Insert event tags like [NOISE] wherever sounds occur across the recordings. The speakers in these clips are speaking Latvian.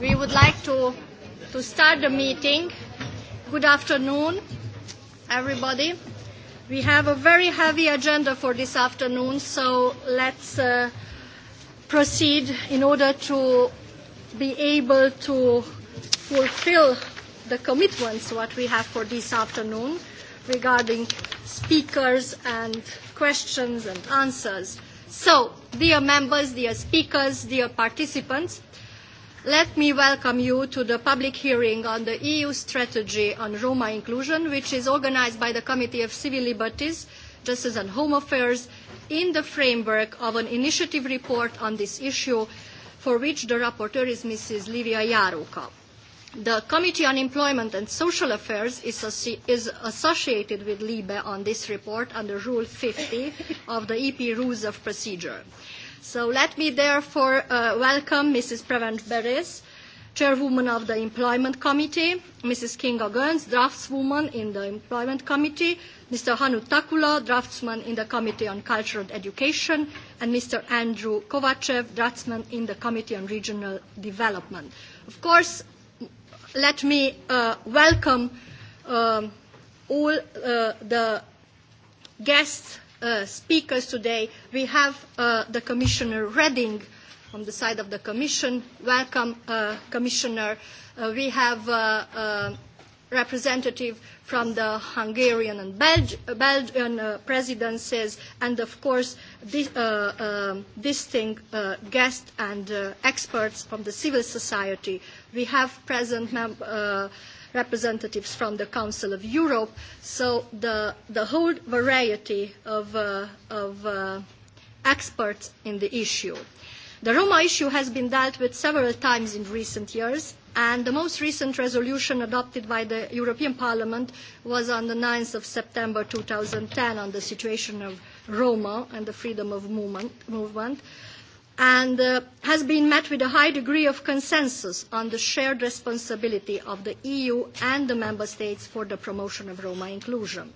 We would like to, to start the meeting. Good afternoon, everybody. We have a very heavy agenda for this afternoon, so let's uh, proceed in order to be able to fulfill the commitments what we have for this afternoon regarding speakers and questions and answers. So, dear members, dear speakers, dear participants, Let me welcome you to the public hearing on the EU strategy on Roma inclusion, which is organized by the Committee of Civil Liberties, Justice and Home Affairs in the framework of an initiative report on this issue for which the rapporteur is Mrs. Livia Jaruka. The Committee on Employment and Social Affairs is, is associated with LIBE on this report under Rule 50 of the EP Rules of Procedure. Uh, So let me therefore uh, welcome Mrs. Prevent Beres, Chairwoman of the Employment Committee, Mrs. Kinga Gerns, Draftswoman in the Employment Committee, Mr. Hanu Takula, Draftsman in the Committee on Cultural Education, and Mr. Andrew Kovachev, Draftsman in the Committee on Regional Development. Of course, let me uh, welcome um, all uh, the guests uh, speakers today. We have uh, the Commissioner Redding on the side of the Commission. Welcome, uh, Commissioner. Uh, we have uh, uh, representative from the Hungarian and Belg Belgian uh, presidencies, and of course, this, uh, um, distinct uh, guests and uh, experts from the civil society. We have present mem- uh, representatives from the Council of Europe. So the, the whole variety of, uh, of uh, experts in the issue. The Roma issue has been dealt with several times in recent years, and the most recent resolution adopted by the European Parliament was on the 9th of September 2010 on the situation of Roma and the freedom of movement. movement. Uh, and uh, has been met with a high degree of consensus on the shared responsibility of the EU and the Member States for the promotion of Roma inclusion.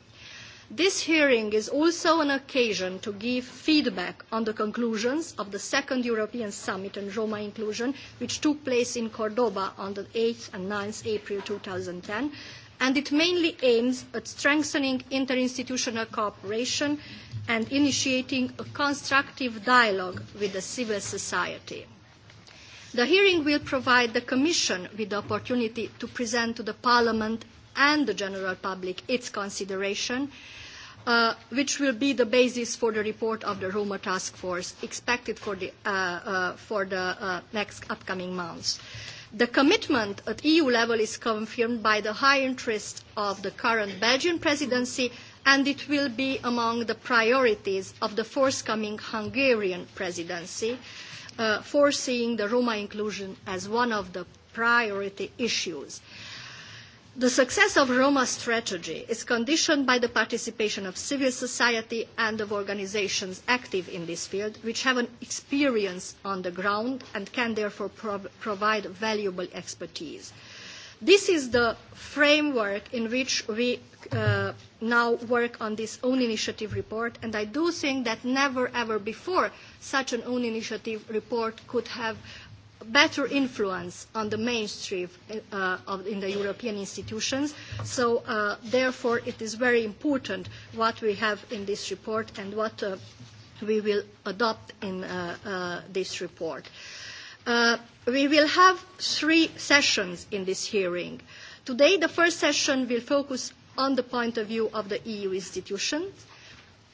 This hearing is also an occasion to give feedback on the conclusions of the second European Summit on Roma Inclusion, which took place in Cordoba on the 8th and 9th April 2010, and it mainly aims at strengthening interinstitutional cooperation and initiating a constructive dialogue with the civil society. The hearing will provide the Commission with the opportunity to present to the Parliament and the general public its consideration, uh, which will be the basis for the report of the Roma Task Force expected for the, uh, uh, for the uh, next upcoming months. Uh, The commitment at EU level is confirmed by the high interest of the current Belgian presidency and it will be among the priorities of the forthcoming Hungarian presidency, uh, foreseeing the Roma inclusion as one of the priority issues. Uh, The success of Roma strategy is conditioned by the participation of civil society and of organizations active in this field, which have an experience on the ground and can therefore prov- provide valuable expertise. This is the framework in which we uh, now work on this own initiative report, and I do think that never ever before such an own initiative report could have better influence on the mainstream uh, of, in the European institutions. So uh, therefore, it is very important what we have in this report and what uh, we will adopt in uh, uh, this report. Uh, we will have three sessions in this hearing. Today, the first session will focus on the point of view of the EU institutions.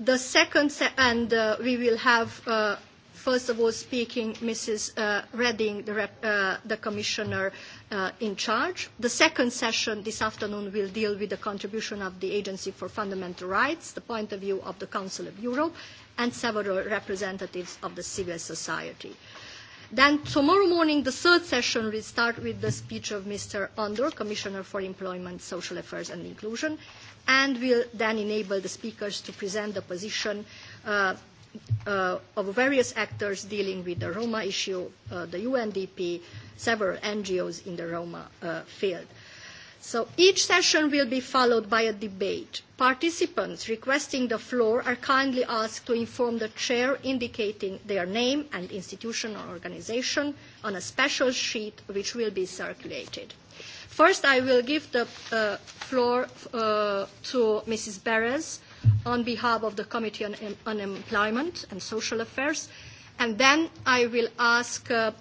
The second, se- and uh, we will have uh, first of all speaking Mrs. Uh, Redding, the, rep, uh, the commissioner uh, in charge. The second session this afternoon will deal with the contribution of the Agency for Fundamental Rights, the point of view of the Council of Europe, and several representatives of the civil society. Then tomorrow morning, the third session will start with the speech of Mr. Andor, Commissioner for Employment, Social Affairs and Inclusion, and will then enable the speakers to present the position uh, uh, of various actors dealing with the Roma issue, uh, the UNDP, several NGOs in the Roma uh, field. So each session will be followed by a debate. Participants requesting the floor are kindly asked to inform the chair indicating their name and institution or organization on a special sheet which will be circulated. First, I will give the uh, floor uh, to Mrs. Beres, uh, on behalf of the Committee on um, Unemployment and Social Affairs. And then I will ask uh,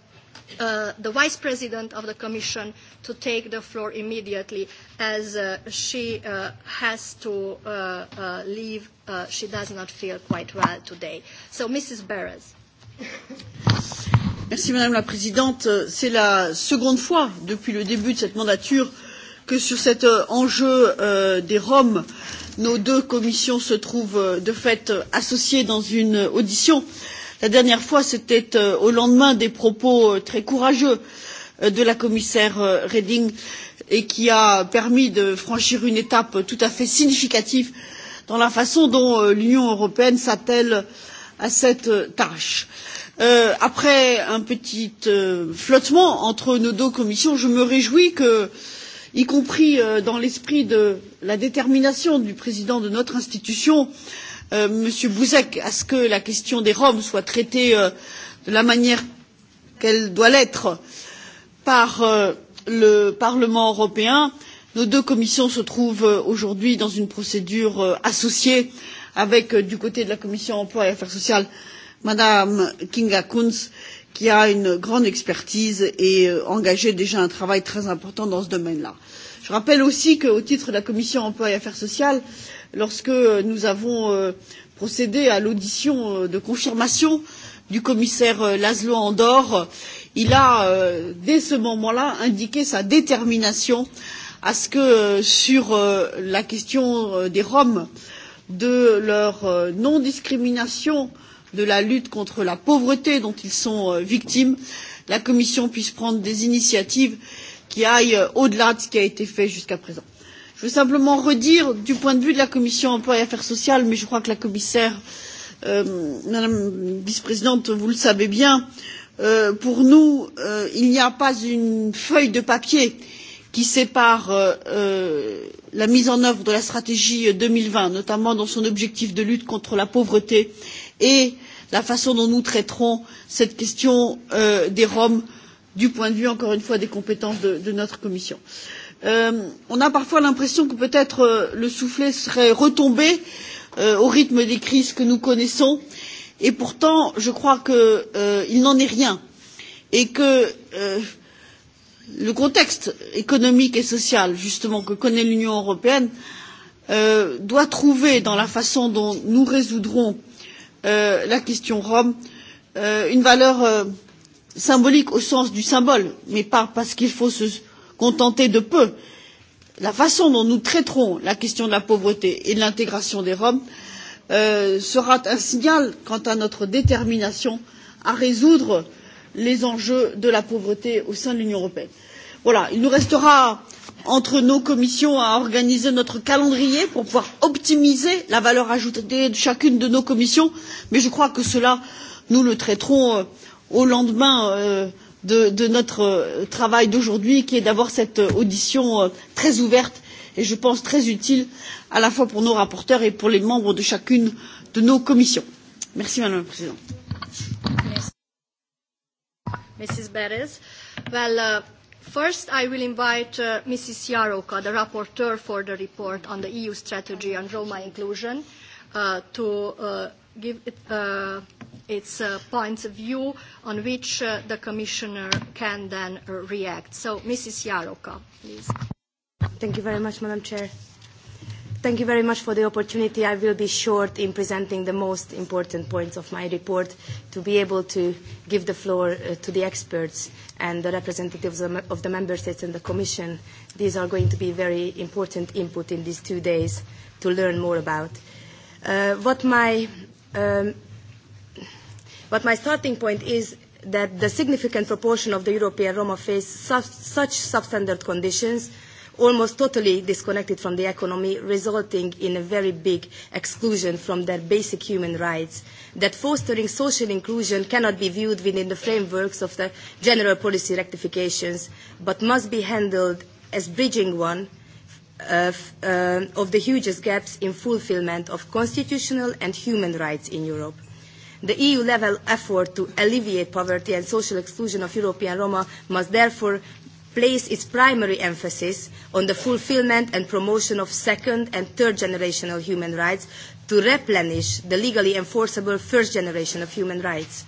uh, the Vice President of the Commission to take the floor immediately as uh, she uh, has to uh, uh, leave. Uh, she does not feel quite well today. So, Mrs. Beres. Merci Madame la Présidente. C'est la seconde fois depuis le début de cette mandature que sur cet euh, enjeu euh, des Roms, euh, nos deux commissions se trouvent euh, de fait euh, associées dans une audition. la dernière fois c'était euh, au lendemain des propos très courageux de la commissaire reding et qui a permis de franchir une étape tout à fait significative dans la façon dont l'union européenne s'attelle à cette tâche. après un petit flottement entre nos deux commissions je me réjouis que y compris euh, dans l'esprit de la détermination du président de notre institution euh, m. buzek à ce que la question des roms soit traitée euh, de la manière qu'elle doit l'être par le parlement européen nos deux commissions se trouvent aujourd'hui dans une procédure associée avec du côté de la commission de l'emploi et des affaires sociales mme kinga gncz qui a une grande expertise et euh, engagé déjà un travail très important dans ce domaine là. je rappelle aussi qu'au titre de la commission de l'emploi et des affaires sociales lorsque euh, nous avons euh, procédé à l'audition de confirmation du commissaire Laszlo Andor, il a, dès ce moment-là, indiqué sa détermination à ce que, sur la question des Roms, de leur non-discrimination euh, de la lutte contre la pauvreté dont ils sont euh, victimes la commission puisse prendre des initiatives qui aillent euh, au delà de ce qui a été fait jusqu'à présent. je veux simplement redire du point de vue de la commission de l'emploi et des affaires sociales mais je crois que la commissaire euh, madame la vice présidente vous le savez bien euh, pour nous euh, il n'y a pas une feuille de papier qui sépare euh, euh, la mise en œuvre de la stratégie deux mille vingt notamment dans son objectif de lutte contre la pauvreté et la façon dont nous traiterons cette question euh, des roms du point de vue encore une fois des compétences de, de notre commission. Euh, on a parfois l'impression que peut être euh, le soufflet serait retombé euh, au rythme des crises que nous connaissons et pourtant je crois qu'il euh, n'en est rien et que euh, le contexte économique et social justement que connaît l'union européenne euh, doit trouver dans la façon dont nous résoudrons euh, la question rom euh, une valeur euh, symbolique au sens du symbole mais pas parce qu'il faut se contenter de peu. la façon dont nous traiterons la question de la pauvreté et de l'intégration des roms euh, sera un signal quant à notre détermination à résoudre les enjeux de la pauvreté au sein de l'union européenne. voilà il nous restera entre nos commissions à organiser notre calendrier pour pouvoir optimiser la valeur ajoutée de chacune de nos commissions mais je crois que cela nous le traiterons euh, au lendemain euh, de, de notre euh, travail d'aujourd'hui qui est d'avoir cette audition très ouverte et je pense très utile à la fois pour nos rapporteurs et pour les membres de chacune de nos commissions. merci madame la présidente. Mrs. Beres. Well, uh, First, I will invite uh, Mrs. Jaroka, the rapporteur for the report on the EU strategy on Roma inclusion, uh, to uh, give it, uh, its uh, points of view on which uh, the Commissioner can then uh, react. So, Mrs. Jaroka, please. Thank you very much, Madam Chair. Thank you very much for the opportunity. I will be short in presenting the most important points of my report to be able to give the floor uh, to the experts and the representatives of the member states and the commission. These are going to be very important input in these two days to learn more about. Uh, what my um, what my starting point is that the significant proportion of the European Roma face su such substandard conditions almost totally disconnected from the economy, resulting in a very big exclusion from their basic human rights. That fostering social inclusion cannot be viewed within the frameworks of the general policy rectifications, but must be handled as bridging one of, uh, uh, of the hugest gaps in fulfillment of constitutional and human rights in Europe. The EU-level effort to alleviate poverty and social exclusion of European Roma must therefore place its primary emphasis on the fulfillment and promotion of second and third generational human rights to replenish the legally enforceable first generation of human rights.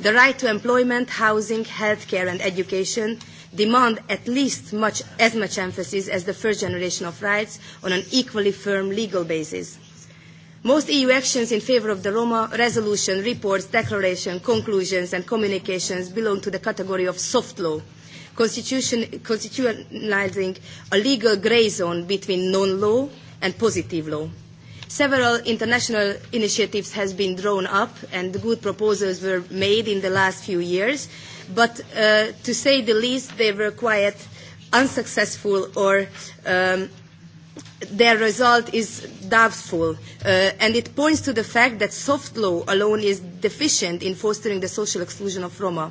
The right to employment, housing, healthcare and education demand at least much, as much emphasis as the first generation of rights on an equally firm legal basis. Most EU actions in favour of the Roma resolution, reports, declaration, conclusions and communications belong to the category of soft law – constitutionalizing a legal gray zone between non-law and positive law. Several international initiatives has been drawn up and good proposals were made in the last few years, but uh, to say the least, they were quite unsuccessful or um, their result is doubtful, uh, and it points to the fact that soft law alone is deficient in fostering the social exclusion of Roma. Uh,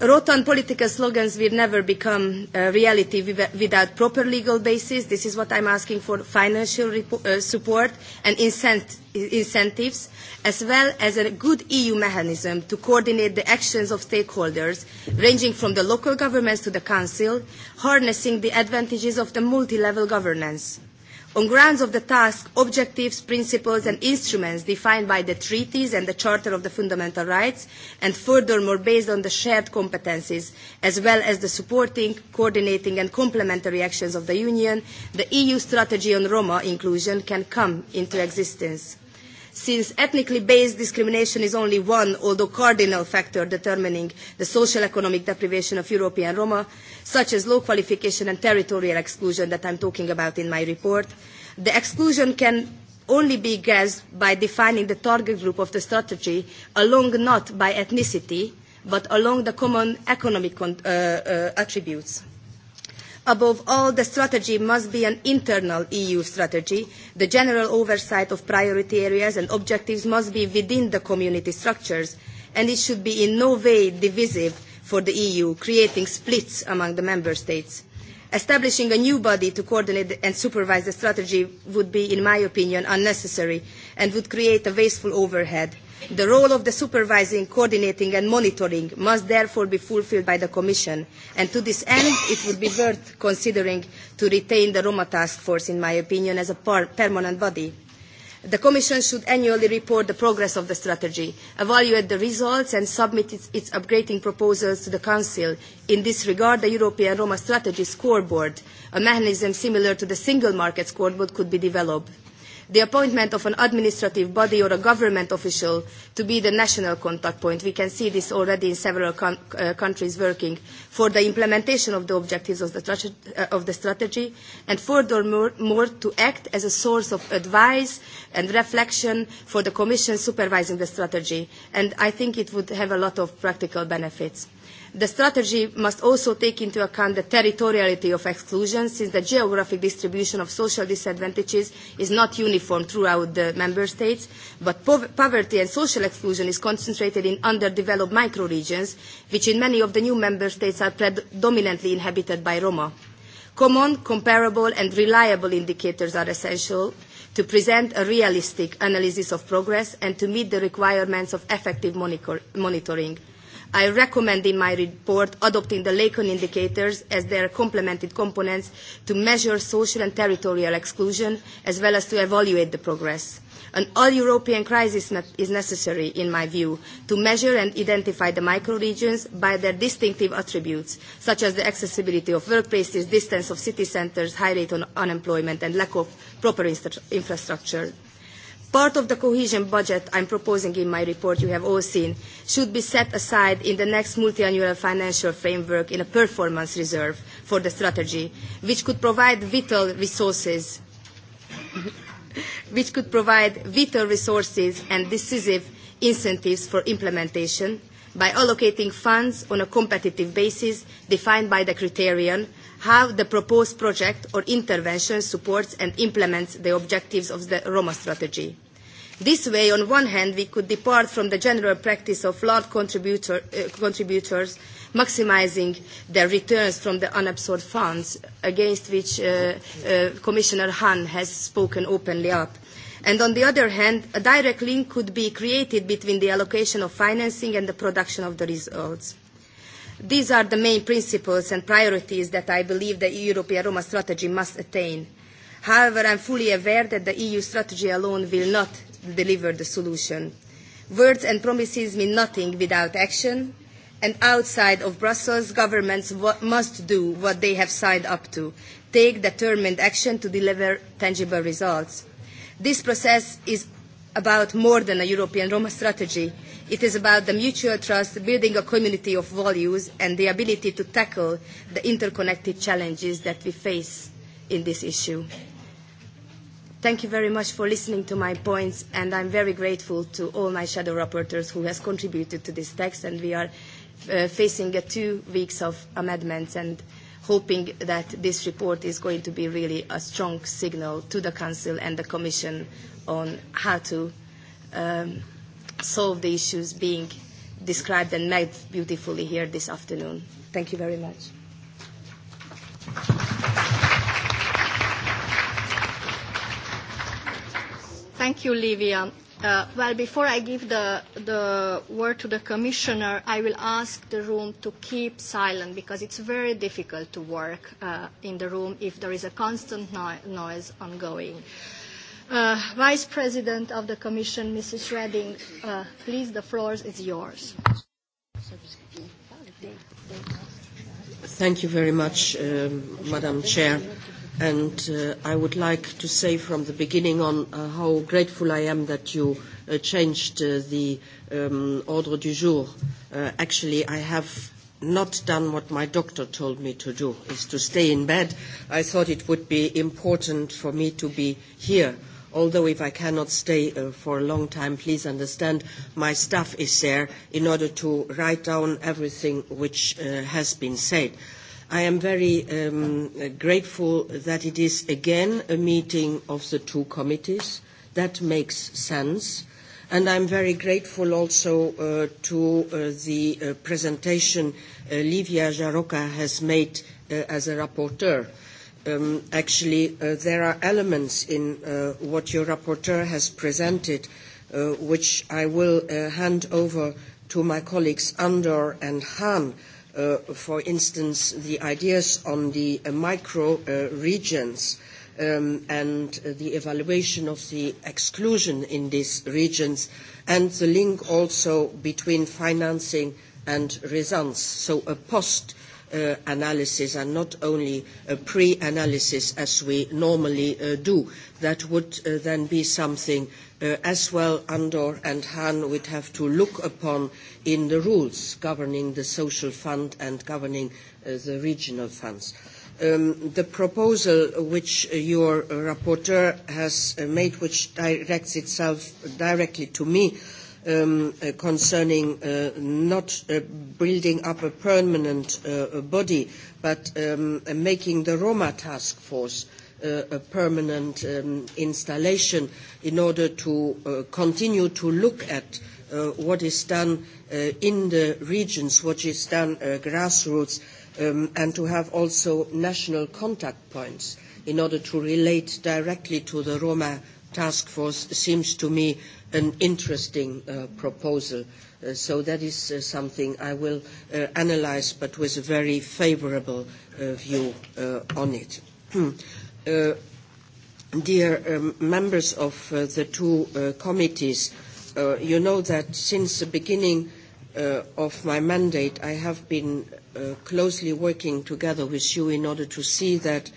Rotan political slogans will never become uh, reality without proper legal basis. This is what I'm asking for financial repo- uh, support and incent- incentives, as well as a good EU mechanism to coordinate the actions of stakeholders, ranging from the local governments to the Council, harnessing the advantages of the multi-level governance. Uh, on grounds of the task, objectives, principles and instruments defined by the treaties and the Charter of the Fundamental Rights, and furthermore based on the shared competencies, as well as the supporting, coordinating and complementary actions of the Union, the EU strategy on Roma inclusion can come into existence since ethnically based discrimination is only one, although cardinal factor determining the social economic deprivation of European Roma, such as low qualification and territorial exclusion that I'm talking about in my report. The exclusion can only be guessed by defining the target group of the strategy along not by ethnicity, but along the common economic con- uh, uh, attributes. Above all, the strategy must be an internal EU strategy. The general oversight of priority areas and objectives must be within the community structures, and it should be in no way divisive for the EU, creating splits among the member states. Establishing a new body to coordinate and supervise the strategy would be, in my opinion, unnecessary and would create a wasteful overhead. The role of the supervising, coordinating and monitoring must therefore be fulfilled by the Commission, and to this end it would be worth considering to retain the Roma Task Force, in my opinion, as a par permanent body. The Commission should annually report the progress of the strategy, evaluate the results and submit its, its upgrading proposals to the Council. In this regard, the European Roma Strategy Scoreboard, a mechanism similar to the Single Market Scoreboard, could be developed the appointment of an administrative body or a government official to be the national contact point. We can see this already in several con uh, countries working for the implementation of the objectives of the, uh, of the strategy and furthermore more to act as a source of advice and reflection for the Commission supervising the strategy. And I think it would have a lot of practical benefits. The strategy must also take into account the territoriality of exclusion, since the geographic distribution of social disadvantages is not uniform throughout the member states, but po poverty and social exclusion is concentrated in underdeveloped microregions, which in many of the new member states are predominantly inhabited by Roma. Common, comparable and reliable indicators are essential to present a realistic analysis of progress and to meet the requirements of effective monitor monitoring. I recommend in my report adopting the Lacan indicators as their complemented components to measure social and territorial exclusion, as well as to evaluate the progress. An all-European crisis ne is necessary, in my view, to measure and identify the microregions by their distinctive attributes, such as the accessibility of workplaces, distance of city centres, high rate of unemployment, and lack of proper infrastructure. Part of the cohesion budget I'm proposing in my report you have all seen should be set aside in the next multiannual financial framework in a performance reserve for the strategy, which could provide vital resources which could provide vital resources and decisive incentives for implementation by allocating funds on a competitive basis defined by the criterion how the proposed project or intervention supports and implements the objectives of the Roma strategy. This way, on one hand, we could depart from the general practice of large contributor, uh, contributors maximizing their returns from the unabsorbed funds, against which uh, uh, Commissioner Hahn has spoken openly up. And on the other hand, a direct link could be created between the allocation of financing and the production of the results. These are the main principles and priorities that I believe the European Roma strategy must attain. However, I'm fully aware that the EU strategy alone will not deliver the solution. Words and promises mean nothing without action, and outside of Brussels, governments must do what they have signed up to, take determined action to deliver tangible results. This process is about more than a European Roma strategy. It is about the mutual trust, building a community of values, and the ability to tackle the interconnected challenges that we face in this issue. Thank you very much for listening to my points, and I'm very grateful to all my shadow rapporteurs who has contributed to this text, and we are uh, facing uh, two weeks of amendments and hoping that this report is going to be really a strong signal to the Council and the Commission on how to um, solve the issues being described and made beautifully here this afternoon. Thank you very much. Thank you, Livia. Uh, well, before I give the, the word to the Commissioner, I will ask the room to keep silent because it's very difficult to work uh, in the room if there is a constant no- noise ongoing. Uh, Uh, Vice President of the Commission, Mrs. Redding, uh, please, the floor is yours. Thank you very much, um, Madam Chair. And uh, I would like to say from the beginning on uh, how grateful I am that you uh, changed uh, the um, ordre du jour. Uh, actually, I have not done what my doctor told me to do, is to stay in bed. I thought it would be important for me to be here although if I cannot stay uh, for a long time, please understand my staff is there in order to write down everything which uh, has been said. I am very um, grateful that it is again a meeting of the two committees. That makes sense. And I'm very grateful also uh, to uh, the uh, presentation uh, Livia Jaroka has made uh, as a rapporteur. Uh, um, actually uh, there are elements in uh, what your rapporteur has presented uh, which I will uh, hand over to my colleagues Andor and Hahn. Uh, for instance, the ideas on the uh, micro uh, regions um, and uh, the evaluation of the exclusion in these regions and the link also between financing and results. So a post uh, uh, analysis and not only a uh, pre-analysis as we normally uh, do. That would uh, then be something uh, as well Andor and Han would have to look upon in the rules governing the social fund and governing uh, the regional funds. Um, the proposal which your rapporteur has uh, made, which directs itself directly to me, uh, um, uh, concerning uh, not uh, building up a permanent uh, body, but um, uh, making the Roma task force uh, a permanent um, installation in order to uh, continue to look at uh, what is done uh, in the regions, what is done uh, grassroots, um, and to have also national contact points in order to relate directly to the Roma task force seems to me uh, an interesting uh, proposal. Uh, so that is uh, something I will uh, analyze, but with a very favorable uh, view uh, on it. [CLEARS THROAT] uh, dear um, members of uh, the two uh, committees, uh, you know that since the beginning uh, of my mandate, I have been uh, closely working together with you in order to see that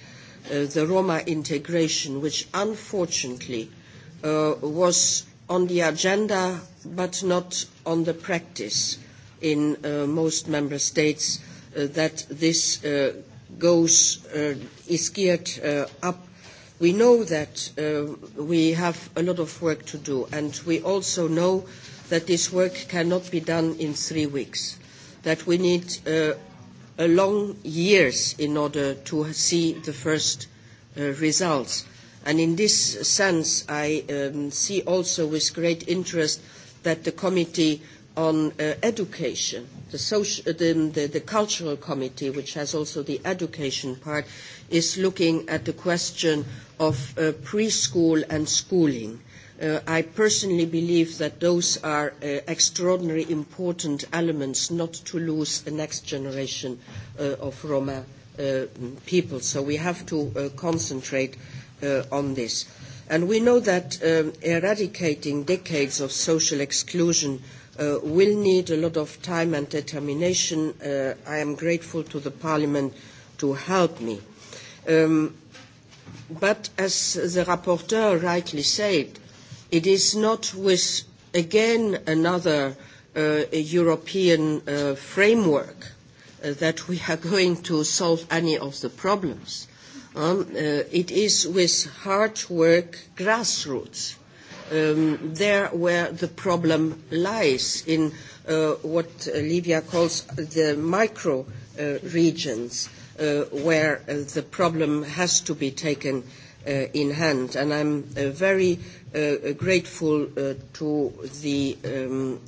uh, the Roma integration, which unfortunately uh, was on the agenda but not on the practice in uh, most member states uh, that this uh, goes uh, is geared uh, up we know that uh, we have a lot of work to do and we also know that this work cannot be done in three weeks that we need uh, a long years in order to see the first uh, results And in this sense, I um, see also with great interest that the Committee on uh, Education, the, social, uh, the, the, the Cultural Committee, which has also the education part, is looking at the question of uh, preschool and schooling. Uh, I personally believe that those are uh, extraordinarily important elements not to lose the next generation uh, of Roma uh, people. So we have to uh, concentrate uh, uh, on this. And we know that um, eradicating decades of social exclusion uh, will need a lot of time and determination. Uh, I am grateful to the Parliament to help me. Um, but as the rapporteur rightly said, it is not with, again, another uh, European uh, framework uh, that we are [LAUGHS] going to solve any of the problems. Um, uh, it is with hard work, grassroots. Um, there where the problem lies in uh, what uh, Livia calls the micro uh, regions uh, where uh, the problem has to be taken uh, in hand. And I'm uh, very uh, grateful uh, to the um,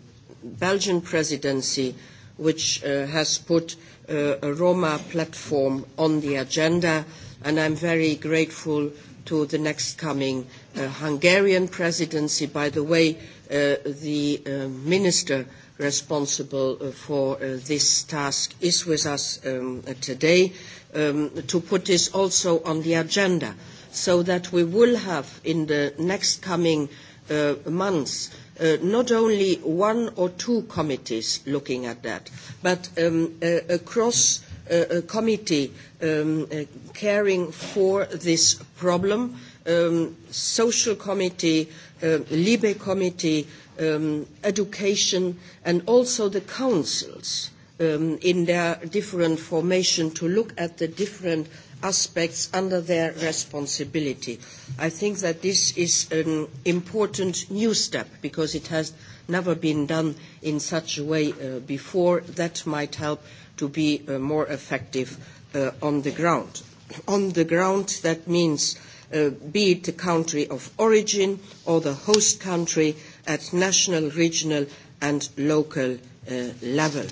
Belgian presidency which uh, has put uh, a Roma platform on the agenda uh, and I'm very grateful to the next coming uh, Hungarian presidency. By the way, uh, the uh, minister responsible uh, for uh, this task is with us um, today um, to put this also on the agenda so that we will have in the next coming uh, months uh, not only one or two committees looking at that, but um, uh, across Uh, uh, committee um, uh, caring for this problem, um, social committee, uh, Libe committee, um, education, and also the councils um, in their different formation to look at the different aspects under their responsibility. I think that this is an important new step because it has never been done in such a way uh, before. That might help to be uh, more effective uh, on the ground. [COUGHS] On the ground, that means uh, be it the country of origin or the host country at national, regional and local uh, level.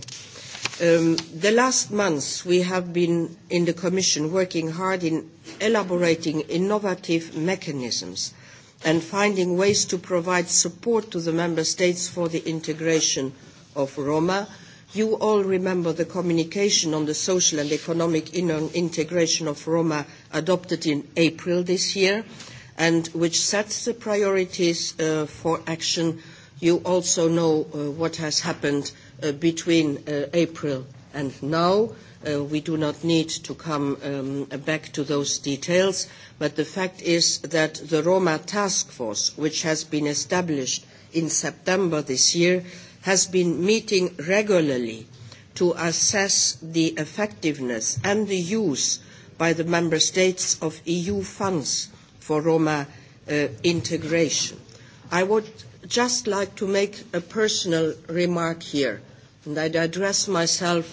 Um, the last months we have been in the Commission working hard in elaborating innovative mechanisms and finding ways to provide support to the Member States for the integration of Roma You all remember the communication on the social and economic integration of Roma adopted in April this year and which sets the priorities uh, for action. You also know uh, what has happened uh, between uh, April and now. Uh, we do not need to come um, back to those details, but the fact is that the Roma Task Force, which has been established in September this year, uh, has been meeting regularly to assess the effectiveness and the use by the member states of EU funds for Roma uh, integration. I would just like to make a personal remark here, and I'd address myself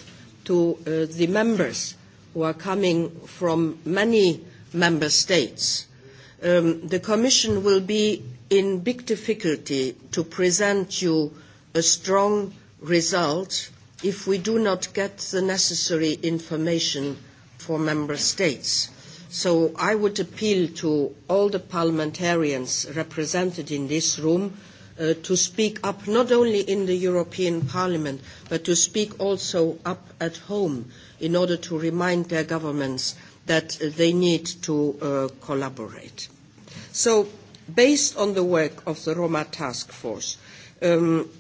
to uh, the members who are coming from many member states. Um, the Commission will be in big difficulty to present you a strong result if we do not get the necessary information for member states. So I would appeal to all the parliamentarians represented in this room uh, to speak up not only in the European Parliament but to speak also up at home in order to remind their governments that uh, they need to uh, collaborate. So based on the work of the Roma Task Force, um,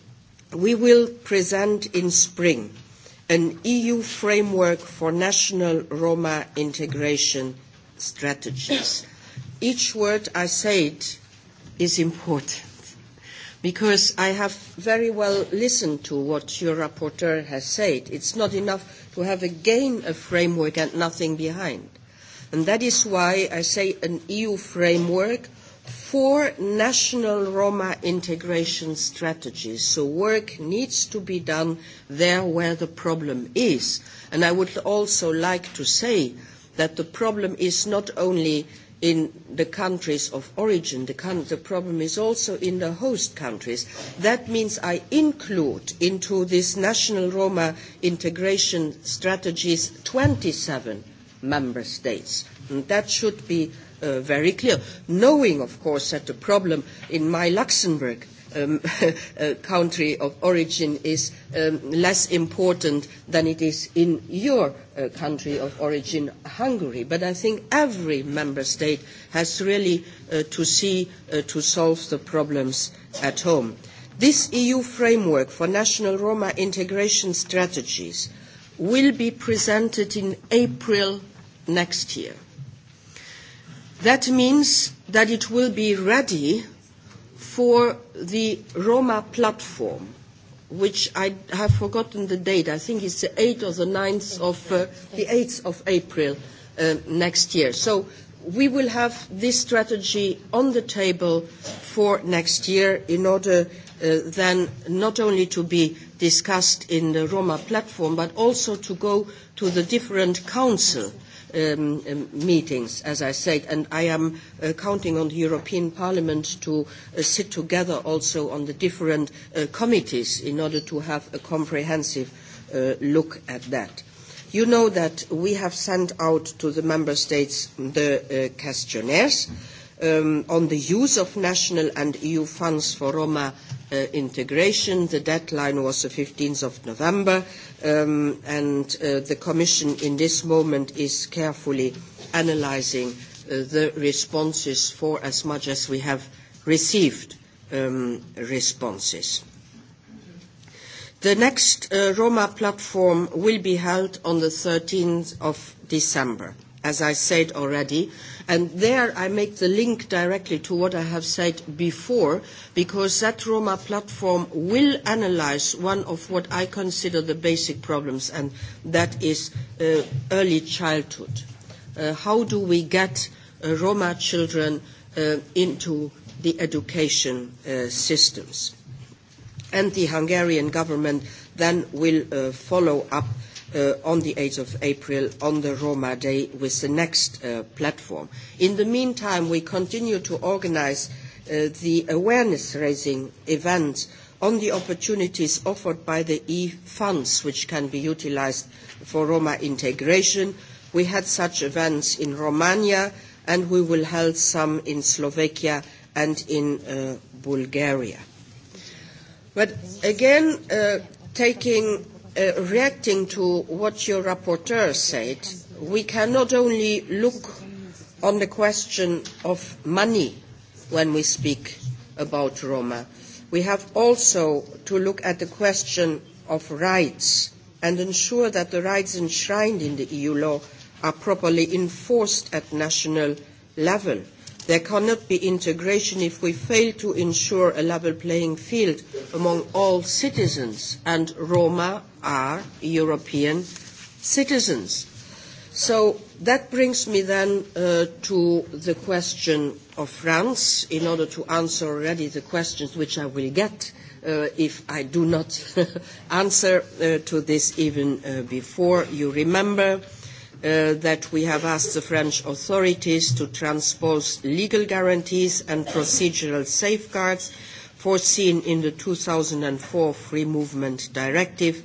we will present in spring an EU framework for national Roma integration strategies. Each word I said is important because I have very well listened to what your rapporteur has said. It's not enough to have again a framework and nothing behind. And that is why I say an EU framework – four national Roma integration strategies. So work needs to be done there where the problem is. And I would also like to say that the problem is not only in the countries of origin. The, con- the problem is also in the host countries. That means I include into this national Roma integration strategies 27 member states. And that should be uh, very clear, knowing, of course, that the problem in my Luxembourg um, [LAUGHS] uh, country of origin is um, less important than it is in your uh, country of origin, Hungary. But I think every member state has really uh, to see uh, to solve the problems at home. This EU framework for national Roma integration strategies will be presented in April next year. That means that it will be ready for the Roma platform, which I have forgotten the date. I think it's the 8th or the 9th of, uh, the 8th of April uh, next year. So we will have this strategy on the table for next year in order uh, then not only to be discussed in the Roma platform, but also to go to the different council. Yes um, um, meetings, as I said, and I am uh, counting on the European Parliament to uh, sit together also on the different uh, committees in order to have a comprehensive uh, look at that. You know that we have sent out to the Member States the uh, questionnaires. Mm-hmm um, on the use of national and EU funds for Roma uh, integration. The deadline was the 15th of November, um, and uh, the Commission in this moment is carefully analyzing uh, the responses for as much as we have received um, responses. The next uh, Roma platform will be held on the 13th of December as I said already. And there I make the link directly to what I have said before, because that Roma platform will analyze one of what I consider the basic problems, and that is uh, early childhood. Uh, how do we get uh, Roma children uh, into the education uh, systems? And the Hungarian government then will uh, follow up uh, uh, on the 8th of April on the Roma Day with the next uh, platform. In the meantime, we continue to organize uh, the awareness-raising events on the opportunities offered by the e-funds, which can be utilized for Roma integration. We had such events in Romania, and we will hold some in Slovakia and in uh, Bulgaria. But again, uh, taking uh, reacting to what your rapporteur said, we cannot only look on the question of money when we speak about Roma. We have also to look at the question of rights and ensure that the rights enshrined in the EU law are properly enforced at national level. There cannot be integration if we fail to ensure a level playing field among all citizens, and Roma are European citizens. So that brings me then uh, to the question of France, in order to answer already the questions which I will get uh, if I do not [LAUGHS] answer uh, to this even uh, before. You remember uh, uh, that we have asked the French authorities to transpose legal guarantees and procedural safeguards foreseen in the 2004 Free Movement Directive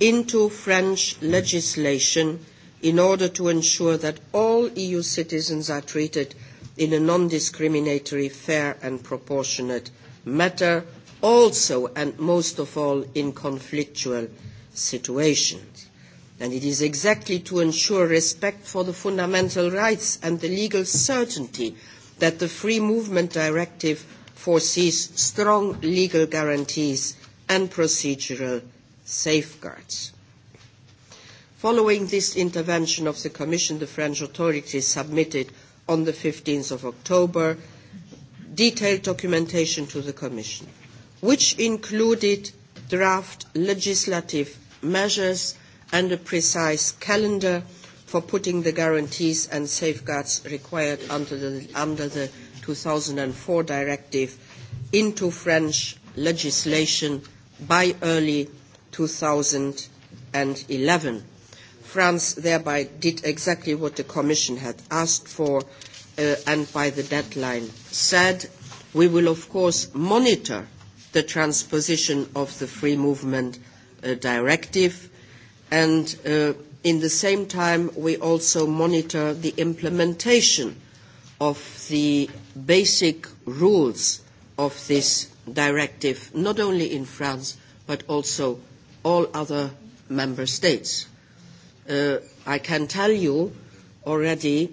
into French legislation in order to ensure that all EU citizens are treated in a non-discriminatory, fair and proportionate matter, also and most of all in conflictual situations and it is exactly to ensure respect for the fundamental rights and the legal certainty that the Free Movement Directive foresees strong legal guarantees and procedural safeguards. Following this intervention of the Commission, the French authorities submitted on the 15th of October detailed documentation to the Commission, which included draft legislative measures and a precise calendar for putting the guarantees and safeguards required under the, under the 2004 directive into French legislation by early 2011. France thereby did exactly what the Commission had asked for uh, and by the deadline said. We will of course monitor the transposition of the free movement uh, directive and uh, in the same time we also monitor the implementation of the basic rules of this directive, not only in France, but also all other member states. Uh, I can tell you already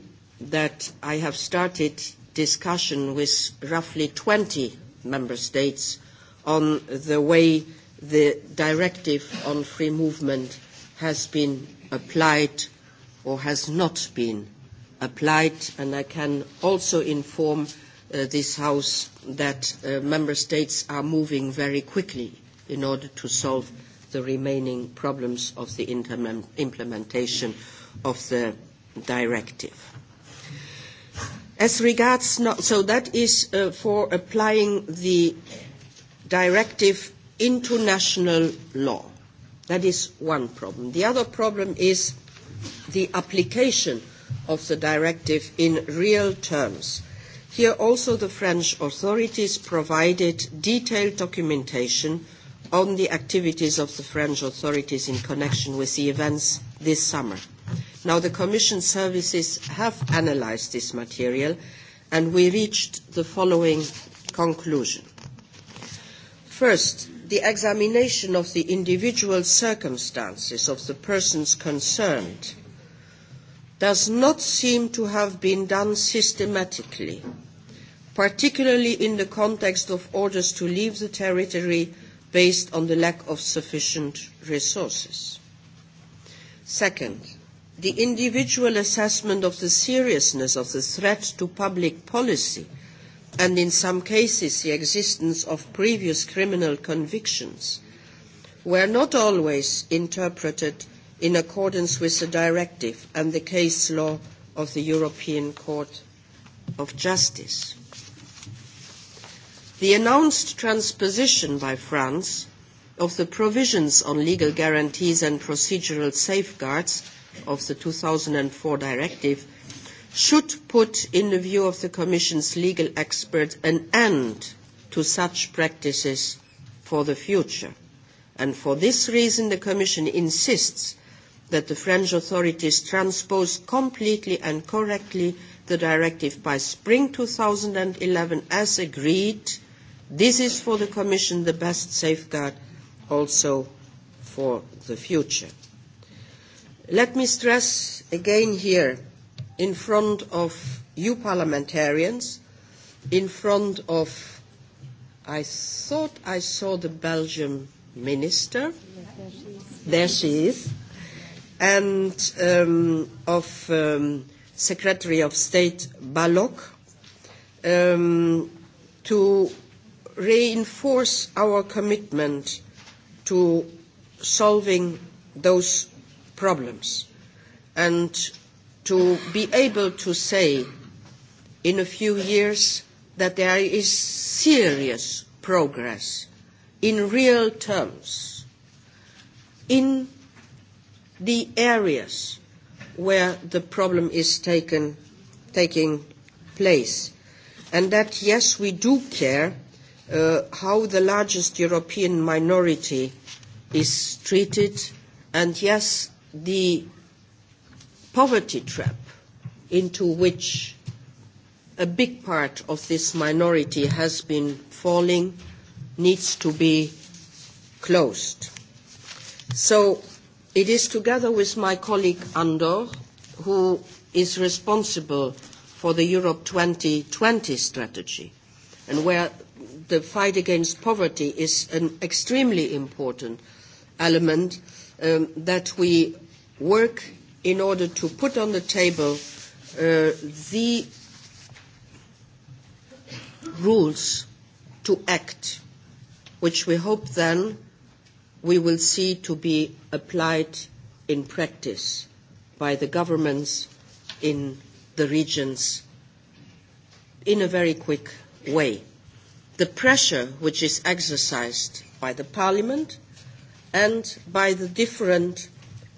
that I have started discussion with roughly 20 member states on the way the directive on free movement has been applied or has not been applied. And I can also inform uh, this House that uh, Member States are moving very quickly in order to solve the remaining problems of the implementation of the directive. As regards not, so that is uh, for applying the directive into national law. That is one problem. The other problem is the application of the directive in real terms. Here also the French authorities provided detailed documentation on the activities of the French authorities in connection with the events this summer. Now the Commission services have analysed this material and we reached the following conclusion. First, the examination of the individual circumstances of the persons concerned does not seem to have been done systematically, particularly in the context of orders to leave the territory based on the lack of sufficient resources. Second, the individual assessment of the seriousness of the threat to public policy – and in some cases the existence of previous criminal convictions were not always interpreted in accordance with the directive and the case law of the European Court of Justice. The announced transposition by France of the provisions on legal guarantees and procedural safeguards of the 2004 directive should put, in the view of the Commission's legal experts, an end to such practices for the future. And for this reason, the Commission insists that the French authorities transpose completely and correctly the directive by spring 2011 as agreed. This is for the Commission the best safeguard also for the future. Let me stress again here in front of you parliamentarians, in front of, I thought I saw the Belgian minister. There she is. And um, of um, Secretary of State Balog um, to reinforce our commitment to solving those problems. And to be able to say in a few years that there is serious progress in real terms in the areas where the problem is taken, taking place. And that, yes, we do care uh, how the largest European minority is treated. And yes, the poverty trap into which a big part of this minority has been falling needs to be closed. So it is together with my colleague Andor, who is responsible for the Europe 2020 strategy, and where the fight against poverty is an extremely important element um, that we work in order to put on the table uh, the rules to act, which we hope then we will see to be applied in practice by the governments in the regions in a very quick way. The pressure which is exercised by the Parliament and by the different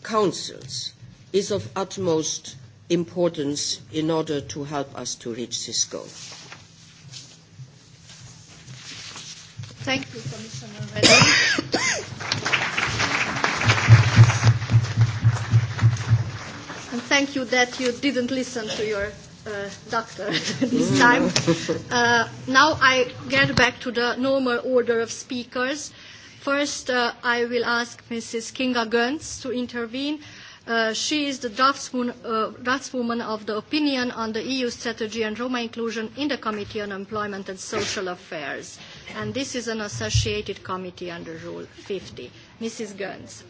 councils is of utmost importance in order to help us to reach this goal. Thank you, Commissioner Reding. [COUGHS] and thank you that you didn't listen to your uh, doctor [LAUGHS] this mm. time. Uh, now I get back to the normal order of speakers. First, uh, I will ask Mrs. Kinga Gönz to intervene. Uh, Uh, she is the draftswoman, uh, draftswoman of the opinion on the EU strategy and Roma inclusion in the Committee on Employment and Social Affairs. And this is an associated committee under Rule 50. Mrs. Guns.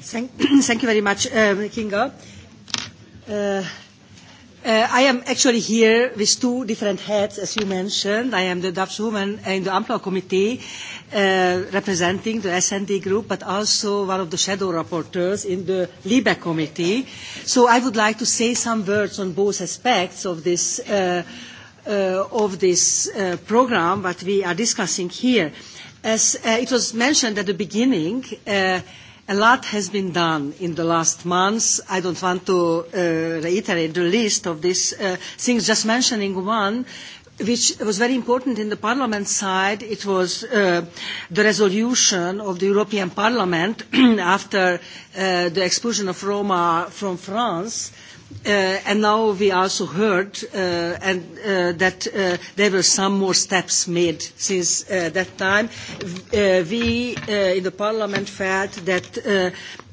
Thank, [CLEARS THROAT] thank you very much, uh, Kinga. Uh, Uh, I am actually here with two different heads, as you mentioned. I am the Dutch woman in the AMPLA committee, uh, representing the SND group, but also one of the shadow rapporteurs in the LIBE committee. So I would like to say some words on both aspects of this, uh, uh, of this uh, program that we are discussing here. As uh, it was mentioned at the beginning, uh, A lot has been done in the last months. I don't want to uh, reiterate the list of these uh, things, just mentioning one, which was very important in the Parliament side. It was uh, the resolution of the European Parliament [CLEARS THROAT] after uh, the expulsion of Roma from France uh, Uh, and now we also heard uh, and, uh, that uh, there were some more steps made since uh, that time. Uh, we uh, in the Parliament felt that uh,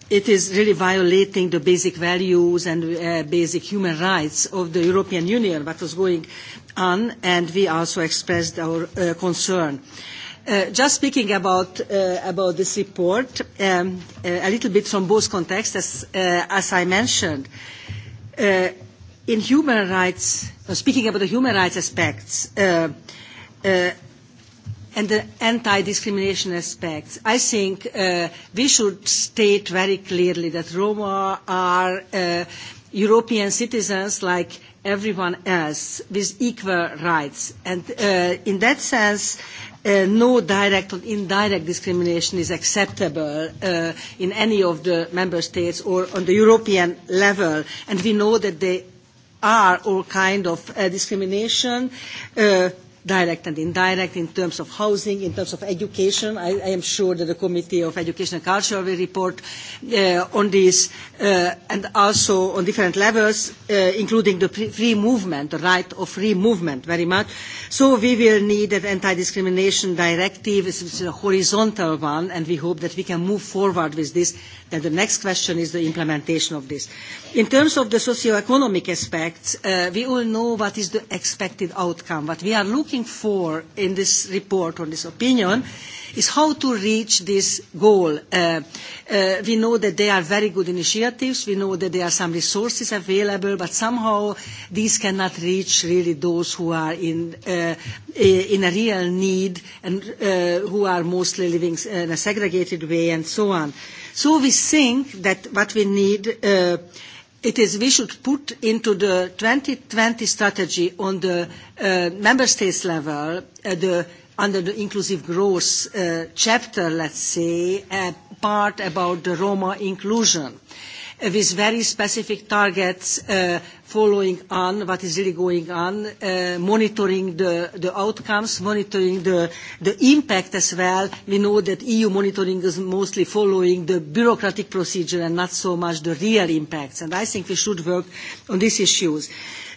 it is really violating the basic values and uh, basic human rights of the European Union, what was going on, and we also expressed our uh, concern. Uh, just speaking about, uh, about this report, um, uh, a little bit from both contexts, as, uh, as I mentioned, uh, Uh, in human rights, uh, speaking about the human rights aspects uh, uh, and the anti-discrimination aspects, I think uh, we should state very clearly that Roma are uh, European citizens like everyone else with equal rights. And uh, in that sense, uh, no direct or indirect discrimination is acceptable uh, in any of the member states or on the European level. And we know that they are all kind of uh, discrimination, uh, direct and indirect, in terms of housing, in terms of education. I, I am sure that the Committee of Education and Culture will report uh, on this, uh, and also on different levels, uh, including the free movement, the right of free movement, very much. So we will need an anti-discrimination directive. It's, it's a horizontal one, and we hope that we can move forward with this. Then the next question is the implementation of this. In terms of the socioeconomic aspects, uh, we all know what is the expected outcome. What we are looking looking for in this report, on this opinion, is how to reach this goal. Uh, uh, we know that there are very good initiatives. We know that there are some resources available, but somehow these cannot reach really those who are in, uh, in a real need and uh, who are mostly living in a segregated way and so on. So we think that what we need uh, it is we should put into the 2020 strategy on the uh, member states level uh, the under the inclusive growth uh, chapter, let's say, a uh, part about the Roma inclusion. Uh, Uh, with very specific targets uh, following on what is really going on, uh, monitoring the, the outcomes, monitoring the, the impact as well. We know that EU monitoring is mostly following the bureaucratic procedure and not so much the real impacts. And I think we should work on these issues.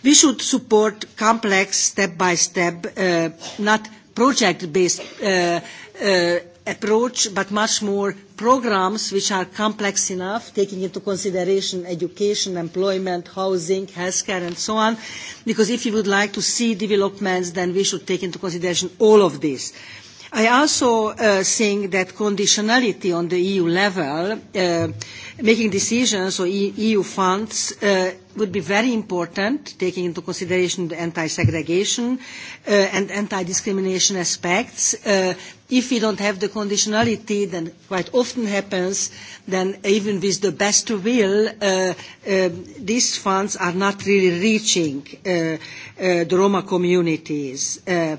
We should support complex, step-by-step, -step, uh, not project-based uh, uh, approach, but much more programs which are complex enough, taking into consideration education, employment, housing, healthcare, and so on. Because if you would like to see developments, then we should take into consideration all of this. I also uh, think that conditionality on the EU level, uh, making decisions on EU e funds, uh, would be very important, taking into consideration the anti-segregation uh, and anti-discrimination aspects, uh, If we don't have the conditionality, then quite often happens, then even with the best will, uh, uh, these funds are not really reaching uh, uh, the Roma communities. Uh,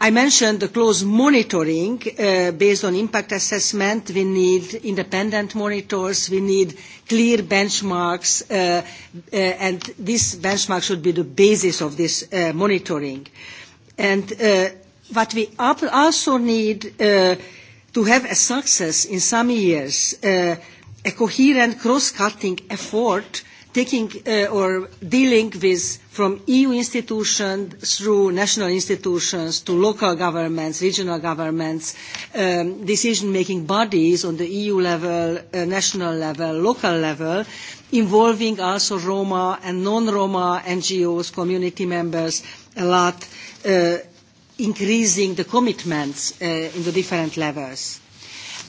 I mentioned the close monitoring uh, based on impact assessment. We need independent monitors. We need clear benchmarks, uh, uh, and this benchmark should be the basis of this uh, monitoring. And uh, what we also need uh, to have a success in some years, uh, a coherent cross-cutting effort taking uh, or dealing with from EU institutions through national institutions to local governments, regional governments, um, decision-making bodies on the EU level, uh, national level, local level, involving also Roma and non-Roma NGOs, community members a lot. Uh, increasing the commitments uh, in the different levels.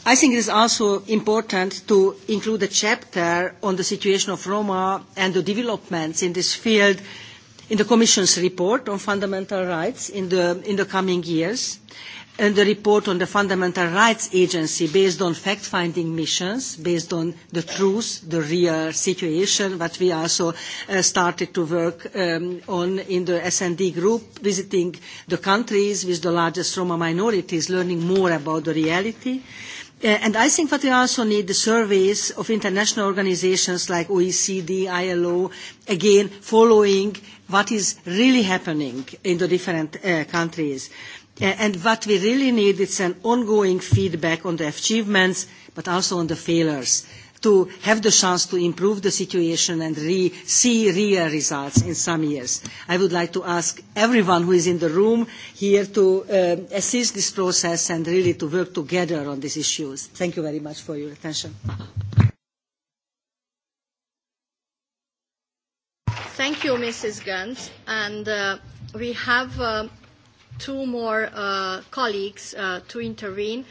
I think it is also important to include a chapter on the situation of Roma and the developments in this field in the Commission's report on fundamental rights in the, in the coming years. Uh, and the report on the Fundamental Rights Agency based on fact-finding missions, based on the truth, the real situation, what we also uh, started to work um, on in the S&D group, visiting the countries with the largest Roma minorities, learning more about the reality. Uh, and I think that we also need the surveys of international organizations like OECD, ILO, again, following what is really happening in the different uh, countries. Uh, And what we really need is an ongoing feedback on the achievements, but also on the failures, to have the chance to improve the situation and re- see real results in some years. I would like to ask everyone who is in the room here to uh, assist this process and really to work together on these issues. Thank you very much for your attention. Thank you, Mrs. Gans. And uh, we have... Uh, two more uh, colleagues uh, to intervene.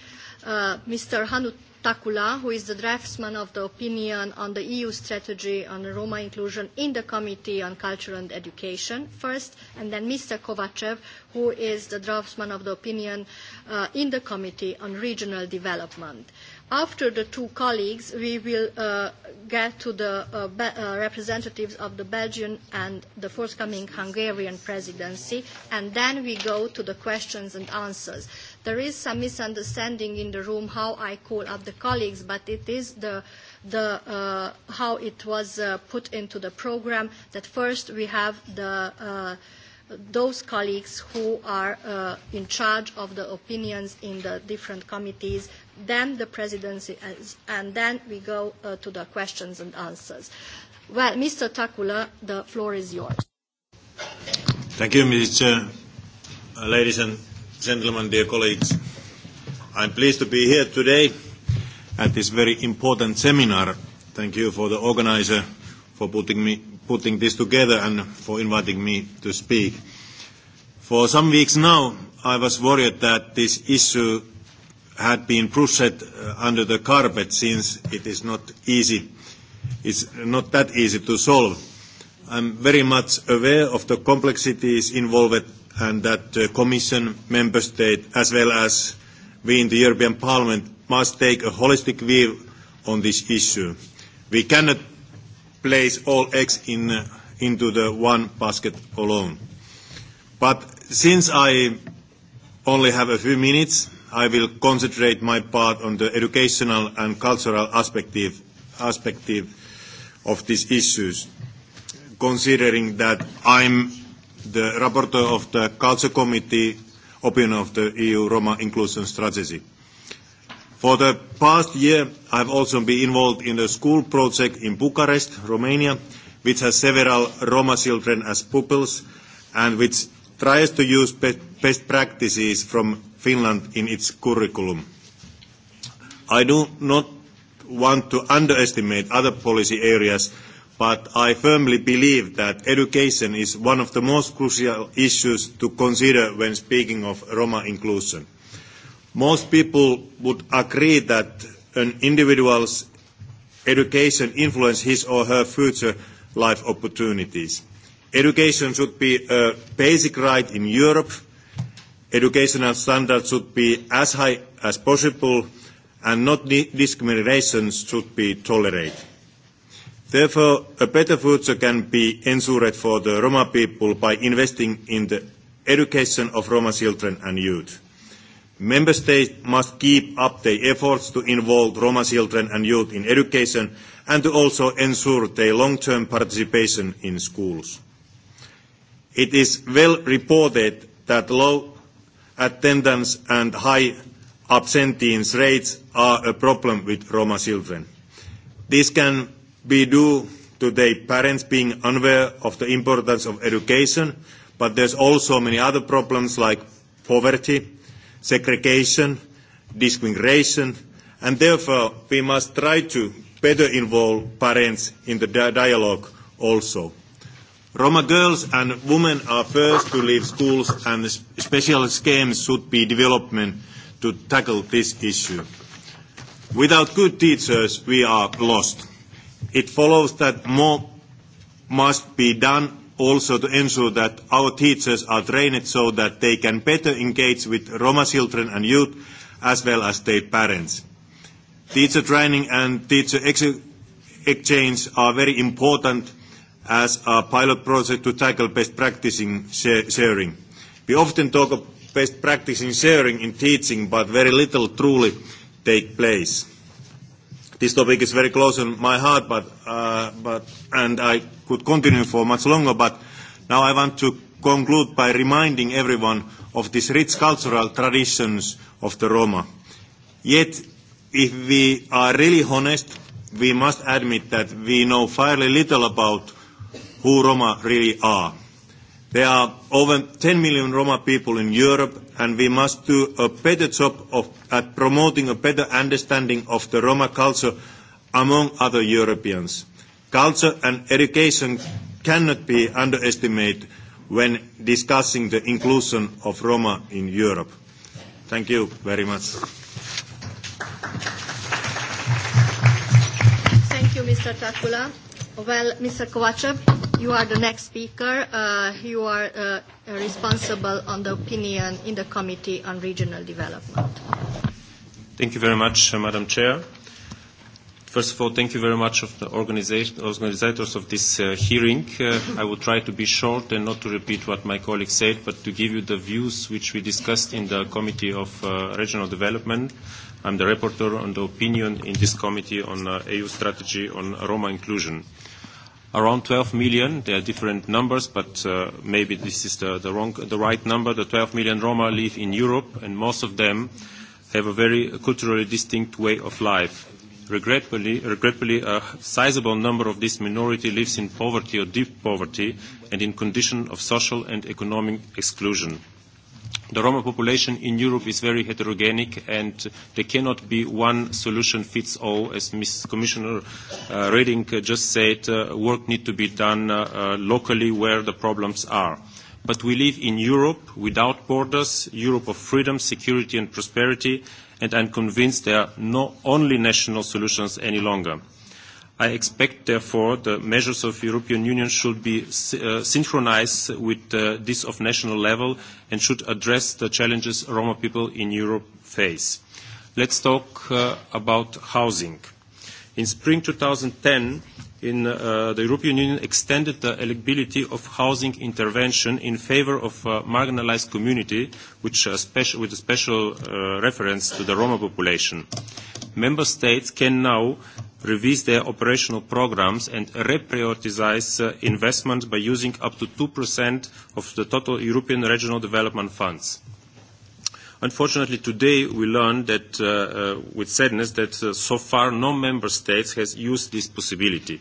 Uh, Mr. Hanu Takula, who is the draftsman of the opinion on the EU strategy on Roma inclusion in the Committee on Culture and Education first, and then Mr. Kovachev, who is the draftsman of the opinion uh, in the Committee on Regional Development. Uh, After the two colleagues, we will uh, get to the uh, be- uh, representatives of the Belgian and the forthcoming Hungarian presidency, and then we go to the questions and answers. There is some misunderstanding in the room how I call up the colleagues, but it is the, the, uh, how it was uh, put into the program that first we have the uh, those colleagues who are uh, in charge of the opinions in the different committees then the presidency, and then we go uh, to the questions and answers. Well, Mr. Takula, the floor is yours. Thank you, Mrs. Chair. Uh, ladies and gentlemen, dear colleagues, I'm pleased to be here today at this very important seminar. Thank you for the organizer for putting, me, putting this together and for inviting me to speak. For some weeks now, I was worried that this issue had been pushed uh, under the carpet since it is not easy. It's not that easy to solve. I'm very much aware of the complexities involved and that the Commission, Member State, as well as we in the European Parliament must take a holistic view on this issue. We cannot place all eggs in, uh, into the one basket alone. But since I only have a few minutes, I will concentrate my part on the educational and cultural aspect of these issues, considering that I'm the rapporteur of the Culture Committee opinion of the EU Roma Inclusion Strategy. For the past year, I've also been involved in a school project in Bucharest, Romania, which has several Roma children as pupils and which tries to use best practices from Finland in its curriculum. I do not want to underestimate other policy areas, but I firmly believe that education is one of the most crucial issues to consider when speaking of Roma inclusion. Most people would agree that an individual's education influences his or her future life opportunities. Education should be a basic right in Europe. Educational standards should be as high as possible and not discrimination should be tolerated. Therefore, a better future can be ensured for the Roma people by investing in the education of Roma children and youth. Member States must keep up their efforts to involve Roma children and youth in education and to also ensure their long-term participation in schools. It is well reported that low attendance and high absenteeism rates are a problem with Roma children. This can be due to their parents being unaware of the importance of education, but there's also many other problems like poverty, segregation, discrimination, and therefore we must try to better involve parents in the di- dialogue also. Roma girls and women are first to leave schools and special schemes should be development to tackle this issue. Without good teachers, we are lost. It follows that more must be done also to ensure that our teachers are trained so that they can better engage with Roma children and youth as well as their parents. Teacher training and teacher ex exchange are very important as a pilot project to tackle best practice in sharing. We often talk of best practice in sharing in teaching, but very little truly take place. This topic is very close on my heart, but, uh, but, and I could continue for much longer, but now I want to conclude by reminding everyone of these rich cultural traditions of the Roma. Yet, if we are really honest, we must admit that we know fairly little about who Roma really are. There are over 10 million Roma people in Europe, and we must do a better job of, at promoting a better understanding of the Roma culture among other Europeans. Culture and education cannot be underestimated when discussing the inclusion of Roma in Europe. Thank you very much. Thank you, Mr. Takula. Well, Mr. Kovacev, you are the next speaker. Uh, you are uh, responsible on the opinion in the Committee on Regional Development. Thank you very much, uh, Madam Chair. First of all, thank you very much of the organizers of this uh, hearing. Uh, I will try to be short and not to repeat what my colleague said, but to give you the views which we discussed in the Committee of uh, Regional Development I'm the rapporteur on the opinion in this committee on uh, EU strategy on Roma inclusion around 12 million. There are different numbers, but uh, maybe this is the, the, wrong, the right number. The 12 million Roma live in Europe, and most of them have a very culturally distinct way of life. Regretfully, regretfully a sizable number of this minority lives in poverty or deep poverty and in condition of social and economic exclusion. The Roma population in Europe is very heterogenic and there cannot be one solution fits all. As Ms. Commissioner uh, Reding uh, just said, uh, work needs to be done uh, uh, locally where the problems are. But we live in Europe without borders, Europe of freedom, security and prosperity, and I'm convinced there are no only national solutions any longer. I expect, therefore, the measures of European Union should be uh, synchronized with uh, this of national level and should address the challenges Roma people in Europe face. Let's talk uh, about housing. In spring 2010, in uh, the European Union extended the eligibility of housing intervention in favor of uh, marginalized community, which uh, special, with a special uh, reference to the Roma population. Uh, member states can now revise their operational programs and reprioritize uh, investments by using up to 2% of the total European regional development funds. Unfortunately, today we learned that, uh, uh, with sadness, that uh, so far no member states has used this possibility.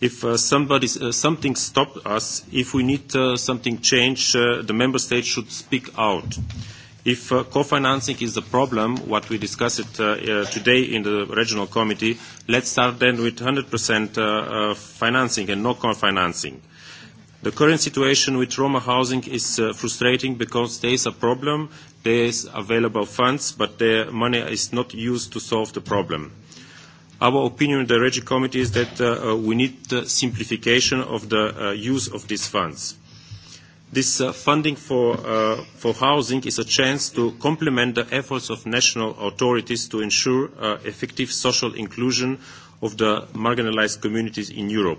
If uh, somebody, uh, something stopped us, if we need uh, something changed, uh, the member states should speak out. Uh, If uh, co-financing is the problem, what we discussed it, uh, uh, today in the regional committee, let's start then with 100% uh, uh, financing and no co-financing. The current situation with Roma housing is uh, frustrating because there is a problem, there is available funds, but the money is not used to solve the problem. Our opinion in the Regi Committee is that uh, uh we need the simplification of the uh, use of these funds. This uh, funding for, uh, for housing is a chance to complement the efforts of national authorities to ensure uh, effective social inclusion of the marginalized communities in Europe.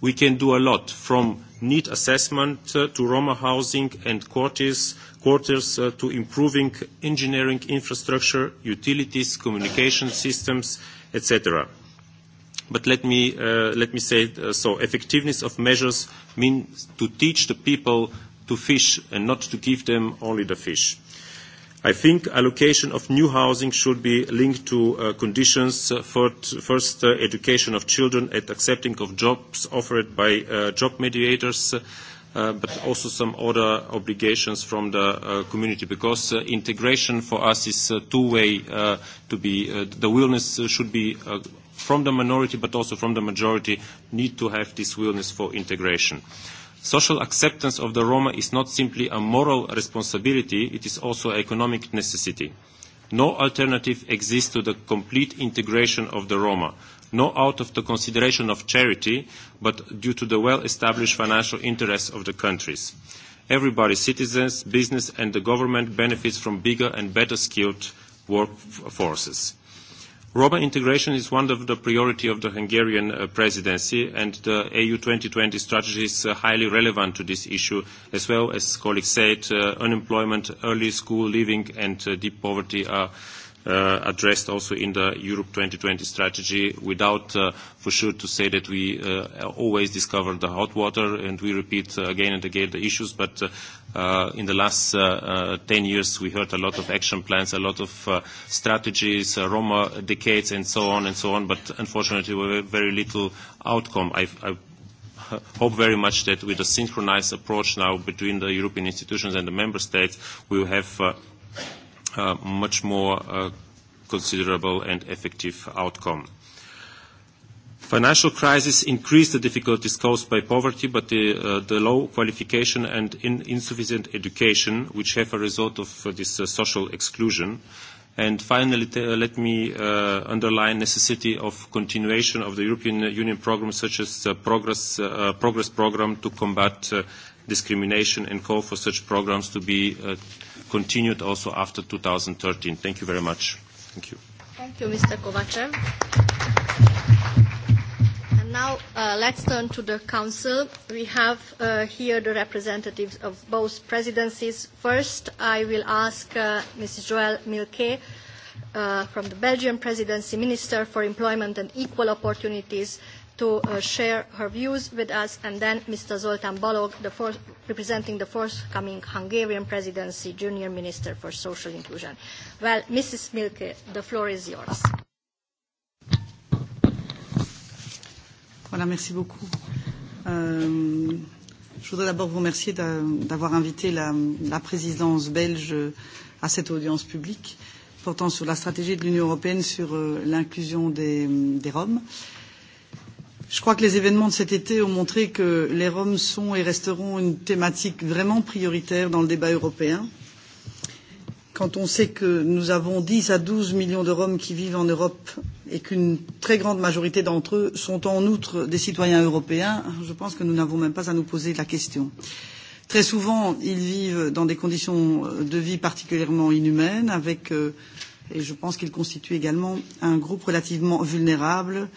We can do a lot from need assessment uh, to Roma housing and quarters, quarters uh, to improving engineering infrastructure, utilities, communication systems, etc. But let me, uh, let me say, uh, so effectiveness of measures means to teach the people to fish and not to give them only the fish. I think allocation of new housing should be linked to uh, conditions uh, for t- first uh, education of children at accepting of jobs offered by uh, job mediators, uh, but also some other obligations from the uh, community because uh, integration for us is uh, two-way uh, to be, uh, the willingness uh, should be uh, from the minority but also from the majority need to have this willingness for integration. Social acceptance of the Roma is not simply a moral responsibility, it is also an economic necessity. No alternative exists to the complete integration of the Roma, not out of the consideration of charity, but due to the well-established financial interests of the countries. Everybody, citizens, business and the government benefits from bigger and better skilled workforces. Roma integration is one of the priority of the Hungarian uh, presidency, and the EU 2020 strategy is uh, highly relevant to this issue, as well as colleagues said, uh, unemployment, early school leaving, and uh, deep poverty are uh, uh, addressed also in the Europe 2020 strategy without uh, for sure to say that we uh, always discover the hot water and we repeat uh, again and again the issues but uh, uh, in the last uh, uh, 10 years we heard a lot of action plans a lot of uh, strategies uh, Roma decades and so on and so on but unfortunately very little outcome I, I hope very much that with a synchronized approach now between the European institutions and the member states we will have uh, uh, much more uh, considerable and effective outcome. Financial crisis increased the difficulties caused by poverty, but the, uh, the low qualification and in insufficient education, which have a result of uh, this uh, social exclusion. And finally, t- uh, let me uh, underline necessity of continuation of the European Union programs such as uh, Progress, uh, Progress Program to combat uh, discrimination and call for such programs to be uh, continued also after 2013. Thank you very much. Thank you. Thank you, Mr. Kovacev. And now uh, let's turn to the Council. We have uh, here the representatives of both presidencies. First, I will ask uh, Mrs. Joëlle Milquet uh, from the Belgian Presidency Minister for Employment and Equal Opportunities to uh, share her views with us, and then Mr. Zoltán Balog, the first, representing the forthcoming Hungarian presidency, Junior Minister for Social Inclusion. Well, Mrs. Milke, the floor is yours. Voilà, merci beaucoup. Euh, je voudrais d'abord vous remercier d'avoir invité la, la présidence belge à cette audience publique portant sur la stratégie de l'Union européenne sur euh, l'inclusion des, des Roms. Euh, Je crois que les événements de cet été ont montré que les Roms sont et resteront une thématique vraiment prioritaire dans le débat européen. Quand on sait que nous avons 10 à 12 millions de Roms qui vivent en Europe et qu'une très grande majorité d'entre eux sont en outre des citoyens européens, je pense que nous n'avons même pas à nous poser la question. Très souvent, ils vivent dans des conditions de vie particulièrement inhumaines, avec euh, et je pense qu'il constitue également un groupe relativement vulnérable,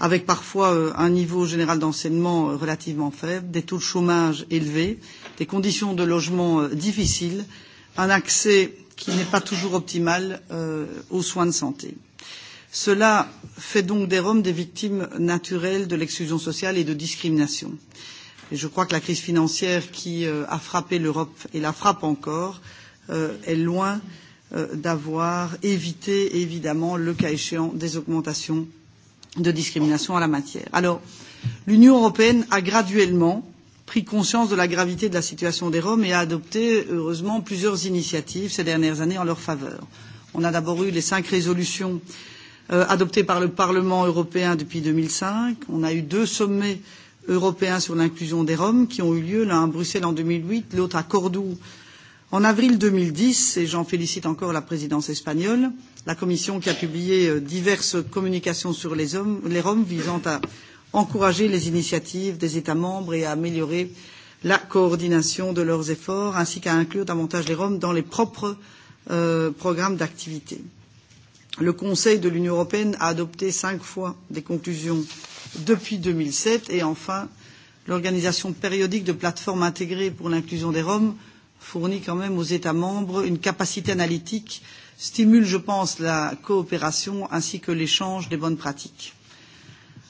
avec parfois euh, un niveau général d'enseignement euh, relativement faible, des taux de chômage élevés, des conditions de logement euh, difficiles, un accès qui n'est pas toujours optimal euh, aux soins de santé. Cela fait donc des Roms des victimes naturelles de l'exclusion sociale et de discrimination. Et je crois que la crise financière qui euh, a frappé l'Europe et la frappe encore euh, est loin euh, Euh, d'avoir évité, évidemment, le cas échéant, des augmentations de discrimination à la matière. Alors, l'Union européenne a graduellement pris conscience de la gravité de la situation des Roms et a adopté, heureusement, plusieurs initiatives ces dernières années en leur faveur. On a d'abord eu les cinq résolutions euh, adoptées par le Parlement européen depuis 2005. On a eu deux sommets européens sur l'inclusion des Roms qui ont eu lieu, l'un à Bruxelles en 2008, l'autre à Cordoue En avril 2010, et j'en félicite encore la présidence espagnole, la Commission qui a publié euh, diverses communications sur les, hommes, les Roms visant à encourager les initiatives des États membres et à améliorer la coordination de leurs efforts, ainsi qu'à inclure davantage les Roms dans les propres euh, programmes d'activité. Le Conseil de l'Union européenne a adopté cinq fois des conclusions depuis 2007 et enfin l'organisation périodique de plateformes intégrées pour l'inclusion des Roms fournit quand même aux États membres une capacité analytique, stimule, je pense, la coopération ainsi que l'échange des bonnes pratiques.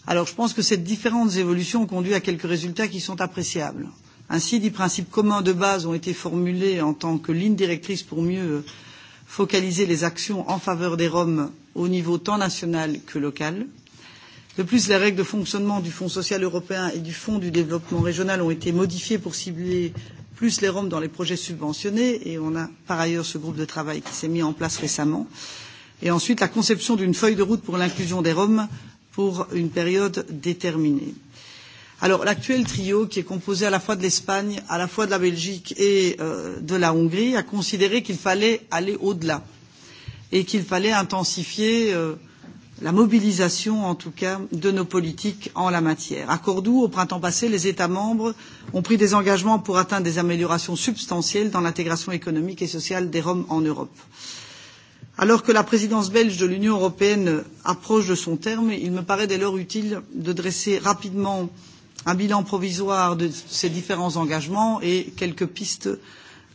Alors je pense que ces différentes évolutions ont conduit à quelques résultats qui sont appréciables. Ainsi, des principes communs de base ont été formulés en tant que ligne directrice pour mieux focaliser les actions en faveur des Roms au niveau tant national que local. Euh, De plus, les règles de fonctionnement du Fonds social européen et du Fonds du développement régional ont été modifiées pour cibler plus les Roms dans les projets subventionnés et on a par ailleurs ce groupe de travail qui s'est mis en place récemment. Et ensuite, la conception d'une feuille de route pour l'inclusion des Roms pour une période déterminée. Alors l'actuel trio, qui est composé à la fois de l'Espagne, à la fois de la Belgique et euh, de la Hongrie, a considéré qu'il fallait aller au-delà et qu'il fallait intensifier euh, la mobilisation, en tout cas, de nos politiques en la matière. À Cordoue, au printemps passé, les États membres ont pris des engagements pour atteindre des améliorations substantielles dans l'intégration économique et sociale des Roms en Europe. Alors que la présidence belge de l'Union européenne approche de son terme, il me paraît dès lors utile de dresser rapidement un bilan provisoire de ces différents engagements et quelques pistes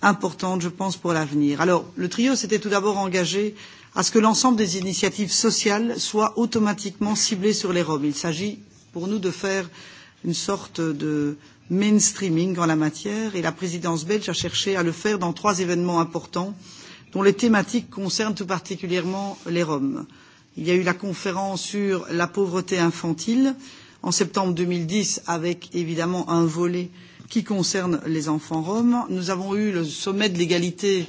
importantes, je pense, pour l'avenir. Alors, le trio s'était tout d'abord engagé euh, à ce que l'ensemble des initiatives sociales soient automatiquement ciblées sur les Roms. Il s'agit pour nous de faire une sorte de mainstreaming en la matière et la présidence belge a cherché à le faire dans trois événements importants dont les thématiques concernent tout particulièrement les Roms. Il y a eu la conférence sur la pauvreté infantile en septembre 2010 avec évidemment un volet qui concerne les enfants roms. Nous avons eu le sommet de l'égalité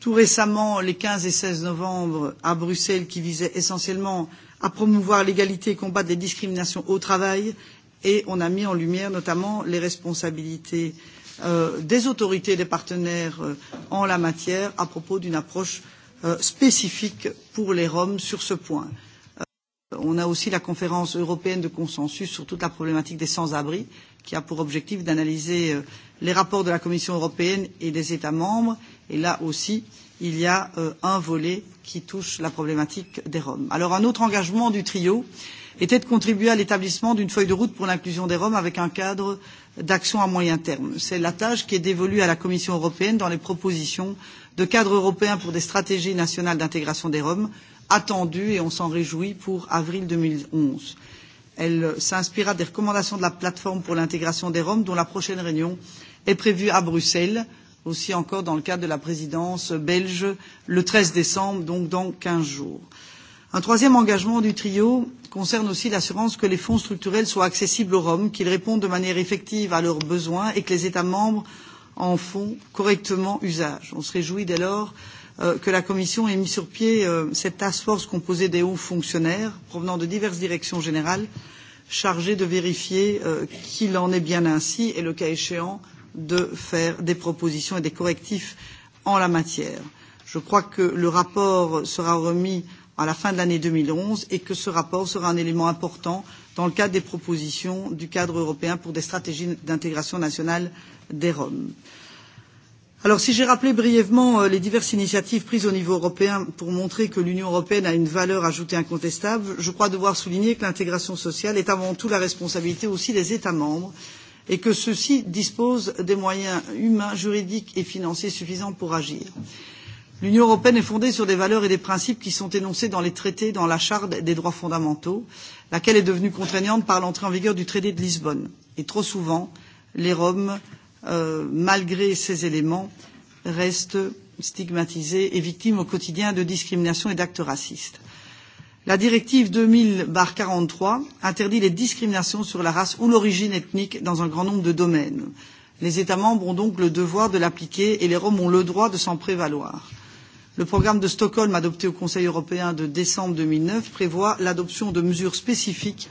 tout récemment les 15 et 16 novembre à Bruxelles qui visaient essentiellement à promouvoir l'égalité et combattre les discriminations au travail et on a mis en lumière notamment les responsabilités euh, des autorités et des partenaires euh, en la matière à propos d'une approche euh, spécifique pour les Roms sur ce point. Euh, on a aussi la conférence européenne de consensus sur toute la problématique des sans-abri qui a pour objectif d'analyser euh, les rapports de la Commission européenne et des États membres Et là aussi, il y a euh, un volet qui touche la problématique des Roms. Alors un autre engagement du trio était de contribuer à l'établissement d'une feuille de route pour l'inclusion des Roms avec un cadre d'action à moyen terme. C'est la tâche qui est dévolue à la Commission européenne dans les propositions de cadre européen pour des stratégies nationales d'intégration des Roms attendues et on s'en réjouit pour avril 2011. Elle s'inspira des recommandations de la plateforme pour l'intégration des Roms dont la prochaine réunion est prévue à Bruxelles aussi encore dans le cadre de la présidence belge le 13 décembre, donc dans 15 jours. Un troisième engagement du trio concerne aussi l'assurance que les fonds structurels soient accessibles aux Roms, qu'ils répondent de manière effective à leurs besoins et que les États membres en font correctement usage. On se réjouit dès lors euh, que la Commission ait mis sur pied euh, cette task force composée des hauts fonctionnaires provenant de diverses directions générales chargées de vérifier euh, qu'il en est bien ainsi et, le cas échéant, de faire des propositions et des correctifs en la matière. Je crois que le rapport sera remis à la fin de l'année 2011 et que ce rapport sera un élément important dans le cadre des propositions du cadre européen pour des stratégies d'intégration nationale des Roms. Alors si j'ai rappelé brièvement euh, les diverses initiatives prises au niveau européen pour montrer que l'Union européenne a une valeur ajoutée incontestable, je crois devoir souligner que l'intégration sociale est avant tout la responsabilité aussi des États membres et que ceux-ci disposent des moyens humains, juridiques et financiers suffisants pour agir. L'Union européenne est fondée sur des valeurs et des principes qui sont énoncés dans les traités, dans la charte des droits fondamentaux, laquelle est devenue contraignante par l'entrée en vigueur du traité de Lisbonne. Et trop souvent, les Roms, euh, malgré ces éléments, restent stigmatisés et victimes au quotidien de discriminations et d'actes racistes. La directive 2000-43 interdit les discriminations sur la race ou l'origine ethnique dans un grand nombre de domaines. Les États membres ont donc le devoir de l'appliquer et les Roms ont le droit de s'en prévaloir. Le programme de Stockholm adopté au Conseil européen de décembre 2009 prévoit l'adoption de mesures spécifiques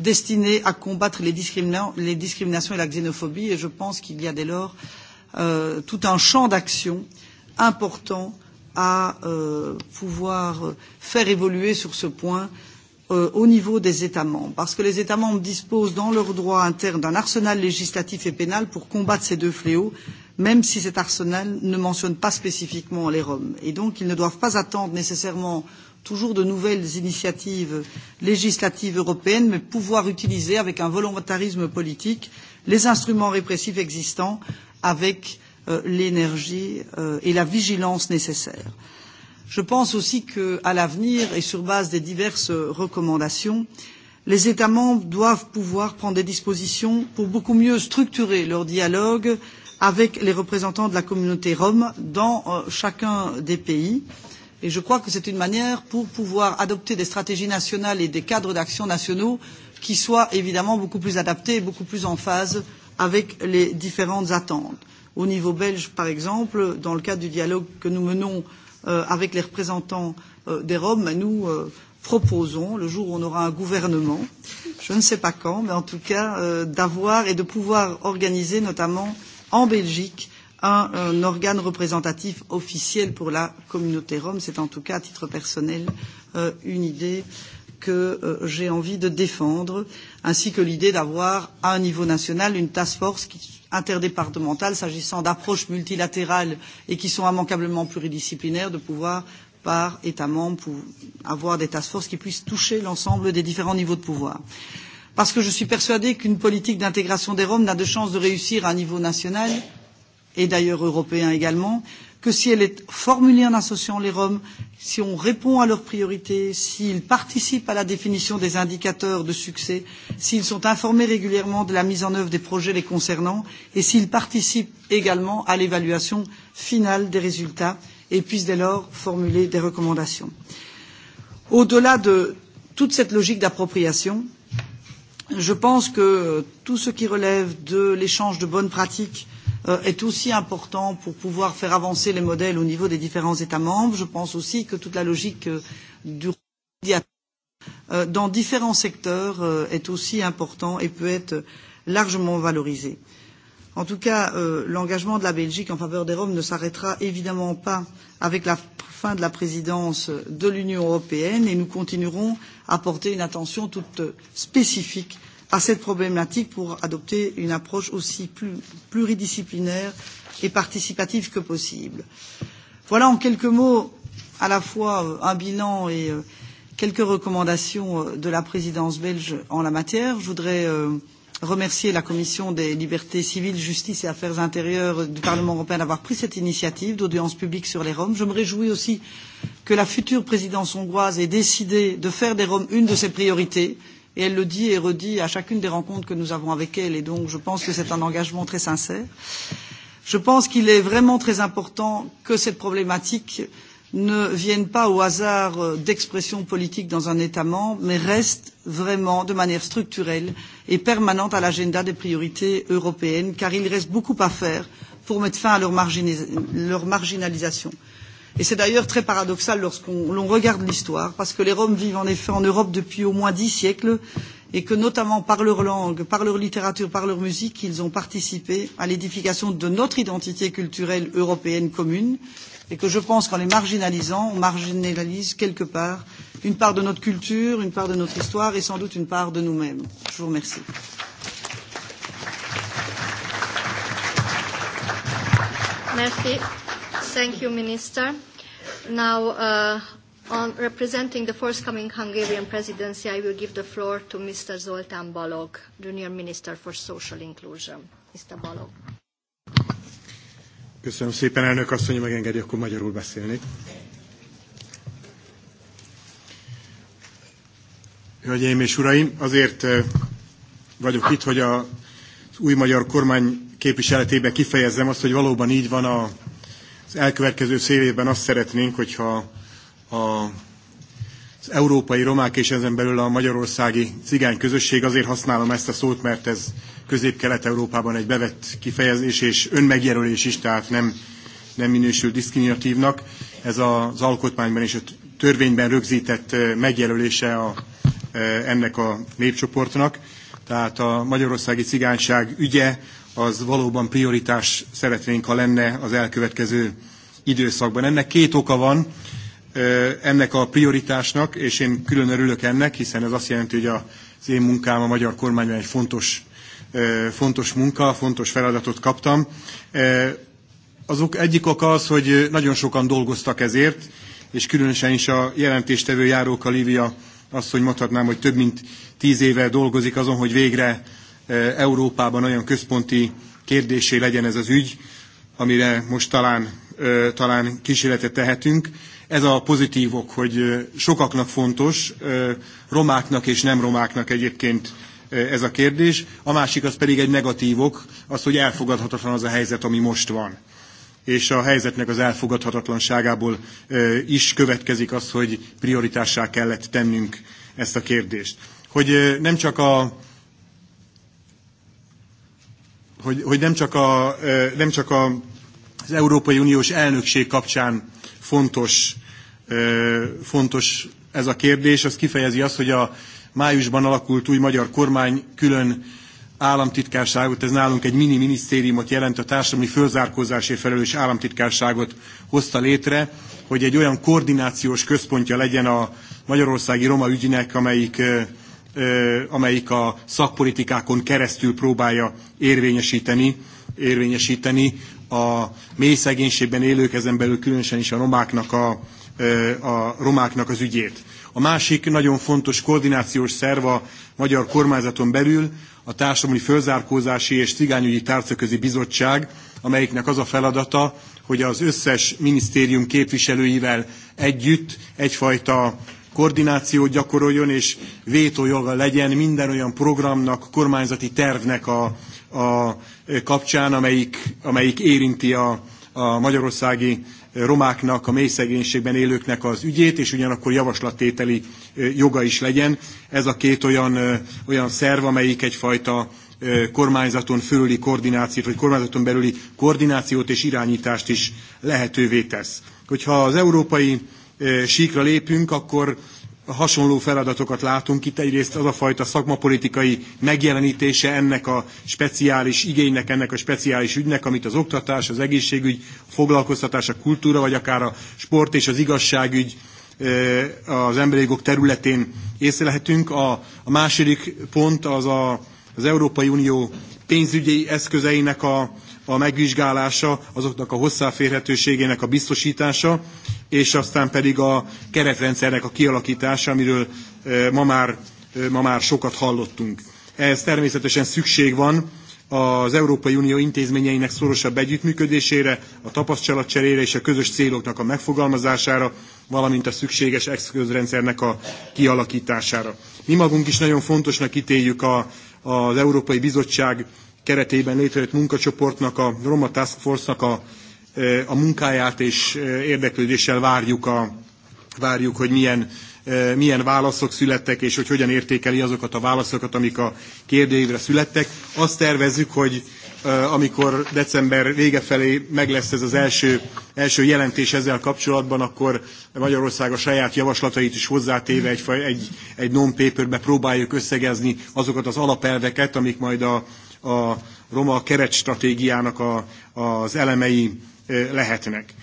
destinées à combattre les, discrimina les discriminations et la xénophobie et je pense qu'il y a dès lors euh, tout un champ d'action important à euh, pouvoir faire évoluer sur ce point euh, au niveau des États membres, parce que les États membres disposent dans leur droit interne d'un arsenal législatif et pénal pour combattre ces deux fléaux, même si cet arsenal ne mentionne pas spécifiquement les Roms. Et donc, ils ne doivent pas attendre nécessairement toujours de nouvelles initiatives législatives européennes, mais pouvoir utiliser avec un volontarisme politique les instruments répressifs existants avec euh, l'énergie euh, et la vigilance nécessaires. Je pense aussi qu'à l'avenir et sur base des diverses recommandations, les États membres doivent pouvoir prendre des dispositions pour beaucoup mieux structurer leur dialogue avec les représentants de la communauté rome dans euh, chacun des pays. Et je crois que c'est une manière pour pouvoir adopter des stratégies nationales et des cadres d'action nationaux qui soient évidemment beaucoup plus adaptés et beaucoup plus en phase avec les différentes attentes. Au niveau belge, par exemple, dans le cadre du dialogue que nous menons euh, avec les représentants euh, des Roms, nous euh, proposons, le jour où on aura un gouvernement, je ne sais pas quand, mais en tout cas, euh, d'avoir et de pouvoir organiser, notamment en Belgique, un, un organe représentatif officiel pour la communauté rome. C'est en tout cas, à titre personnel, euh, une idée euh, que euh, j'ai envie de défendre, ainsi que l'idée d'avoir, à un niveau national, une task force qui, interdépartementale s'agissant d'approches multilatérales et qui sont immanquablement pluridisciplinaires, de pouvoir, par État membre, pour avoir des task forces qui puissent toucher l'ensemble des différents niveaux de pouvoir. Parce que je suis persuadée qu'une politique d'intégration des Roms n'a de chance de réussir à un niveau national, et d'ailleurs européen également, que si elle est formulée en associant les Roms, si on répond à leurs priorités, s'ils participent à la définition des indicateurs de succès, s'ils sont informés régulièrement de la mise en œuvre des projets les concernant et s'ils participent également à l'évaluation finale des résultats et puissent dès lors formuler des recommandations. Au-delà de toute cette logique d'appropriation, je pense que tout ce qui relève de l'échange de bonnes pratiques euh, est aussi important pour pouvoir faire avancer les modèles au niveau des différents États membres. Je pense aussi que toute la logique euh, du euh, dans différents secteurs euh, est aussi important et peut être largement valorisé. En tout cas, euh, l'engagement de la Belgique en faveur des Roms ne s'arrêtera évidemment pas avec la fin de la présidence de l'Union européenne et nous continuerons à porter une attention toute spécifique euh, à cette problématique pour adopter une approche aussi plus, pluridisciplinaire et participative que possible. Voilà en quelques mots à la fois euh, un bilan et euh, quelques recommandations euh, de la présidence belge en la matière. Je voudrais remercier la Commission des libertés civiles, justice et affaires intérieures du Parlement européen d'avoir pris cette initiative d'audience publique sur les Roms. Je me réjouis aussi que la future présidence hongroise ait décidé de faire des Roms une de ses priorités, et elle le dit et redit à chacune des rencontres que nous avons avec elle, et donc je pense que c'est un engagement très sincère. Je pense qu'il est vraiment très important que cette problématique ne vienne pas au hasard euh, d'expressions politiques dans un État membre, mais reste vraiment de manière structurelle et permanente à l'agenda des priorités européennes, car il reste beaucoup à faire pour mettre fin à leur, marginalis leur marginalisation. Euh, Et c'est d'ailleurs très paradoxal lorsqu'on l'on regarde l'histoire, parce que les Roms vivent en effet en Europe depuis au moins dix siècles, et que notamment par leur langue, par leur littérature, par leur musique, ils ont participé à l'édification de notre identité culturelle européenne commune, et que je pense qu'en les marginalisant, on marginalise quelque part une part de notre culture, une part de notre histoire et sans doute une part de nous-mêmes. Je vous remercie. Merci. Thank you, Minister. Now, uh, on representing the forthcoming Hungarian presidency, I will give the floor to Mr. Zoltán Balog, Junior Minister for Social Inclusion. Mr. Balog. Köszönöm szépen, elnök asszony, megengedi, akkor magyarul beszélnék. Hölgyeim és uraim, azért vagyok itt, hogy a, az új magyar kormány képviseletébe kifejezzem azt, hogy valóban így van a az elkövetkező szévében azt szeretnénk, hogyha a, az európai romák és ezen belül a magyarországi cigány közösség, azért használom ezt a szót, mert ez közép-kelet-európában egy bevett kifejezés és önmegjelölés is, tehát nem, nem minősül diszkriminatívnak. Ez az alkotmányban és a törvényben rögzített megjelölése a, ennek a népcsoportnak. Tehát a magyarországi cigányság ügye az valóban prioritás szeretnénk, ha lenne az elkövetkező időszakban. Ennek két oka van, ennek a prioritásnak, és én külön örülök ennek, hiszen ez azt jelenti, hogy az én munkám a magyar kormányban egy fontos, fontos munka, fontos feladatot kaptam. Azok egyik oka az, hogy nagyon sokan dolgoztak ezért, és különösen is a jelentéstevő járóka Lívia azt, hogy mondhatnám, hogy több mint tíz éve dolgozik azon, hogy végre E, Európában olyan központi kérdésé legyen ez az ügy, amire most talán, e, talán kísérletet tehetünk. Ez a pozitívok, hogy e, sokaknak fontos, romáknak és nem romáknak egyébként ez a kérdés. A másik az pedig egy negatívok, az, hogy elfogadhatatlan az a helyzet, ami most van. És a helyzetnek az elfogadhatatlanságából is következik az, hogy prioritássá kellett tennünk ezt a kérdést. Hogy nem csak a hogy, hogy nem csak, a, nem csak a, az Európai Uniós elnökség kapcsán fontos, fontos ez a kérdés, az kifejezi azt, hogy a májusban alakult új magyar kormány külön államtitkárságot, ez nálunk egy mini minisztériumot jelent, a társadalmi fölzárkózásért felelős államtitkárságot hozta létre, hogy egy olyan koordinációs központja legyen a magyarországi roma ügynek, amelyik amelyik a szakpolitikákon keresztül próbálja érvényesíteni, érvényesíteni a mély szegénységben élők, ezen belül különösen is a romáknak, a, a romáknak az ügyét. A másik nagyon fontos koordinációs szerv a magyar kormányzaton belül a Társadalmi Fölzárkózási és Cigányügyi Tárcaközi Bizottság, amelyiknek az a feladata, hogy az összes minisztérium képviselőivel együtt egyfajta koordinációt gyakoroljon és vétójoga legyen minden olyan programnak, kormányzati tervnek a, a kapcsán, amelyik, amelyik érinti a, a magyarországi romáknak, a mély szegénységben élőknek az ügyét, és ugyanakkor javaslattételi joga is legyen. Ez a két olyan, olyan szerv, amelyik egyfajta kormányzaton fölüli koordinációt, vagy kormányzaton belüli koordinációt és irányítást is lehetővé tesz. Hogyha az európai síkra lépünk, akkor hasonló feladatokat látunk itt. Egyrészt az a fajta szakmapolitikai megjelenítése ennek a speciális igénynek, ennek a speciális ügynek, amit az oktatás, az egészségügy, a foglalkoztatás, a kultúra, vagy akár a sport és az igazságügy az emberi jogok területén észlelhetünk. A, a második pont az a, az Európai Unió pénzügyi eszközeinek a, a megvizsgálása, azoknak a hozzáférhetőségének a biztosítása, és aztán pedig a keretrendszernek a kialakítása, amiről eh, ma már, eh, ma már sokat hallottunk. Ehhez természetesen szükség van az Európai Unió intézményeinek szorosabb együttműködésére, a tapasztalatcserére és a közös céloknak a megfogalmazására, valamint a szükséges eszközrendszernek a kialakítására. Mi magunk is nagyon fontosnak ítéljük a, az Európai Bizottság keretében létrejött munkacsoportnak, a Roma Task Force-nak a, a munkáját, és érdeklődéssel várjuk, a, várjuk hogy milyen, milyen válaszok születtek, és hogy hogyan értékeli azokat a válaszokat, amik a kérdőívre születtek. Azt tervezzük, hogy amikor december vége felé meg lesz ez az első, első jelentés ezzel kapcsolatban, akkor Magyarország a saját javaslatait is hozzátéve egy, egy, egy non-paperbe próbáljuk összegezni azokat az alapelveket, amik majd a, a roma keretstratégiának a, az elemei lehetnek.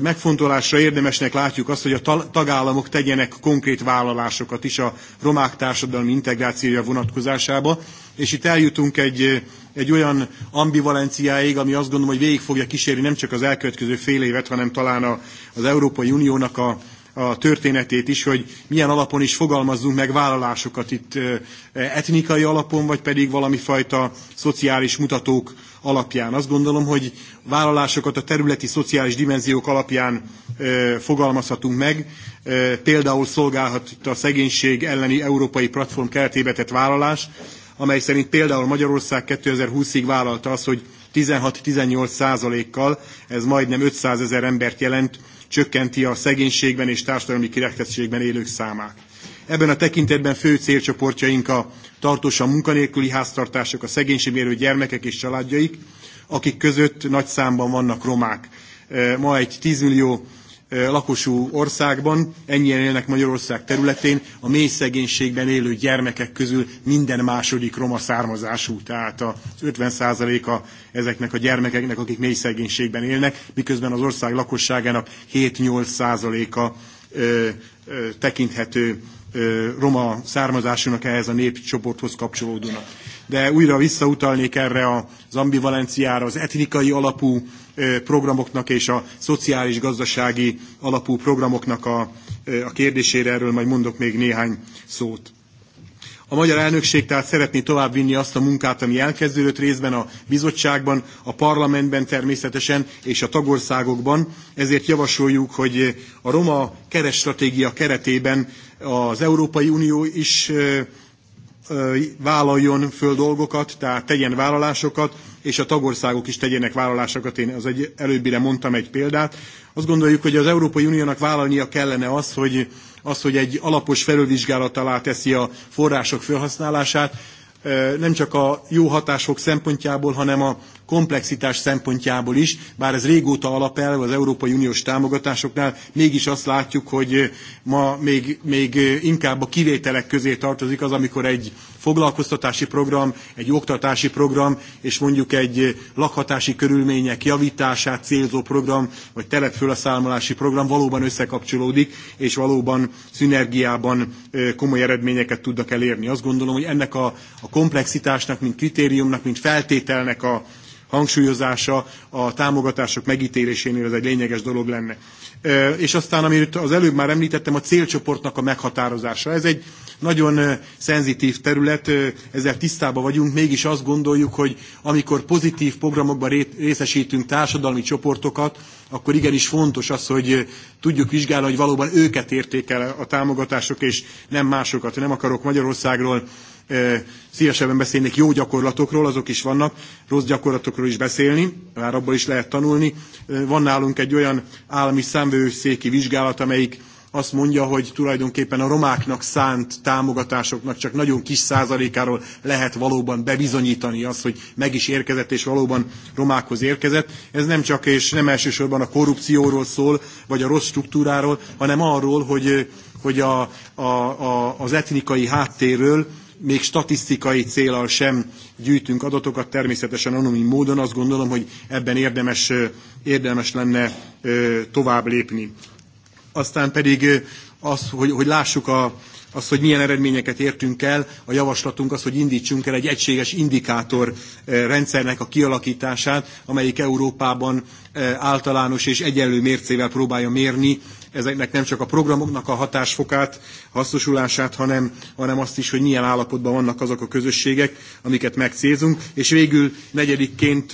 Megfontolásra érdemesnek látjuk azt, hogy a tagállamok tegyenek konkrét vállalásokat is a romák társadalmi integrációja vonatkozásába, és itt eljutunk egy, egy olyan ambivalenciáig, ami azt gondolom, hogy végig fogja kísérni nem csak az elkövetkező fél évet, hanem talán a, az Európai Uniónak a, a történetét is, hogy milyen alapon is fogalmazzunk meg vállalásokat itt etnikai alapon, vagy pedig valami fajta szociális mutatók alapján. Azt gondolom, hogy vállalásokat a területi szociális dimenziók alapján e, fogalmazhatunk meg. E, például szolgálhat itt a szegénység elleni európai platform keretébe tett vállalás, amely szerint például Magyarország 2020-ig vállalta azt, hogy 16-18 százalékkal, ez majdnem 500 ezer embert jelent, csökkenti a szegénységben és társadalmi kirekesztségben élők számát. Ebben a tekintetben fő célcsoportjaink a tartósan munkanélküli háztartások, a szegénységben élő gyermekek és családjaik, akik között nagy számban vannak romák. Ma egy 10 millió Eh, lakosú országban, ennyien élnek Magyarország területén, a mély szegénységben élő gyermekek közül minden második roma származású, tehát az 50%-a ezeknek a gyermekeknek, akik mély szegénységben élnek, miközben az ország lakosságának 7-8%-a eh, eh, tekinthető roma származásúnak ehhez a népcsoporthoz kapcsolódónak. De újra visszautalnék erre az ambivalenciára, az etnikai alapú programoknak és a szociális gazdasági alapú programoknak a, a kérdésére, erről majd mondok még néhány szót. A magyar elnökség tehát szeretné továbbvinni azt a munkát, ami elkezdődött részben a bizottságban, a parlamentben természetesen és a tagországokban. Ezért javasoljuk, hogy a roma keresstratégia keretében az Európai Unió is vállaljon föl dolgokat, tehát tegyen vállalásokat, és a tagországok is tegyenek vállalásokat. Én az egy, előbbire mondtam egy példát. Azt gondoljuk, hogy az Európai Uniónak vállalnia kellene az, hogy, az, hogy egy alapos felülvizsgálat alá teszi a források felhasználását, nem csak a jó hatások szempontjából, hanem a komplexitás szempontjából is, bár ez régóta alapelve az Európai Uniós támogatásoknál, mégis azt látjuk, hogy ma még, még inkább a kivételek közé tartozik az, amikor egy foglalkoztatási program, egy oktatási program, és mondjuk egy eh, lakhatási körülmények javítását célzó program, vagy telepfölszámolási program valóban összekapcsolódik, és valóban szinergiában eh, komoly eredményeket tudnak elérni. Azt gondolom, hogy ennek a, a komplexitásnak, mint kritériumnak, mint feltételnek a, hangsúlyozása a támogatások megítélésénél ez egy lényeges dolog lenne. És aztán, amit az előbb már említettem, a célcsoportnak a meghatározása. Ez egy nagyon szenzitív terület, ezzel tisztában vagyunk, mégis azt gondoljuk, hogy amikor pozitív programokban részesítünk társadalmi csoportokat, akkor igenis fontos az, hogy tudjuk vizsgálni, hogy valóban őket értékel a támogatások, és nem másokat. Nem akarok Magyarországról Eh, szívesebben beszélnék jó gyakorlatokról, azok is vannak, rossz gyakorlatokról is beszélni, már abból is lehet tanulni. Eh, van nálunk egy olyan állami számvevőszéki vizsgálat, amelyik azt mondja, hogy tulajdonképpen a romáknak szánt támogatásoknak csak nagyon kis százalékáról lehet valóban bebizonyítani azt, hogy meg is érkezett és valóban romákhoz érkezett. Ez nem csak és nem elsősorban a korrupcióról szól, vagy a rossz struktúráról, hanem arról, hogy, hogy a, a, a, az etnikai háttérről, még statisztikai célal sem gyűjtünk adatokat, természetesen anonim módon, azt gondolom, hogy ebben érdemes, érdemes lenne tovább lépni. Aztán pedig az, hogy, hogy lássuk a, az, hogy milyen eredményeket értünk el, a javaslatunk az, hogy indítsunk el egy egységes indikátor rendszernek a kialakítását, amelyik Európában általános és egyenlő mércével próbálja mérni ezeknek nem csak a programoknak a hatásfokát, hasznosulását, hanem, hanem azt is, hogy milyen állapotban vannak azok a közösségek, amiket megcélzunk. És végül negyedikként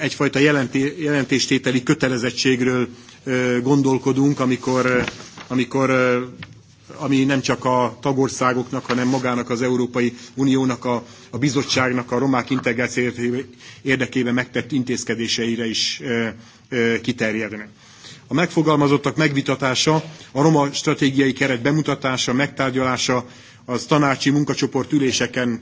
egyfajta jelenté, jelentéstételi kötelezettségről gondolkodunk, amikor, amikor ami nem csak a tagországoknak, hanem magának az Európai Uniónak, a, a bizottságnak a romák integráció érdekében megtett intézkedéseire is e, e, kiterjedne. A megfogalmazottak megvitatása, a roma stratégiai keret bemutatása, megtárgyalása az tanácsi munkacsoport üléseken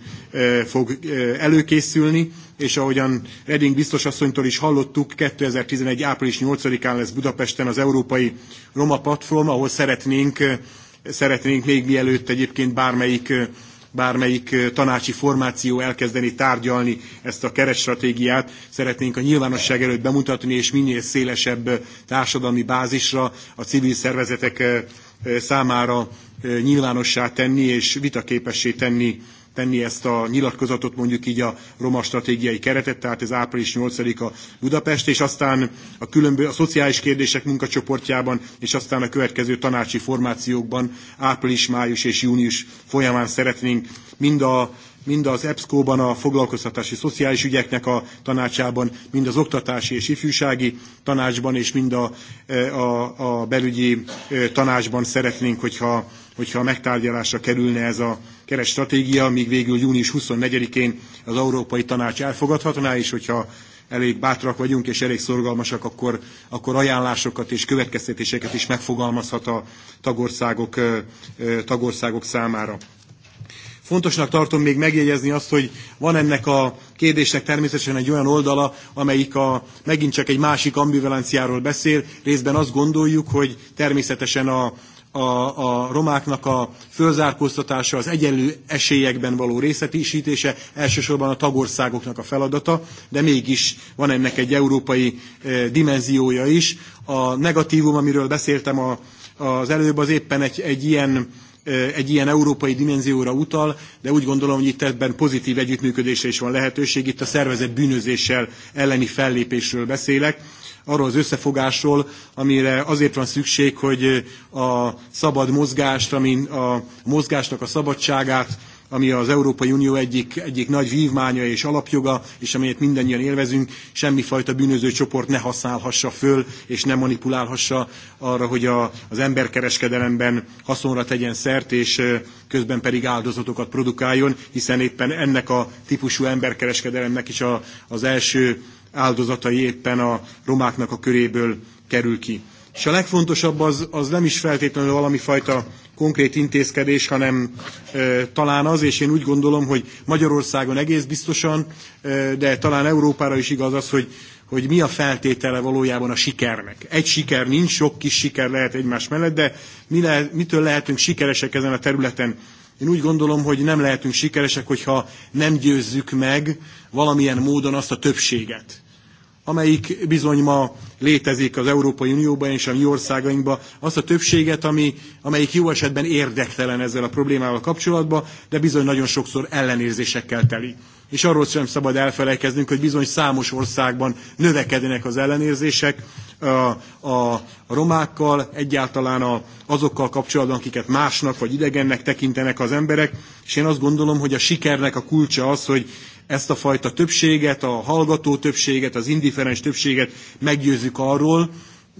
fog előkészülni, és ahogyan Reding biztosasszonytól is hallottuk, 2011. április 8-án lesz Budapesten az Európai Roma Platform, ahol szeretnénk, szeretnénk még mielőtt egyébként bármelyik bármelyik tanácsi formáció elkezdeni tárgyalni ezt a keretstratégiát. Szeretnénk a nyilvánosság előtt bemutatni, és minél szélesebb társadalmi bázisra a civil szervezetek számára nyilvánossá tenni és vitaképessé tenni tenni ezt a nyilatkozatot mondjuk így a roma stratégiai keretet, tehát ez április 8-a Budapest, és aztán a, különböző, a szociális kérdések munkacsoportjában, és aztán a következő tanácsi formációkban április, május és június folyamán szeretnénk mind a mind az EBSCO-ban a foglalkoztatási szociális ügyeknek a tanácsában, mind az oktatási és ifjúsági tanácsban, és mind a, eh, a, a belügyi eh, tanácsban szeretnénk, hogyha, hogyha megtárgyalásra kerülne ez a keres stratégia, míg végül június 24-én az Európai Tanács elfogadhatná, és hogyha elég bátrak vagyunk és elég szorgalmasak, akkor, akkor ajánlásokat és következtetéseket is megfogalmazhat a tagországok, eh, tagországok számára. Fontosnak tartom még megjegyezni azt, hogy van ennek a kérdésnek természetesen egy olyan oldala, amelyik a, megint csak egy másik ambivalenciáról beszél. Részben azt gondoljuk, hogy természetesen a, a, a romáknak a fölzárkóztatása, az egyenlő esélyekben való részletisítése elsősorban a tagországoknak a feladata, de mégis van ennek egy európai e, dimenziója is. A negatívum, amiről beszéltem a, az előbb, az éppen egy, egy ilyen egy ilyen európai dimenzióra utal, de úgy gondolom, hogy itt ebben pozitív együttműködésre is van lehetőség. Itt a szervezet bűnözéssel elleni fellépésről beszélek arról az összefogásról, amire azért van szükség, hogy a szabad mozgást, amin a mozgásnak a szabadságát ami az Európai Unió egyik, egyik nagy vívmánya és alapjoga, és amelyet mindannyian élvezünk, semmifajta bűnöző csoport ne használhassa föl, és ne manipulálhassa arra, hogy a, az emberkereskedelemben haszonra tegyen szert, és közben pedig áldozatokat produkáljon, hiszen éppen ennek a típusú emberkereskedelemnek is a, az első áldozatai éppen a romáknak a köréből kerül ki. És a legfontosabb az, az nem is feltétlenül valami fajta konkrét intézkedés, hanem e, talán az, és én úgy gondolom, hogy Magyarországon egész biztosan, e, de talán Európára is igaz az, hogy, hogy mi a feltétele valójában a sikernek. Egy siker nincs, sok kis siker lehet egymás mellett, de mi lehet, mitől lehetünk sikeresek ezen a területen? Én úgy gondolom, hogy nem lehetünk sikeresek, hogyha nem győzzük meg valamilyen módon azt a többséget amelyik bizony ma létezik az Európai Unióban és a mi országainkban, azt a többséget, ami, amelyik jó esetben érdektelen ezzel a problémával kapcsolatban, de bizony nagyon sokszor ellenérzésekkel teli. És arról sem szabad elfelejkeznünk, hogy bizony számos országban növekednek az ellenérzések a, a romákkal, egyáltalán a, azokkal kapcsolatban, akiket másnak vagy idegennek tekintenek az emberek, és én azt gondolom, hogy a sikernek a kulcsa az, hogy ezt a fajta többséget, a hallgató többséget, az indiferens többséget meggyőzzük arról,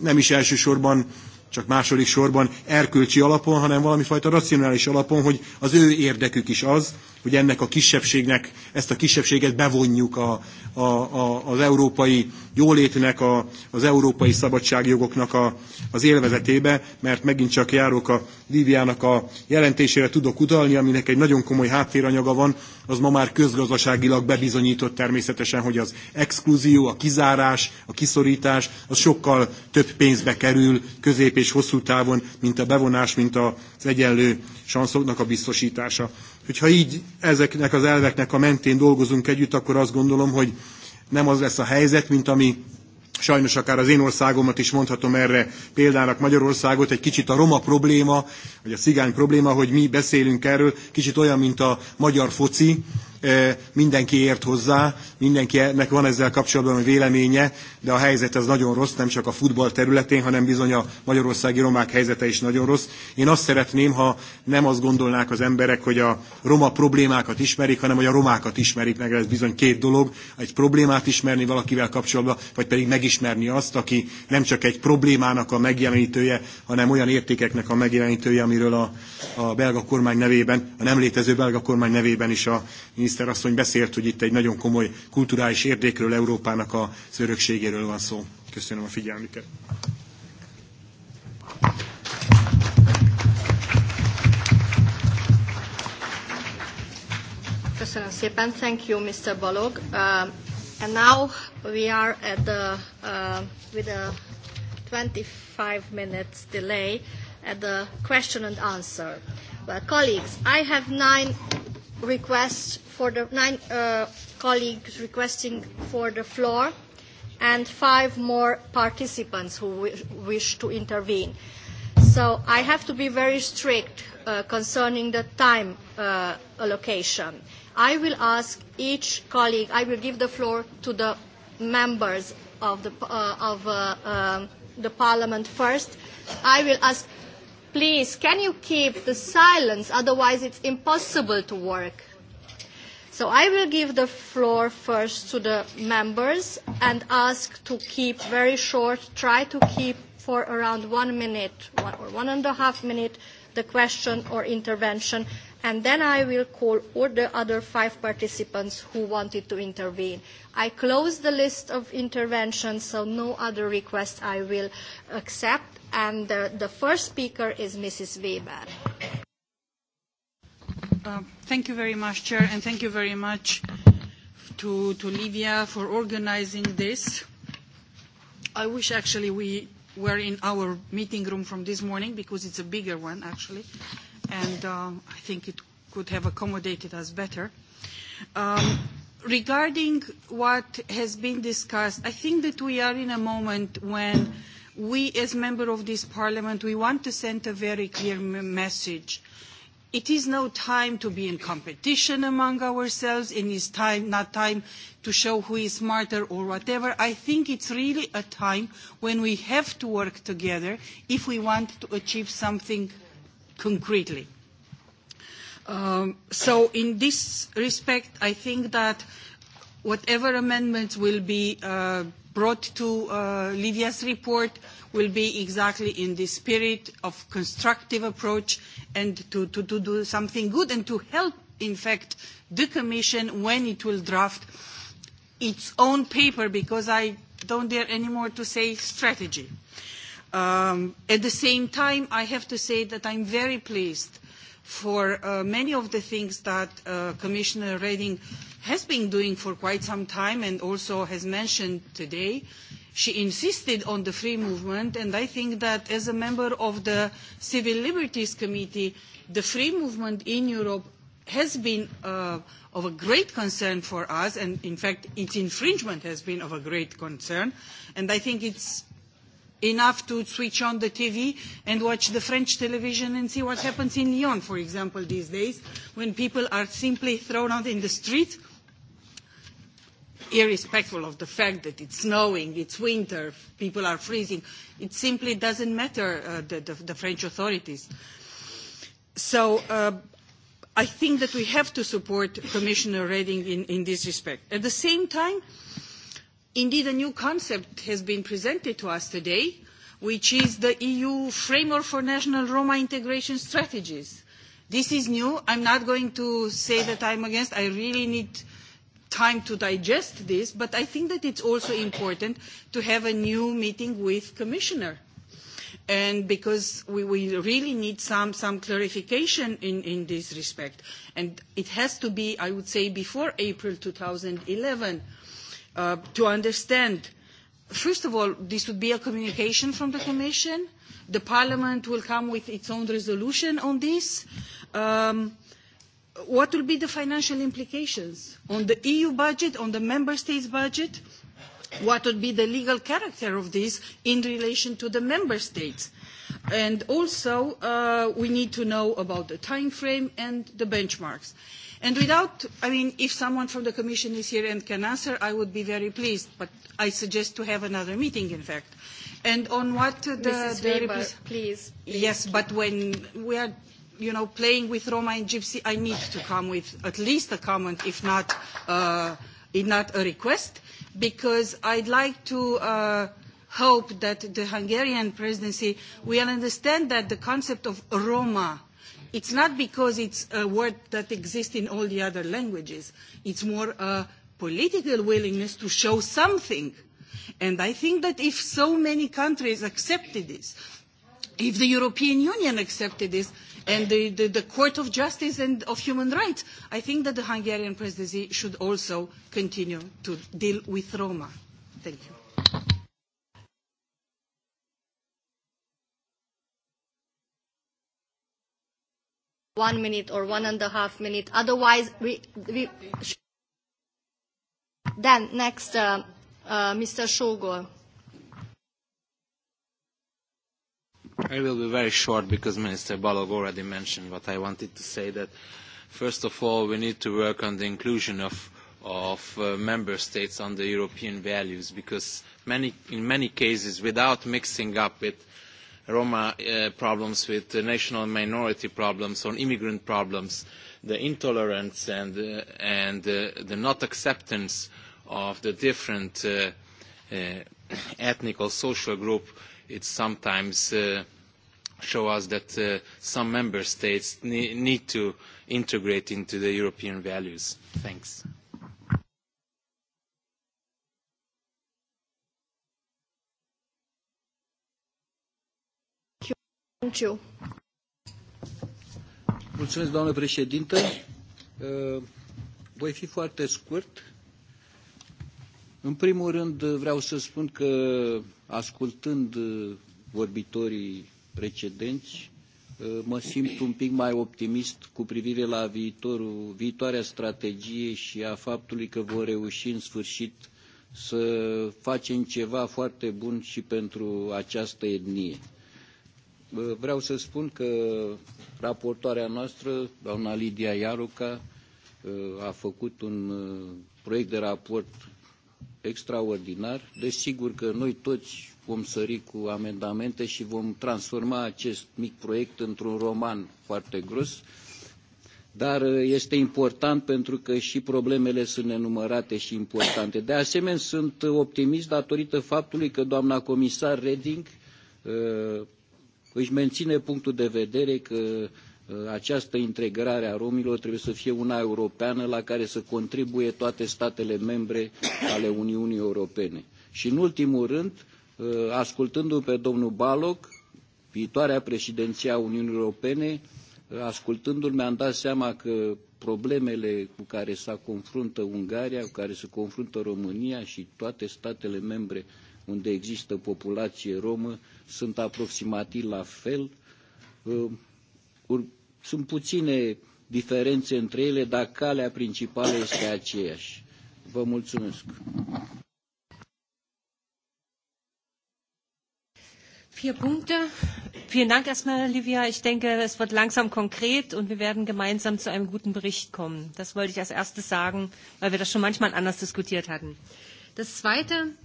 nem is elsősorban csak második sorban erkölcsi alapon, hanem valami fajta racionális alapon, hogy az ő érdekük is az, hogy ennek a kisebbségnek, ezt a kisebbséget bevonjuk a, a, a, az európai jólétnek, a, az európai szabadságjogoknak a, az élvezetébe, mert megint csak járok a Líviának a jelentésére tudok utalni, aminek egy nagyon komoly háttéranyaga van, az ma már közgazdaságilag bebizonyított természetesen, hogy az exkluzió, a kizárás, a kiszorítás, az sokkal több pénzbe kerül közép és hosszú távon, mint a bevonás, mint az egyenlő sanszoknak a biztosítása. Hogyha így ezeknek az elveknek a mentén dolgozunk együtt, akkor azt gondolom, hogy nem az lesz a helyzet, mint ami sajnos akár az én országomat is mondhatom erre példának Magyarországot, egy kicsit a roma probléma, vagy a cigány probléma, hogy mi beszélünk erről, kicsit olyan, mint a magyar foci, mindenki ért hozzá, mindenkinek van ezzel kapcsolatban a véleménye, de a helyzet ez nagyon rossz, nem csak a futball területén, hanem bizony a magyarországi romák helyzete is nagyon rossz. Én azt szeretném, ha nem azt gondolnák az emberek, hogy a roma problémákat ismerik, hanem hogy a romákat ismerik meg, ez bizony két dolog, egy problémát ismerni valakivel kapcsolatban, vagy pedig megismerni azt, aki nem csak egy problémának a megjelenítője, hanem olyan értékeknek a megjelenítője, amiről a, a belga kormány nevében, a nem létező belga kormány nevében is a miniszter miniszter asszony beszélt, hogy itt egy nagyon komoly kulturális érdékről, Európának az örökségéről van szó. Köszönöm a figyelmüket. Köszönöm szépen. Thank you, Mr. Balog. Uh, and now we are at the, uh, with a 25 minutes delay at the question and answer. Well, colleagues, I have nine requests for the nine uh, colleagues requesting for the floor and five more participants who wish, wish to intervene. So I have to be very strict uh, concerning the time uh, allocation. I will ask each colleague, I will give the floor to the members of the, uh, of, uh, um, the Parliament first. I will ask Please, can you keep the silence? Otherwise, it's impossible to work. So I will give the floor first to the members and ask to keep very short, try to keep for around one minute one or one and a half minute the question or intervention, and then I will call all the other five participants who wanted to intervene. I close the list of interventions, so no other requests I will accept, And uh, the first speaker is Mrs. Weber. Uh, thank you very much, Chair, and thank you very much to, to Livia for organizing this. I wish actually we were in our meeting room from this morning because it's a bigger one actually, and uh, I think it could have accommodated us better. Um, regarding what has been discussed, I think that we are in a moment when uh, we as member of this parliament, we want to send a very clear message. It is no time to be in competition among ourselves, and it's time, not time to show who is smarter or whatever. I think it's really a time when we have to work together if we want to achieve something concretely. Um, so in this respect, I think that uh, whatever amendments will be uh, brought to uh, Livia's report will be exactly in the spirit of constructive approach and to, to, to do something good and to help, in fact, the Commission when it will draft its own paper, because I don't dare anymore to say strategy. Um, at the same time, I have to say that I'm very pleased for uh, many of the things that uh, Commissioner Reding has been doing for quite some time and also has mentioned today. She insisted on the free movement, and I think that as a member of the Civil Liberties Committee, the free movement in Europe has been uh, of a great concern for us, and in fact, its infringement has been of a great concern. And I think it's enough to switch on the TV and watch the French television and see what happens in Lyon, for example, these days, when people are simply thrown out in the street, irrespectful of the fact that it's snowing, it's winter, people are freezing. It simply doesn't matter, uh, the, the, the French authorities. So uh, I think that we have to support Commissioner Reding in, in this respect. At the same time, uh, Indeed, a new concept has been presented to us today, which is the EU Framework for National Roma Integration Strategies. This is new. I'm not going to say that I'm against. I really need time to digest this, but I think that it's also important to have a new meeting with Commissioner. And because we, we really need some, some clarification in, in this respect. And it has to be, I would say, before April 2011 uh, to understand, first of all, this would be a communication from the Commission. The Parliament will come with its own resolution on this. Um, what will be the financial implications on the EU budget, on the Member States budget? What would be the legal character of this in relation to the Member States? And also, uh, we need to know about the time frame and the benchmarks. Uh, And without, I mean, if someone from the Commission is here and can answer, I would be very pleased. But I suggest to have another meeting, in fact. And on what the... Mrs. the Weber, please, please. Yes, but when we are, you know, playing with Roma and Gypsy, I need to come with at least a comment, if not, uh, if not a request, because I'd like to... Uh, hope that the Hungarian presidency will understand that the concept of Roma It's not because it's a word that exists in all the other languages. It's more a political willingness to show something. And I think that if so many countries accepted this, if the European Union accepted this, and the, the, the Court of Justice and of Human Rights, I think that the Hungarian presidency should also continue to deal with Roma. Thank you. one minute or one and a half minute. Otherwise, we, we sh- then next, uh, uh, Mr. Shogor. I will be very short because Minister Balog already mentioned what I wanted to say. That first of all, we need to work on the inclusion of of uh, member states on the European values because many, in many cases, without mixing up with Roma uh, problems, with uh, national minority problems, on immigrant problems, the intolerance and, uh, and uh, the not acceptance of the different uh, uh, ethnic or social group, it sometimes uh, show us that uh, some member states ne need to integrate into the European values. Thanks. Ciu. Mulțumesc, doamnă președintă. Uh, voi fi foarte scurt. În primul rând vreau să spun că ascultând uh, vorbitorii precedenți, uh, mă simt un pic mai optimist cu privire la viitorul, viitoarea strategie și a faptului că vor reuși în sfârșit să facem ceva foarte bun și pentru această etnie vreau să spun că raportoarea noastră, doamna Lidia Iaruca, a făcut un proiect de raport extraordinar. Desigur că noi toți vom sări cu amendamente și vom transforma acest mic proiect într-un roman foarte gros, dar este important pentru că și problemele sunt nenumărate și importante. De asemenea, sunt optimist datorită faptului că doamna comisar Reding își menține punctul de vedere că uh, această integrare a romilor trebuie să fie una europeană la care să contribuie toate statele membre ale Uniunii Europene. Și în ultimul rând, uh, ascultându-l pe domnul Baloc, viitoarea președinție a Uniunii Europene, uh, ascultându-l mi-am dat seama că problemele cu care se confruntă Ungaria, cu care se confruntă România și toate statele membre unde există populație romă sunt aproximativ la fel. Uh, sunt puține diferențe între ele, dar calea principală este aceeași. Vă mulțumesc. Vier Punkte. Vielen Dank erstmal, Livia. Ich denke, es wird langsam konkret und wir werden gemeinsam zu einem guten Bericht kommen. Das wollte ich als erstes sagen, weil wir das schon manchmal anders diskutiert hatten. Das Zweite,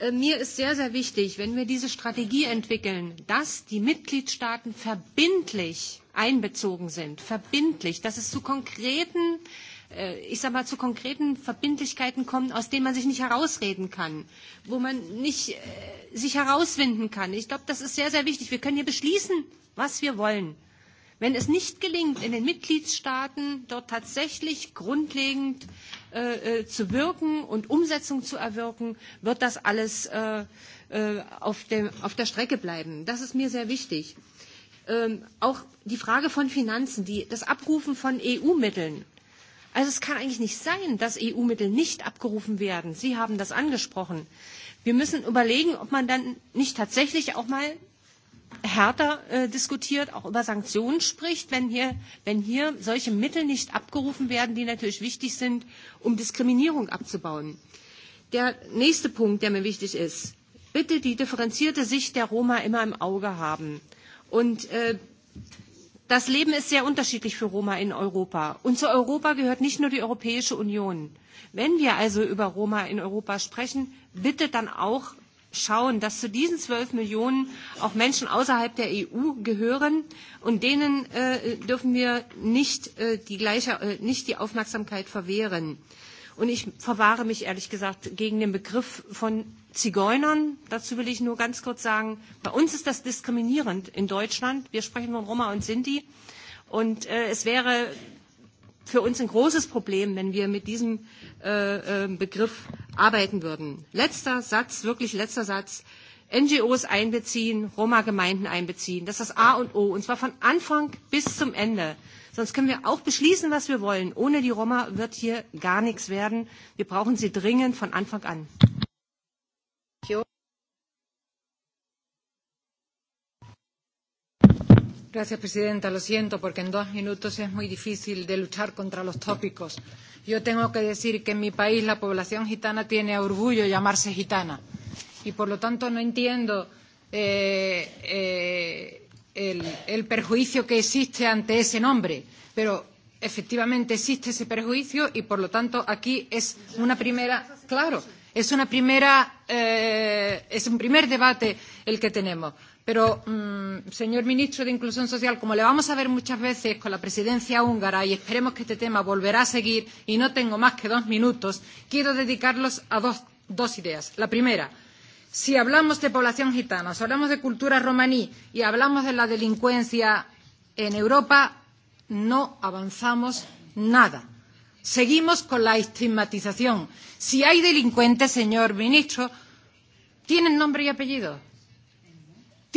Äh, mir ist sehr, sehr wichtig, wenn wir diese Strategie entwickeln, dass die Mitgliedstaaten verbindlich einbezogen sind, verbindlich, dass es zu konkreten, äh, ich sag mal, zu konkreten Verbindlichkeiten kommt, aus denen man sich nicht herausreden kann, wo man nicht äh, sich herauswinden kann. Ich glaube, das ist sehr, sehr wichtig. Wir können hier beschließen, was wir wollen. Wenn es nicht gelingt, in den Mitgliedstaaten dort tatsächlich grundlegend äh, äh zu wirken und Umsetzung zu erwirken, wird das alles äh, äh, auf, dem, auf der Strecke bleiben. Das ist mir sehr wichtig. Ähm, auch die Frage von Finanzen, die, das Abrufen von EU-Mitteln. Also es kann eigentlich nicht sein, dass EU-Mittel nicht abgerufen werden. Sie haben das angesprochen. Wir müssen überlegen, ob man dann nicht tatsächlich auch mal härter äh, diskutiert, auch über Sanktionen spricht, wenn hier, wenn hier solche Mittel nicht abgerufen werden, die natürlich wichtig sind, um Diskriminierung abzubauen. Der nächste Punkt, der mir wichtig ist, bitte die differenzierte Sicht der Roma immer im Auge haben. Und äh, das Leben ist sehr unterschiedlich für Roma in Europa. Und zu Europa gehört nicht nur die Europäische Union. Wenn wir also über Roma in Europa sprechen, bitte dann auch schauen, dass zu diesen zwölf Millionen auch Menschen außerhalb der EU gehören und denen äh, dürfen wir nicht, äh, die gleiche, äh, nicht die Aufmerksamkeit verwehren. Und ich verwahre mich ehrlich gesagt gegen den Begriff von Zigeunern. Dazu will ich nur ganz kurz sagen, bei uns ist das diskriminierend in Deutschland. Wir sprechen von Roma und Sinti. Und äh, es wäre für uns ein großes Problem, wenn wir mit diesem äh, äh, Begriff arbeiten würden. Letzter Satz, wirklich letzter Satz. NGOs einbeziehen, Roma-Gemeinden einbeziehen. Das ist das A und O. Und zwar von Anfang bis zum Ende. Sonst können wir auch beschließen, was wir wollen. Ohne die Roma wird hier gar nichts werden. Wir brauchen sie dringend von Anfang an. Gracias, presidenta. Lo siento, porque en dos minutos es muy difícil de luchar contra los tópicos. Yo tengo que decir que en mi país la población gitana tiene a orgullo llamarse gitana y, por lo tanto, no entiendo eh, eh, el, el perjuicio que existe ante ese nombre. Pero efectivamente existe ese perjuicio y, por lo tanto, aquí es una primera. Claro, es una primera. Eh, es un primer debate el que tenemos. Pero, mmm, señor ministro de Inclusión Social, como le vamos a ver muchas veces con la presidencia húngara y esperemos que este tema volverá a seguir y no tengo más que dos minutos, quiero dedicarlos a dos, dos ideas. La primera, si hablamos de población gitana, si hablamos de cultura romaní y hablamos de la delincuencia en Europa, no avanzamos nada. Seguimos con la estigmatización. Si hay delincuentes, señor ministro, tienen nombre y apellido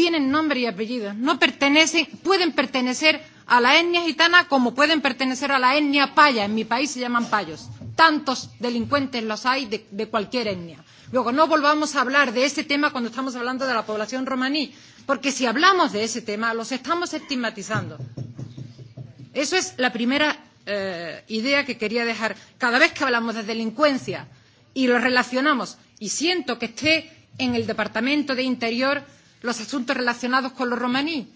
tienen nombre y apellido, no pertenecen, pueden pertenecer a la etnia gitana como pueden pertenecer a la etnia paya, en mi país se llaman payos. Tantos delincuentes los hay de, de cualquier etnia. Luego, no volvamos a hablar de ese tema cuando estamos hablando de la población romaní, porque si hablamos de ese tema, los estamos estigmatizando. Eso es la primera eh, idea que quería dejar. Cada vez que hablamos de delincuencia y lo relacionamos, y siento que esté en el Departamento de Interior, los asuntos relacionados con los romaníes.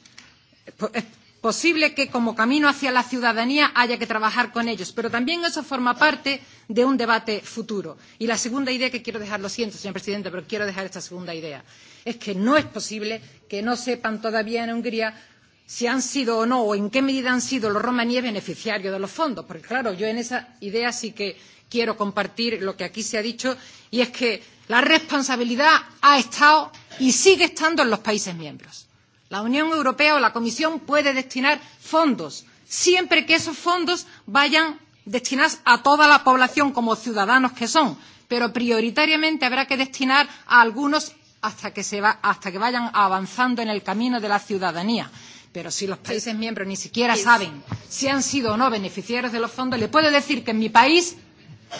Es posible que como camino hacia la ciudadanía haya que trabajar con ellos, pero también eso forma parte de un debate futuro. Y la segunda idea que quiero dejar, lo siento, señor presidente, pero quiero dejar esta segunda idea, es que no es posible que no sepan todavía en Hungría si han sido o no, o en qué medida han sido los romaníes beneficiarios de los fondos. Porque, claro, yo en esa idea sí que quiero compartir lo que aquí se ha dicho, y es que La responsabilidad ha estado y sigue estando en los países miembros. La Unión Europea o la Comisión puede destinar fondos siempre que esos fondos vayan destinados a toda la población como ciudadanos que son, pero prioritariamente habrá que destinar a algunos hasta que, se va, hasta que vayan avanzando en el camino de la ciudadanía. Pero si los países miembros ni siquiera saben si han sido o no beneficiarios de los fondos, le puedo decir que en mi país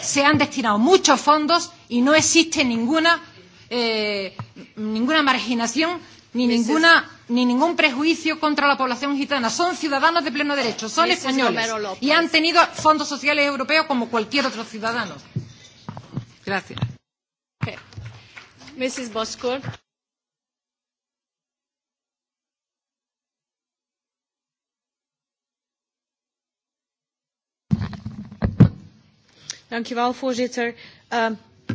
se han destinado muchos fondos y no existe ninguna, eh, ninguna marginación ni, ninguna, ni ningún prejuicio contra la población gitana. Son ciudadanos de pleno derecho, son Mrs. españoles y han tenido fondos sociales europeos como cualquier otro ciudadano. Gracias. Okay. Mrs. Boscourt. Dankjewel, voorzitter. Uh,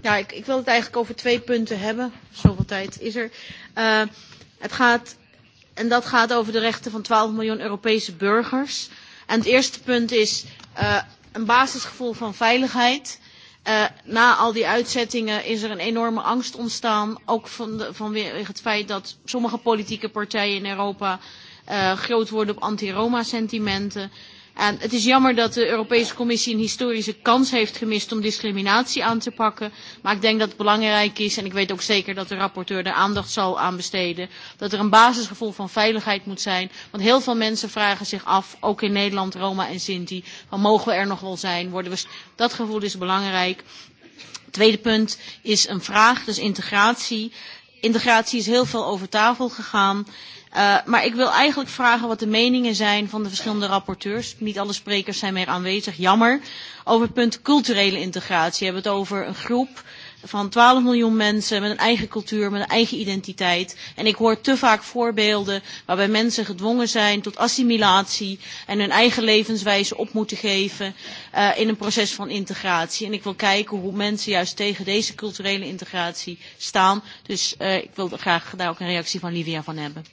ja, ik, ik wil het eigenlijk over twee punten hebben. Zoveel tijd is er. Uh, het gaat, en dat gaat over de rechten van 12 miljoen Europese burgers. En het eerste punt is uh, een basisgevoel van veiligheid. Uh, na al die uitzettingen is er een enorme angst ontstaan. Ook van de, vanwege het feit dat sommige politieke partijen in Europa uh, groot worden op anti-Roma sentimenten. Uh, En het is jammer dat de Europese Commissie een historische kans heeft gemist om discriminatie aan te pakken. Maar ik denk dat het belangrijk is, en ik weet ook zeker dat de rapporteur er aandacht zal aan besteden, dat er een basisgevoel van veiligheid moet zijn. Want heel veel mensen vragen zich af, ook in Nederland, Roma en Sinti, van mogen we er nog wel zijn? Worden we... Dat gevoel is belangrijk. Het tweede punt is een vraag, dus integratie. Integratie is heel veel over tafel gegaan. Uh, maar ik wil eigenlijk vragen wat de meningen zijn van de verschillende rapporteurs. Niet alle sprekers zijn meer aanwezig, jammer. Over het punt culturele integratie. We hebben het over een groep van 12 miljoen mensen met een eigen cultuur, met een eigen identiteit. En ik hoor te vaak voorbeelden waarbij mensen gedwongen zijn tot assimilatie en hun eigen levenswijze op moeten geven uh, in een proces van integratie. En ik wil kijken hoe mensen juist tegen deze culturele integratie staan. Dus uh, ik wil graag daar ook een reactie van Livia van hebben.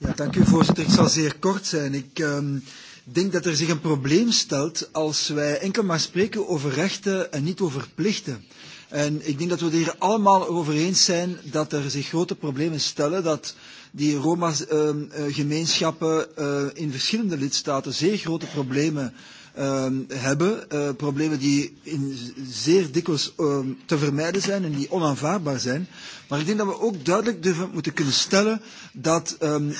Ja, dank u voorzitter. Ik zal zeer kort zijn. Ik um, denk dat er zich een probleem stelt als wij enkel maar spreken over rechten en niet over plichten. En ik denk dat we het hier allemaal over eens zijn dat er zich grote problemen stellen, dat die Roma-gemeenschappen ehm, eh, uh, eh, uh, in verschillende lidstaten zeer grote problemen hebben um, hebben. Uh, problemen die in zeer dikwijls um, te vermijden zijn en die onaanvaardbaar zijn. Maar ik denk dat we ook duidelijk durven moeten kunnen stellen dat um,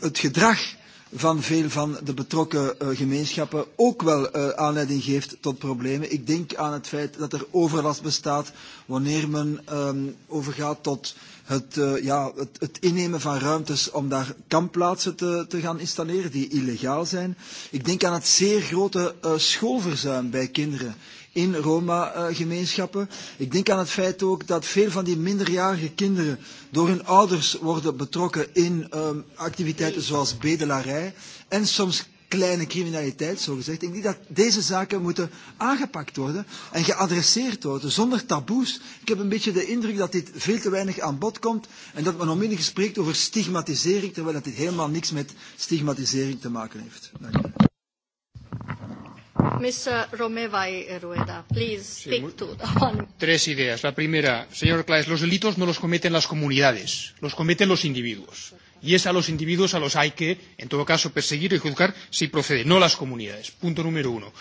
het gedrag van veel van de betrokken uh, gemeenschappen ook wel uh, aanleiding geeft tot problemen. Ik denk aan het feit dat er overlast bestaat wanneer men um, overgaat tot uh, het, uh, ja, het, het innemen van ruimtes om daar kampplaatsen te, te gaan installeren die illegaal zijn. Ik denk aan het zeer grote uh, schoolverzuim bij kinderen in Roma-gemeenschappen. Eh, Ik denk aan het feit ook dat veel van die minderjarige kinderen door hun ouders worden betrokken in um, activiteiten zoals bedelarij. En soms kleine criminaliteit, zogezegd. Ik denk dat deze zaken moeten aangepakt worden en geadresseerd worden, zonder taboes. Ik heb een beetje de indruk dat dit veel te weinig aan bod komt en dat men onmiddellijk spreekt over stigmatisering, terwijl dat dit helemaal niks met stigmatisering te maken heeft. Dank u. Mr. Romeva y Rueda, please speak sí, to one. Tres ideas. La primera, señor Claes, los delitos no los cometen las comunidades, los cometen los individuos y es a los individuos a los hay que, en todo caso, perseguir y juzgar si procede, no a las comunidades. Punto número uno.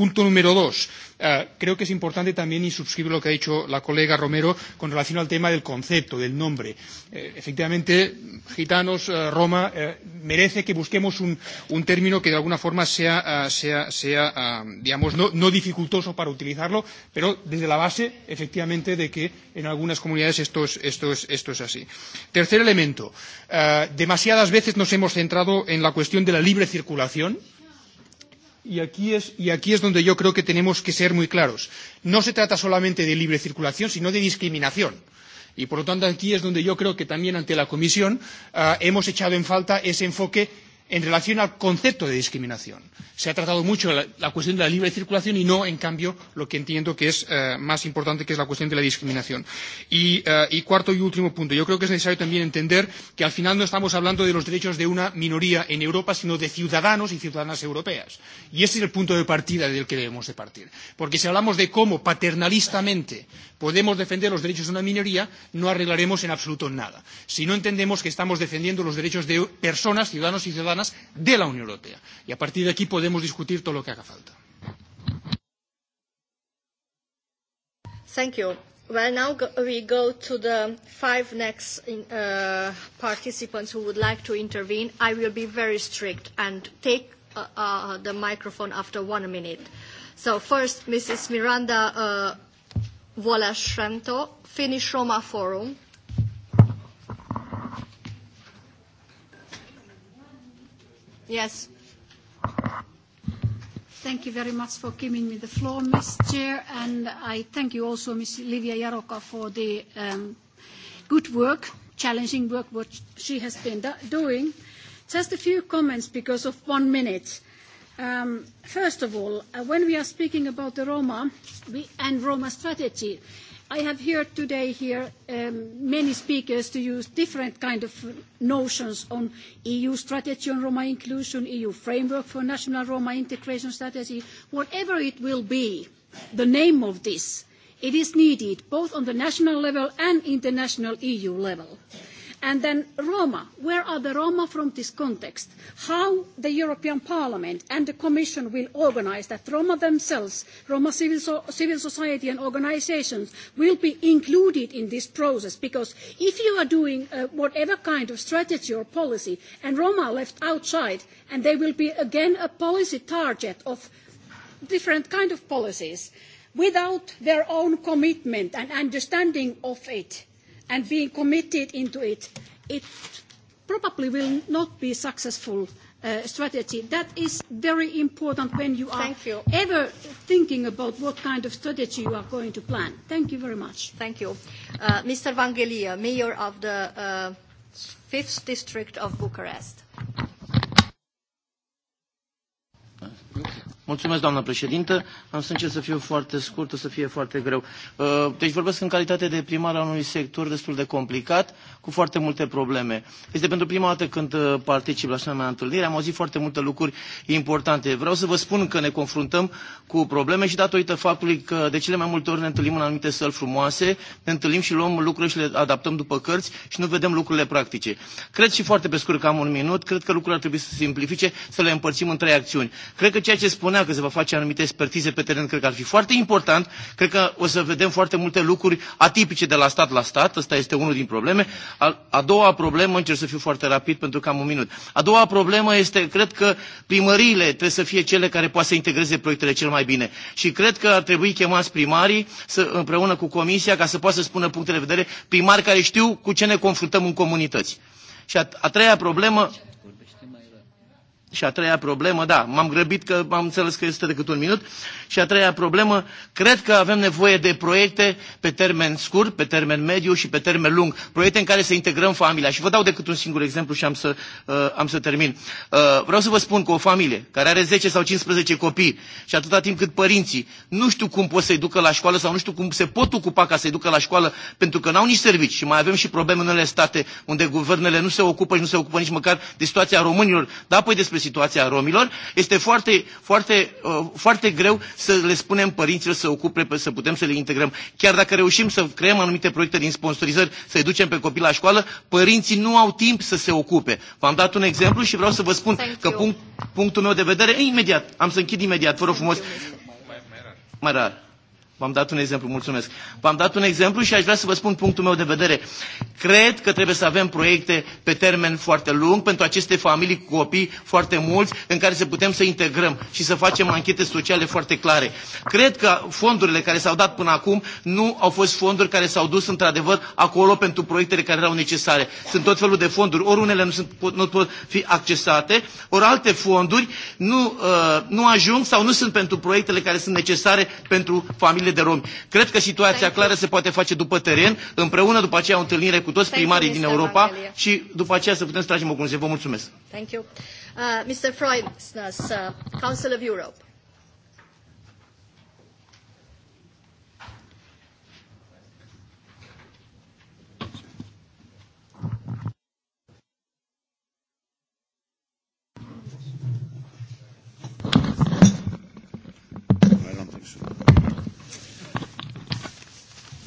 Punto número dos. Uh, creo que es importante también y suscribo lo que ha dicho la colega Romero con relación al tema del concepto, del nombre. Eh, efectivamente, gitanos, eh, Roma, eh, merece que busquemos un, un término que de alguna forma sea, uh, sea, sea uh, digamos, no, no dificultoso para utilizarlo, pero desde la base, efectivamente, de que en algunas comunidades esto es, esto es, esto es así. Tercer elemento. Uh, demasiadas veces nos hemos centrado en la cuestión de la libre circulación. Uh, Y aquí, es, y aquí es donde yo creo que tenemos que ser muy claros. No se trata solamente de libre circulación, sino de discriminación. Y por lo tanto, aquí es donde yo creo que también ante la Comisión uh, hemos echado en falta ese enfoque en relación al concepto de discriminación. Se ha tratado mucho la, la cuestión de la libre circulación y no, en cambio, lo que entiendo que es eh, más importante, que es la cuestión de la discriminación. Y, eh, y cuarto y último punto. Yo creo que es necesario también entender que al final no estamos hablando de los derechos de una minoría en Europa, sino de ciudadanos y ciudadanas europeas. Y ese es el punto de partida del que debemos de partir. Porque si hablamos de cómo paternalistamente podemos defender los derechos de una minoría, no arreglaremos en absoluto nada. Si no entendemos que estamos defendiendo los derechos de personas, ciudadanos y ciudadanas, ciudadanas de la Unión Europea. Y a partir de aquí podemos discutir todo lo que haga falta. Thank you. Well, now go, we go to the five next in, uh, participants who would like to intervene. I will be very strict and take uh, uh, the microphone after one minute. So first, Mrs. Miranda uh, Volashrento, Finnish Roma Forum. Yes. Thank you very much for giving me the floor, Ms. Chair, and I thank you also, Ms. Livia Jaroka, for the um, good work, challenging work what she has been doing. Just a few comments because of one minute. Um, first of all, uh, when we are speaking about the Roma we, and Roma strategy, I have heard today here um, many speakers to use different kind of notions on EU strategy on Roma inclusion, EU framework for national Roma integration strategy, whatever it will be, the name of this, it is needed both on the national level and international EU level. Uh, And then Roma. Where are the Roma from this context? How the European Parliament and the Commission will organise that Roma themselves, Roma civil, so, civil society and organisations will be included in this process. Because if you are doing uh, whatever kind of strategy or policy and Roma are left outside and they will be again a policy target of different kind of policies without their own commitment and understanding of it, and being committed into it, it probably will not be successful uh, strategy. That is very important when you are Thank you. ever thinking about what kind of strategy you are going to plan. Thank you very much. Thank you. Uh, Mr. Vangelia, Mayor of the uh, 5th District of Bucharest. Uh, okay. Mulțumesc, doamnă președintă. Am să încerc să fiu foarte scurt, o să fie foarte greu. Uh, deci vorbesc în calitate de primar al unui sector destul de complicat, cu foarte multe probleme. Este pentru prima dată când uh, particip la așa mea întâlnire, am auzit foarte multe lucruri importante. Vreau să vă spun că ne confruntăm cu probleme și datorită faptului că de cele mai multe ori ne întâlnim în anumite săli frumoase, ne întâlnim și luăm lucrurile și le adaptăm după cărți și nu vedem lucrurile practice. Cred și foarte pe scurt că am un minut, cred că lucrurile ar trebui să se simplifice, să le împărțim în trei acțiuni. Cred că ceea ce spunea spunea că se va face anumite expertize pe teren, cred că ar fi foarte important. Cred că o să vedem foarte multe lucruri atipice de la stat la stat. Asta este unul din probleme. A, a doua problemă, încerc să fiu foarte rapid pentru că am un minut. A doua problemă este, cred că primăriile trebuie să fie cele care poate să integreze proiectele cel mai bine. Și cred că ar trebui chemați primarii să, împreună cu comisia ca să poată să spună punctele de vedere primari care știu cu ce ne confruntăm în comunități. Și a, a treia problemă, Și a treia problemă, da, m-am grăbit că am înțeles că este decât un minut. Și a treia problemă, cred că avem nevoie de proiecte pe termen scurt, pe termen mediu și pe termen lung. Proiecte în care să integrăm familia. Și vă dau decât un singur exemplu și am să, uh, am să termin. Uh, vreau să vă spun că o familie care are 10 sau 15 copii și atâta timp cât părinții nu știu cum pot să-i ducă la școală sau nu știu cum se pot ocupa ca să-i ducă la școală pentru că n-au nici servicii. Și mai avem și probleme în unele state unde guvernele nu se ocupă și nu se ocupă nici măcar de situația românilor. Da, apoi despre situația romilor, este foarte, foarte, uh, foarte greu să le spunem părinților să ocupe, să putem să le integrăm. Chiar dacă reușim să creăm anumite proiecte din sponsorizări, să-i ducem pe copii la școală, părinții nu au timp să se ocupe. V-am dat un exemplu și vreau să vă spun Thank că punct, punctul meu de vedere, e imediat, am să închid imediat, vă rog frumos. Mai rar. V-am dat un exemplu, mulțumesc. V-am dat un exemplu și aș vrea să vă spun punctul meu de vedere. Cred că trebuie să avem proiecte pe termen foarte lung pentru aceste familii cu copii foarte mulți în care să putem să integrăm și să facem anchete sociale foarte clare. Cred că fondurile care s-au dat până acum nu au fost fonduri care s-au dus într-adevăr acolo pentru proiectele care erau necesare. Sunt tot felul de fonduri, ori unele nu, sunt, pot, nu pot fi accesate, ori alte fonduri nu, uh, nu ajung sau nu sunt pentru proiectele care sunt necesare pentru familiile nevoie de romi. Cred că situația clară se poate face după teren, împreună după aceea o întâlnire cu toți primarii din Europa și după aceea să putem să tragem o concluzie. Vă mulțumesc. Thank you. Uh, Mr. Freundness, uh, Council of Europe. I don't think so.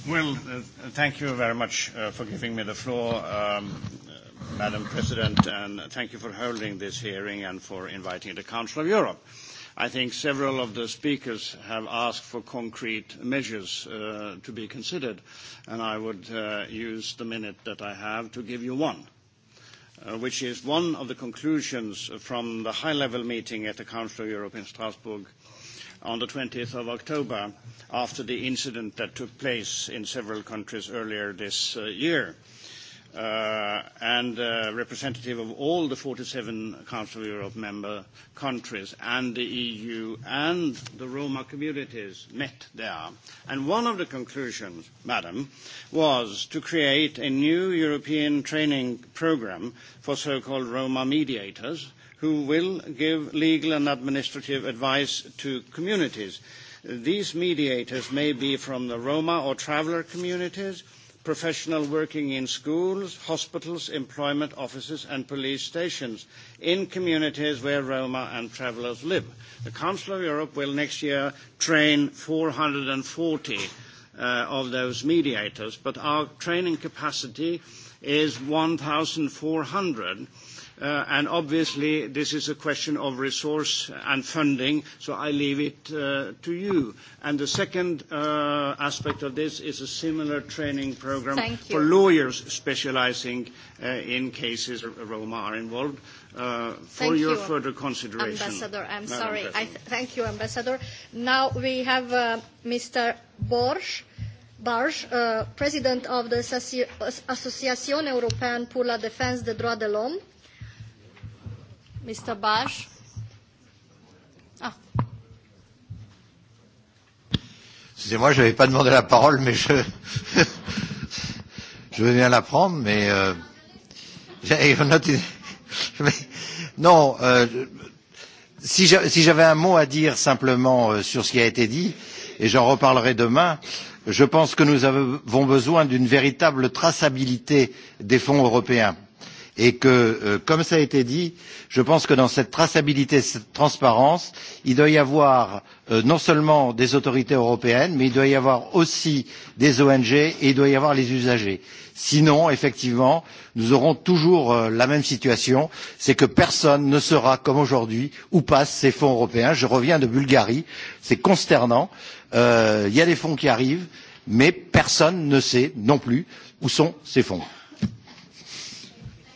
Well, uh, thank you very much uh, for giving me the floor, um, uh, Madam President, and thank you for holding this hearing and for inviting the Council of Europe. I think several of the speakers have asked for concrete measures uh, to be considered, and I would uh, use the minute that I have to give you one. Uh, which is one of the conclusions from the high-level meeting at the Council of Europe in Strasbourg uh, on the 20th of October after the incident that took place in several countries earlier this uh, year. Uh, and uh, representative of all the 47 Council of Europe member countries and the EU and the Roma communities met there. And one of the conclusions, madam, was to create a new European training program for so-called Roma mediators – who will give legal and administrative advice to communities. These mediators may be from the Roma or traveller communities, professional working in schools, hospitals, employment offices and police stations in communities where Roma and travellers live. The Council of Europe will next year train 440 uh, of those mediators, but our training capacity is 1,400 Uh, and obviously, this is a question of resource and funding, so I leave it uh, to you. And the second uh, aspect of this is a similar training program for lawyers specializing uh, in cases uh, Roma are involved. Uh, for thank your you, further consideration. Ambassador, I'm Madam sorry. President. I th- thank you, Ambassador. Now we have uh, Mr. Borsch, Barge, uh, President of the Associación Européenne pour la Défense des Droits de l'Homme Mr. Bash. Ah. Excusez-moi, je n'avais pas demandé la parole, mais je, [LAUGHS] je venais à la prendre, mais euh, noté, [LAUGHS] mais non, euh, si j'avais un mot à dire simplement euh, sur ce qui a été dit, et j'en reparlerai demain, je pense que nous avons besoin d'une véritable traçabilité des fonds européens et que, euh, comme cela a été dit, je pense que dans cette traçabilité, cette transparence, il doit y avoir euh, non seulement des autorités européennes, mais il doit y avoir aussi des ONG et il doit y avoir les usagers. Sinon, effectivement, nous aurons toujours euh, la même situation, c'est que personne ne saura, comme aujourd'hui, où passent ces fonds européens. Je reviens de Bulgarie, c'est consternant. Il euh, y a des fonds qui arrivent, mais personne ne sait non plus où sont ces fonds.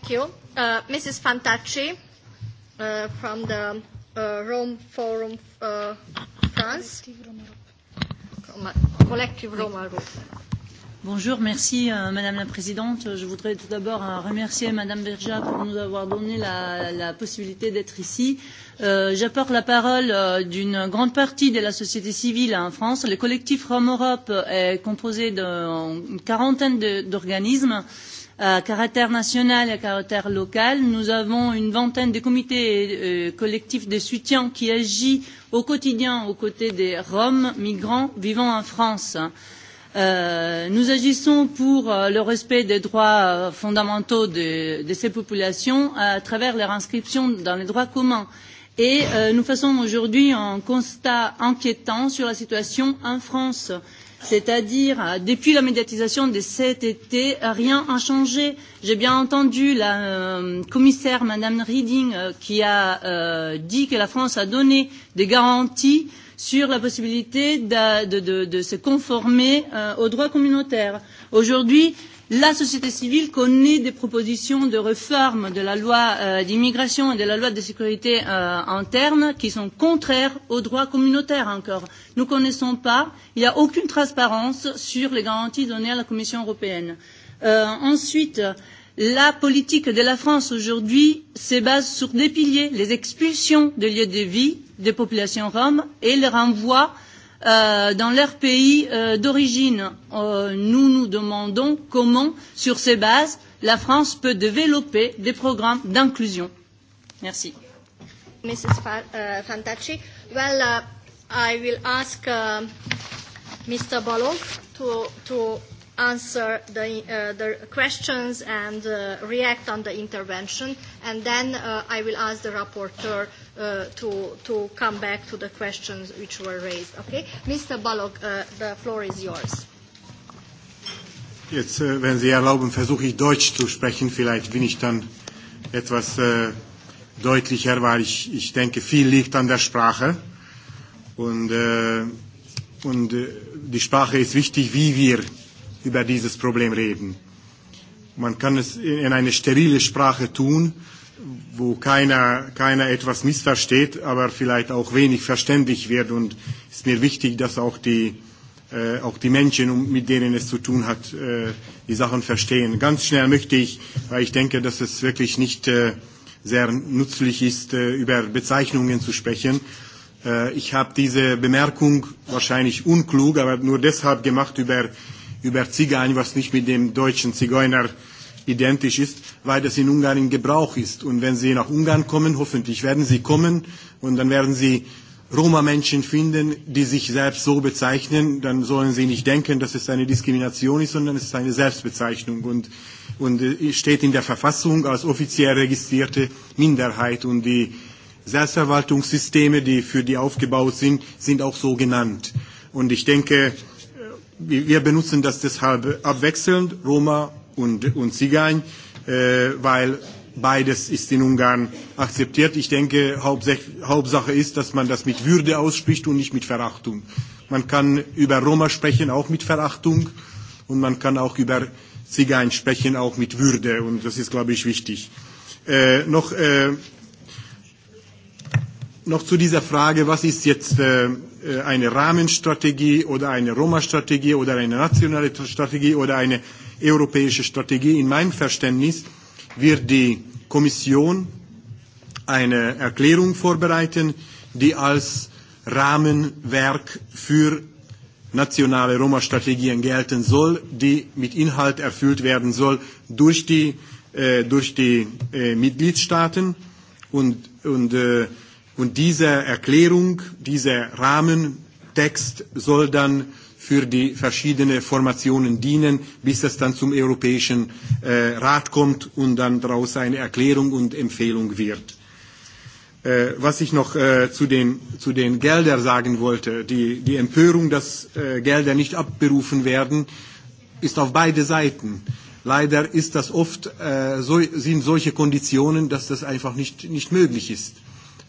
Thank you. Uh, Mrs. Fantacci uh, from the uh, Rome Forum uh, France. Collective Roma Group. Bonjour, merci euh, Madame la Présidente. Je voudrais tout d'abord euh, remercier Madame Berja pour nous avoir donné la, la possibilité d'être ici. Euh, J'apporte la parole euh, d'une grande partie de la société civile en France. Le collectif Rome Europe est composé d'une quarantaine d'organismes. Euh, à euh, caractère national et à caractère local. Nous avons une vingtaine de comités euh, collectifs de soutien qui agit au quotidien aux côtés des Roms migrants vivant en France. Euh, nous agissons pour euh, le respect des droits euh, fondamentaux de, de ces populations à travers leur inscription dans les droits communs. Et euh, nous faisons aujourd'hui un constat inquiétant sur la situation en France. Euh, C'est-à-dire, euh, depuis la médiatisation de cet été, rien n'a changé. J'ai bien entendu la euh, commissaire, Madame Reading, euh, qui a euh, dit que la France a donné des garanties sur la possibilité de, de, de, de se conformer euh, aux droits communautaires. Aujourd'hui, La société civile connaît des propositions de réforme de la loi euh, d'immigration et de la loi de sécurité euh, interne qui sont contraires au droit communautaire encore. Nous ne connaissons pas, il n'y a aucune transparence sur les garanties données à la Commission européenne. Euh, ensuite, la politique de la France aujourd'hui se base sur des piliers, les expulsions de lieux de vie des populations roms et le renvoi euh, euh, dans leur pays euh, d'origine. Euh, nous nous demandons comment, sur ces bases, la France peut développer des programmes d'inclusion. Merci. Mrs. Euh, Fantacci, well, uh, I will ask uh, Mr. Balog to, to answer the, uh, the questions and uh, react on the intervention, and then uh, I will ask the rapporteur uh, to, to come back to the questions which were raised. Okay? Mr. Balog, uh, the floor is yours. Jetzt, äh, wenn Sie erlauben, versuche ich Deutsch zu sprechen. Vielleicht bin ich dann etwas äh, deutlicher, weil ich, ich denke, viel liegt an der Sprache. Und, äh, und äh, die Sprache ist wichtig, wie wir über dieses Problem reden. Man kann es in eine sterile Sprache tun, äh, wo keiner, keiner etwas missversteht, aber vielleicht auch wenig verständlich wird. Und es ist mir wichtig, dass auch die, äh, auch die Menschen, um, mit denen es zu tun hat, äh, die Sachen verstehen. Ganz schnell möchte ich, weil ich denke, dass es wirklich nicht äh, sehr nützlich ist, äh, über Bezeichnungen zu sprechen. Äh, ich habe diese Bemerkung wahrscheinlich unklug, aber nur deshalb gemacht über, über Zigein, was nicht mit dem deutschen Zigeuner äh, identisch ist, weil das in Ungarn in Gebrauch ist. Und wenn Sie nach Ungarn kommen, hoffentlich werden Sie kommen und dann werden Sie Roma-Menschen finden, die sich selbst so bezeichnen, dann sollen sie nicht denken, dass es eine Diskrimination ist, sondern es ist eine Selbstbezeichnung und, und äh, steht in der Verfassung als offiziell registrierte Minderheit. Und die Selbstverwaltungssysteme, die für die aufgebaut sind, sind auch so genannt. Und ich denke, äh, wir benutzen das deshalb abwechselnd, Roma und, und Zigein, äh, weil beides ist in Ungarn akzeptiert. Ich denke, Hauptsache ist, dass man das mit Würde ausspricht und nicht mit Verachtung. Man kann über Roma sprechen, auch mit Verachtung, und man kann auch über Zigein sprechen, auch mit Würde, und das ist, glaube ich, wichtig. Äh, noch, äh, noch zu dieser Frage, was ist jetzt äh, äh eine Rahmenstrategie oder eine Roma-Strategie oder eine nationale Strategie oder eine europäische Strategie. In meinem Verständnis wird die Kommission eine Erklärung vorbereiten, die als Rahmenwerk für nationale Roma-Strategien gelten soll, die mit Inhalt erfüllt werden soll durch die, äh, durch die äh, Mitgliedstaaten. Und, und, äh, und diese Erklärung, dieser Rahmentext soll dann für die verschiedenen Formationen dienen, bis es dann zum Europäischen äh, Rat kommt und dann daraus eine Erklärung und Empfehlung wird. Äh, was ich noch äh, zu, den, zu den Geldern sagen wollte, die, die Empörung, dass äh, Gelder nicht abberufen werden, ist auf beide Seiten. Leider ist das oft, äh, so, sind solche Konditionen, dass das einfach nicht, nicht möglich ist.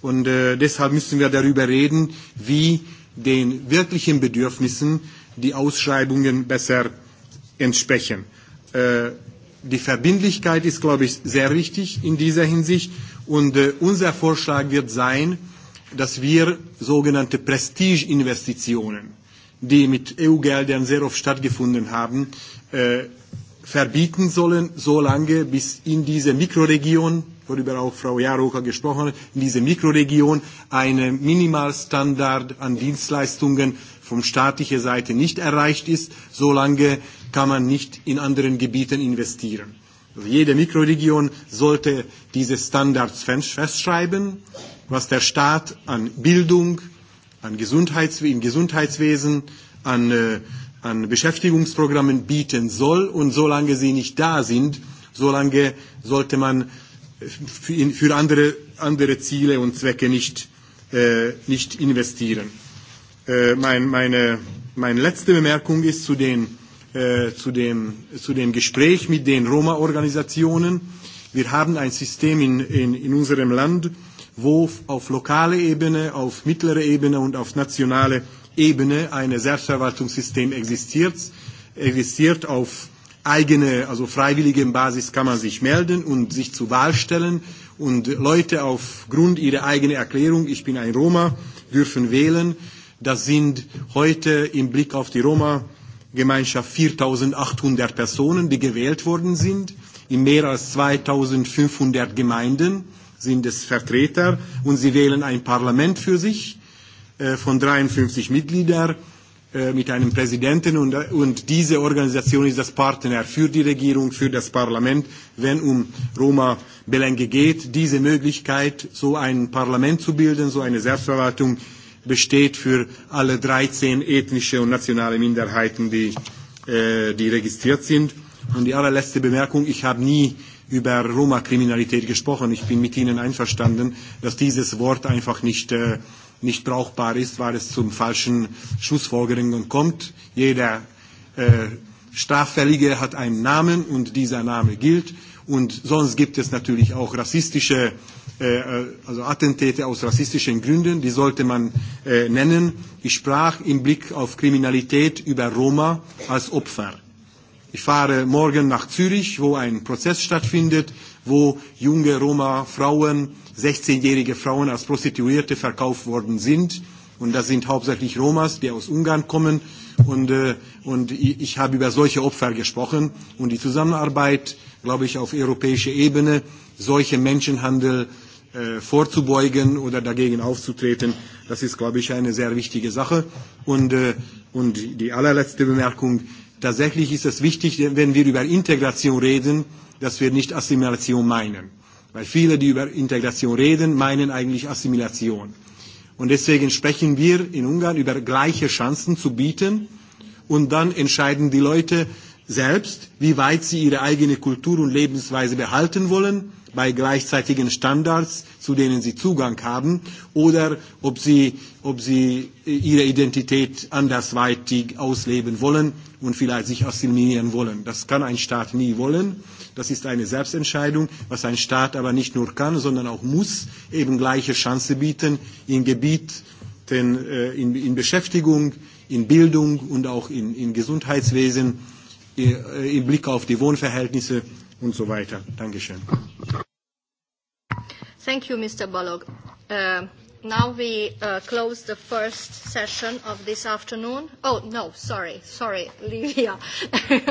Und äh, deshalb müssen wir darüber reden, wie den wirklichen Bedürfnissen die Ausschreibungen besser entsprechen. Äh, die Verbindlichkeit ist, glaube ich, sehr wichtig in dieser Hinsicht. Und äh, unser Vorschlag wird sein, dass wir sogenannte Prestigeinvestitionen, die mit EU-Geldern sehr oft stattgefunden haben, äh, verbieten sollen, solange bis in diese Mikroregion, worüber auch Frau Jaroka gesprochen hat, in diese Mikroregion einen Minimalstandard an Dienstleistungen vom staatlicher Seite nicht erreicht ist, solange kann man nicht in anderen Gebieten investieren. Also jede Mikroregion sollte diese Standards festschreiben, was der Staat an Bildung, an Gesundheits im Gesundheitswesen, an, äh, an Beschäftigungsprogrammen bieten soll. Und solange sie nicht da sind, solange sollte man äh, für, für andere, andere Ziele und Zwecke nicht, äh, nicht investieren. Äh, mein, meine, meine letzte Bemerkung ist zu, den, äh, zu, dem, zu dem Gespräch mit den Roma-Organisationen. Wir haben ein System in, in, in unserem Land, wo auf lokale Ebene, auf mittlere Ebene und auf nationale Ebene ein Selbstverwaltungssystem existiert. existiert auf eigene, also freiwilligen Basis kann man sich melden und sich zur Wahl stellen und Leute aufgrund ihrer eigenen Erklärung, ich bin ein Roma, dürfen wählen. Das sind heute im Blick auf die Roma-Gemeinschaft 4.800 Personen, die gewählt worden sind. In mehr als 2.500 Gemeinden sind es Vertreter und sie wählen ein Parlament für sich äh, von 53 Mitgliedern äh, mit einem Präsidenten und, und diese Organisation ist das Partner für die Regierung, für das Parlament, wenn um Roma-Belänge geht. Diese Möglichkeit, so ein Parlament zu bilden, so eine Selbstverwaltung, besteht für alle 13 ethnische und nationale Minderheiten, die, äh, die registriert sind. Und die allerletzte Bemerkung, ich habe nie über Roma-Kriminalität gesprochen. Ich bin mit Ihnen einverstanden, dass dieses Wort einfach nicht, äh, nicht brauchbar ist, weil es zum falschen Schlussfolgerungen kommt. Jeder äh, Straffällige hat einen Namen und dieser Name gilt. Und sonst gibt es natürlich auch rassistische, äh, äh, also Attentäte aus rassistischen Gründen, die sollte man äh, nennen. Ich sprach im Blick auf Kriminalität über Roma als Opfer. Ich fahre morgen nach Zürich, wo ein Prozess stattfindet, wo junge Roma-Frauen, 16-jährige Frauen als Prostituierte verkauft worden sind Und das sind hauptsächlich Romas, die aus Ungarn kommen. Und, äh, und ich habe über solche Opfer gesprochen. Und die Zusammenarbeit, glaube ich, auf europäischer Ebene, solche Menschenhandel äh, vorzubeugen oder dagegen aufzutreten, das ist, glaube ich, eine sehr wichtige Sache. Und, äh, und die allerletzte Bemerkung, tatsächlich ist es wichtig, wenn wir über Integration reden, dass wir nicht Assimilation meinen. Weil viele, die über Integration reden, meinen eigentlich Assimilation. Und deswegen sprechen wir in Ungarn über gleiche Chancen zu bieten. Und dann entscheiden die Leute selbst, wie weit sie ihre eigene Kultur und Lebensweise behalten wollen, bei gleichzeitigen Standards, zu denen sie Zugang haben, oder ob sie, ob sie ihre Identität andersweitig ausleben wollen und vielleicht sich assimilieren wollen. Das kann ein Staat nie wollen. Äh, Das ist eine Selbstentscheidung, was ein Staat aber nicht nur kann, sondern auch muss, eben gleiche Chance bieten in Gebieten, äh, in, in Beschäftigung, in Bildung und auch in, in Gesundheitswesen, äh, äh, im Blick auf die Wohnverhältnisse und so weiter. Dankeschön. Thank you, Mr. Balog. Uh, now we uh, close the first session of this afternoon. Oh, no, sorry, sorry, [LAUGHS] Livia. I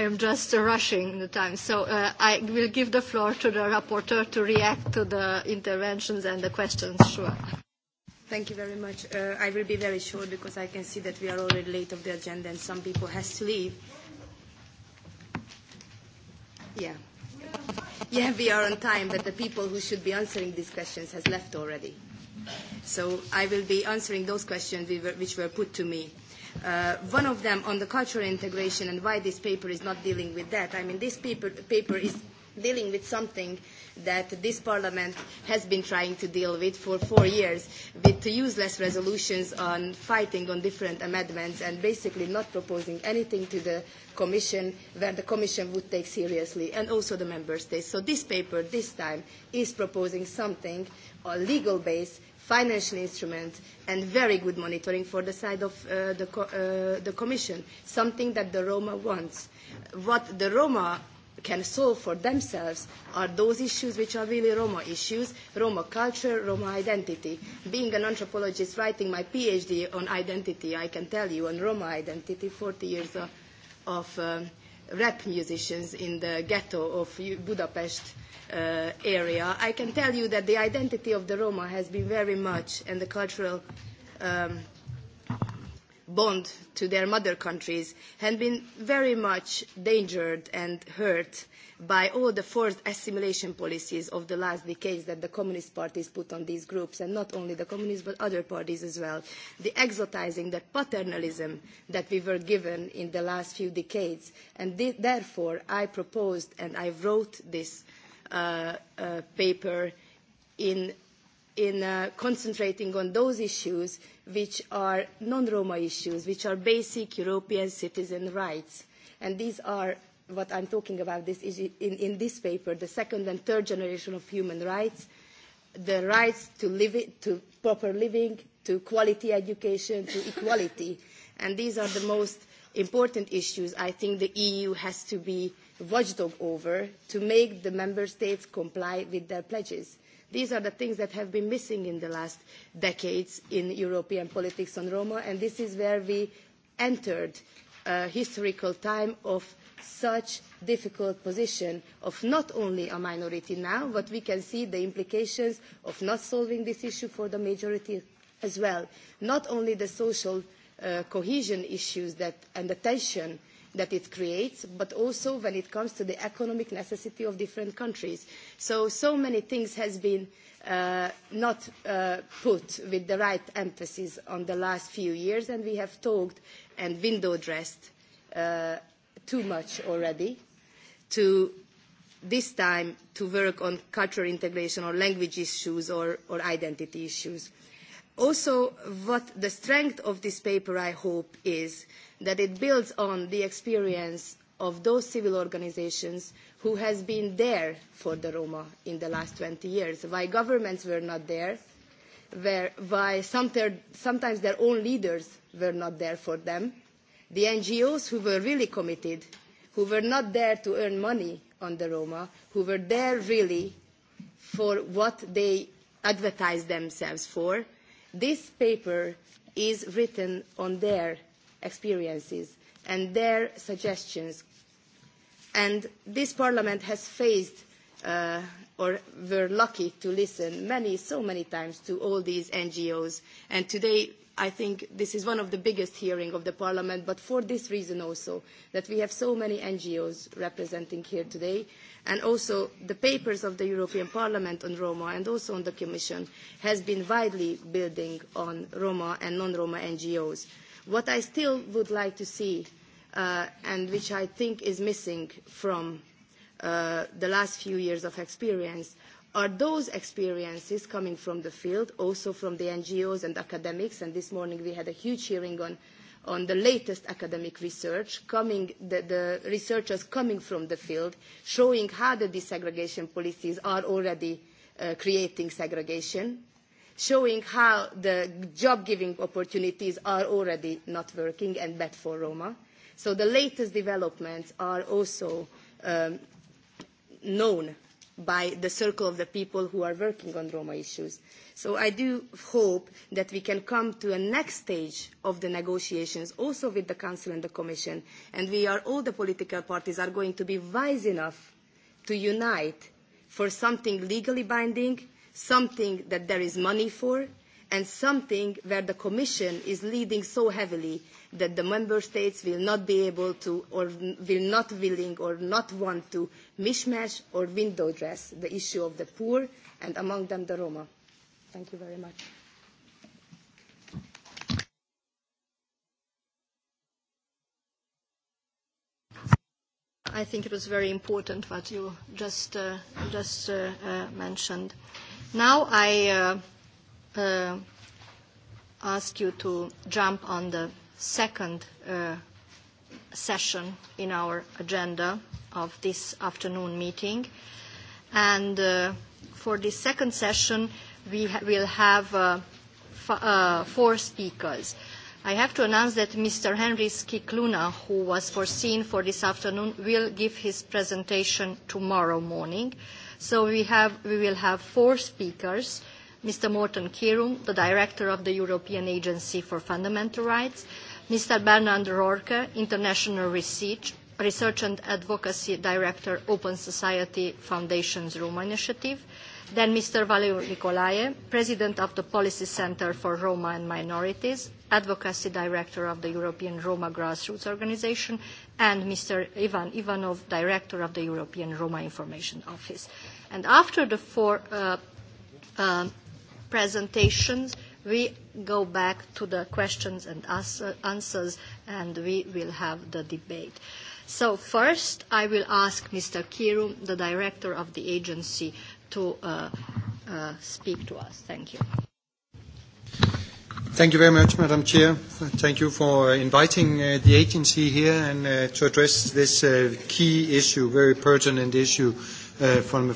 am just rushing the time. So uh, I will give the floor to the rapporteur to react to the interventions and the questions, sure. Thank you very much. Uh, I will be very short because I can see that we are already late of the agenda and some people has to leave. Yeah. Yeah, we are on time, but the people who should be answering these questions has left already. So I will be answering those questions which were put to me. Uh, one of them on the cultural integration and why this paper is not dealing with that. I mean, this paper, paper is dealing with something that this parliament has been trying to deal with for four years with useless resolutions on fighting on different amendments and basically not proposing anything to the commission that the commission would take seriously and also the member states. So this paper this time is proposing something, a legal base financial instrument and very good monitoring for the side of uh, the, co- uh, the Commission, something that the Roma wants. What the Roma can solve for themselves are those issues which are really Roma issues, Roma culture, Roma identity. Being an anthropologist writing my PhD on identity, I can tell you on Roma identity, 40 years of, of um, rap musicians in the ghetto of Budapest uh, area, I can tell you that the identity of the Roma has been very much, and the cultural um, bond to their mother countries, had been very much endangered and hurt by all the forced assimilation policies of the last decades that the Communist parties put on these groups, and not only the Communists but other parties as well, the exotizing, the paternalism that we were given in the last few decades. And th- therefore, I proposed and I wrote this uh, uh, paper in in uh, concentrating on those issues which are non-Roma issues, which are basic European citizen rights. And these are what I'm talking about this is in, in this paper, the second and third generation of human rights, the rights to, live it, to proper living, to quality education, to equality. And these are the most important issues I think the EU has to be watchdog over to make the member states comply with their pledges. These are the things that have been missing in the last decades in European politics on Roma, and this is where we entered a historical time of such difficult position of not only a minority now, but we can see the implications of not solving this issue for the majority as well. Not only the social uh, cohesion issues that, and the tension that it creates, but also when it comes to the economic necessity of different countries. So, so many things has been uh, not uh, put with the right emphasis on the last few years, and we have talked and window dressed uh, too much already to this time to work on cultural integration or language issues or, or identity issues. Also, what the strength of this paper, I hope, is that it builds on the experience of those civil organizations who has been there for the Roma in the last 20 years, why governments were not there, where, why some ter- sometimes their own leaders were not there for them, The NGOs who were really committed, who were not there to earn money on the Roma, who were there really for what they advertise themselves for, this paper is written on their experiences and their suggestions. And this parliament has faced uh, or were lucky to listen many, so many times to all these NGOs. And today I think this is one of the biggest hearings of the Parliament, but for this reason also, that we have so many NGOs representing here today, and also the papers of the European Parliament on Roma and also on the Commission has been widely building on Roma and non-Roma NGOs. What I still would like to see, uh, and which I think is missing from uh, the last few years of experience, Are those experiences coming from the field, also from the NGOs and academics? And this morning we had a huge hearing on, on the latest academic research, coming, the, the researchers coming from the field, showing how the desegregation policies are already uh, creating segregation, showing how the job-giving opportunities are already not working and bad for Roma. So the latest developments are also um, known by the circle of the people who are working on Roma issues. So I do hope that we can come to a next stage of the negotiations, also with the Council and the Commission, and we are, all the political parties are going to be wise enough to unite for something legally binding, something that there is money for, and something where the Commission is leading so heavily that the Member States will not be able to or will not willing or not want to mishmash or window dress the issue of the poor and among them the Roma. Thank you very much. I think it was very important what you just, uh, just uh, uh, mentioned. Now I uh, uh, ask you to jump on the second uh, session in our agenda of this afternoon meeting. And uh, for this second session, we ha- will have uh, f- uh, four speakers. I have to announce that Mr. Henry Skikluna, who was foreseen for this afternoon, will give his presentation tomorrow morning. So we, have, we will have four speakers. Uh, Mr. Morten Kirum, the Director of the European Agency for Fundamental Rights, Mr. Bernard Rorke, International Research, Research and Advocacy Director, Open Society Foundation's Roma Initiative, then Mr. Valeriu Nicolae, President of the Policy Center for Roma and Minorities, Advocacy Director of the European Roma Grassroots Organization, and Mr. Ivan Ivanov, Director of the European Roma Information Office. And after the four uh, uh, presentations, we go back to the questions and answers, and we will have the debate. So first, I will ask Mr. Kirum, the director of the agency, to uh, uh, speak to us. Thank you. Thank you very much, Madam Chair. Thank you for inviting uh, the agency here and uh, to address this uh, key issue, very pertinent issue uh, from a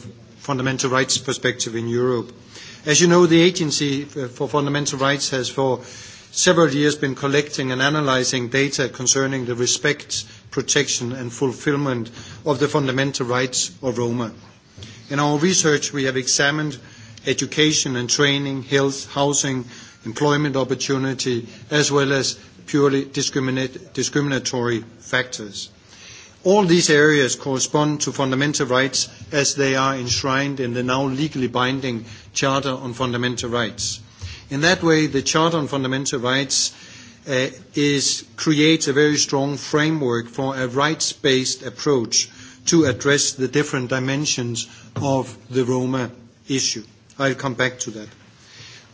fundamental rights perspective in Europe. As you know, the Agency for Fundamental Rights has for several years been collecting and analyzing data concerning the respect, protection and fulfillment of the fundamental rights of Roma. In our research, we have examined education and training, health, housing, employment opportunity, as well as purely discriminatory factors. All these areas correspond to fundamental rights as they are enshrined in the now legally binding Charter on Fundamental Rights. In that way, the Charter on Fundamental Rights uh, is, creates a very strong framework for a rights-based approach to address the different dimensions of the Roma issue. I'll come back to that.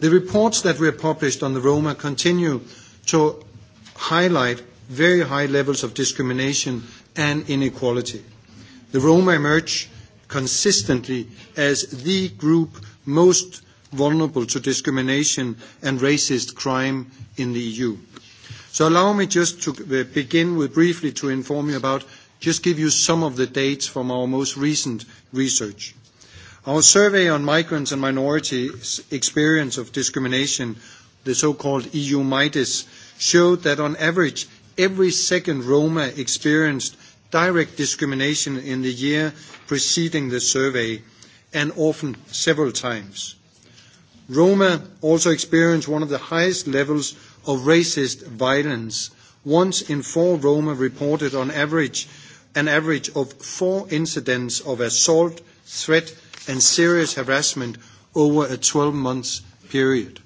The reports that were published on the Roma continue to highlight very high levels of discrimination and inequality. The Roma emerge consistently as the group most vulnerable to discrimination and racist crime in the EU. So allow me just to uh, begin with briefly to inform you about, just give you some of the dates from our most recent research. Our survey on migrants and minorities' experience of discrimination, the so-called EU MIDAS, showed that on average, every second Roma experienced direct discrimination in the year preceding the survey, and often several times. Roma also experience one of the highest levels of racist violence. Once in four Roma reported on average an average of four incidents of assault, threat, and serious harassment over a 12 month period.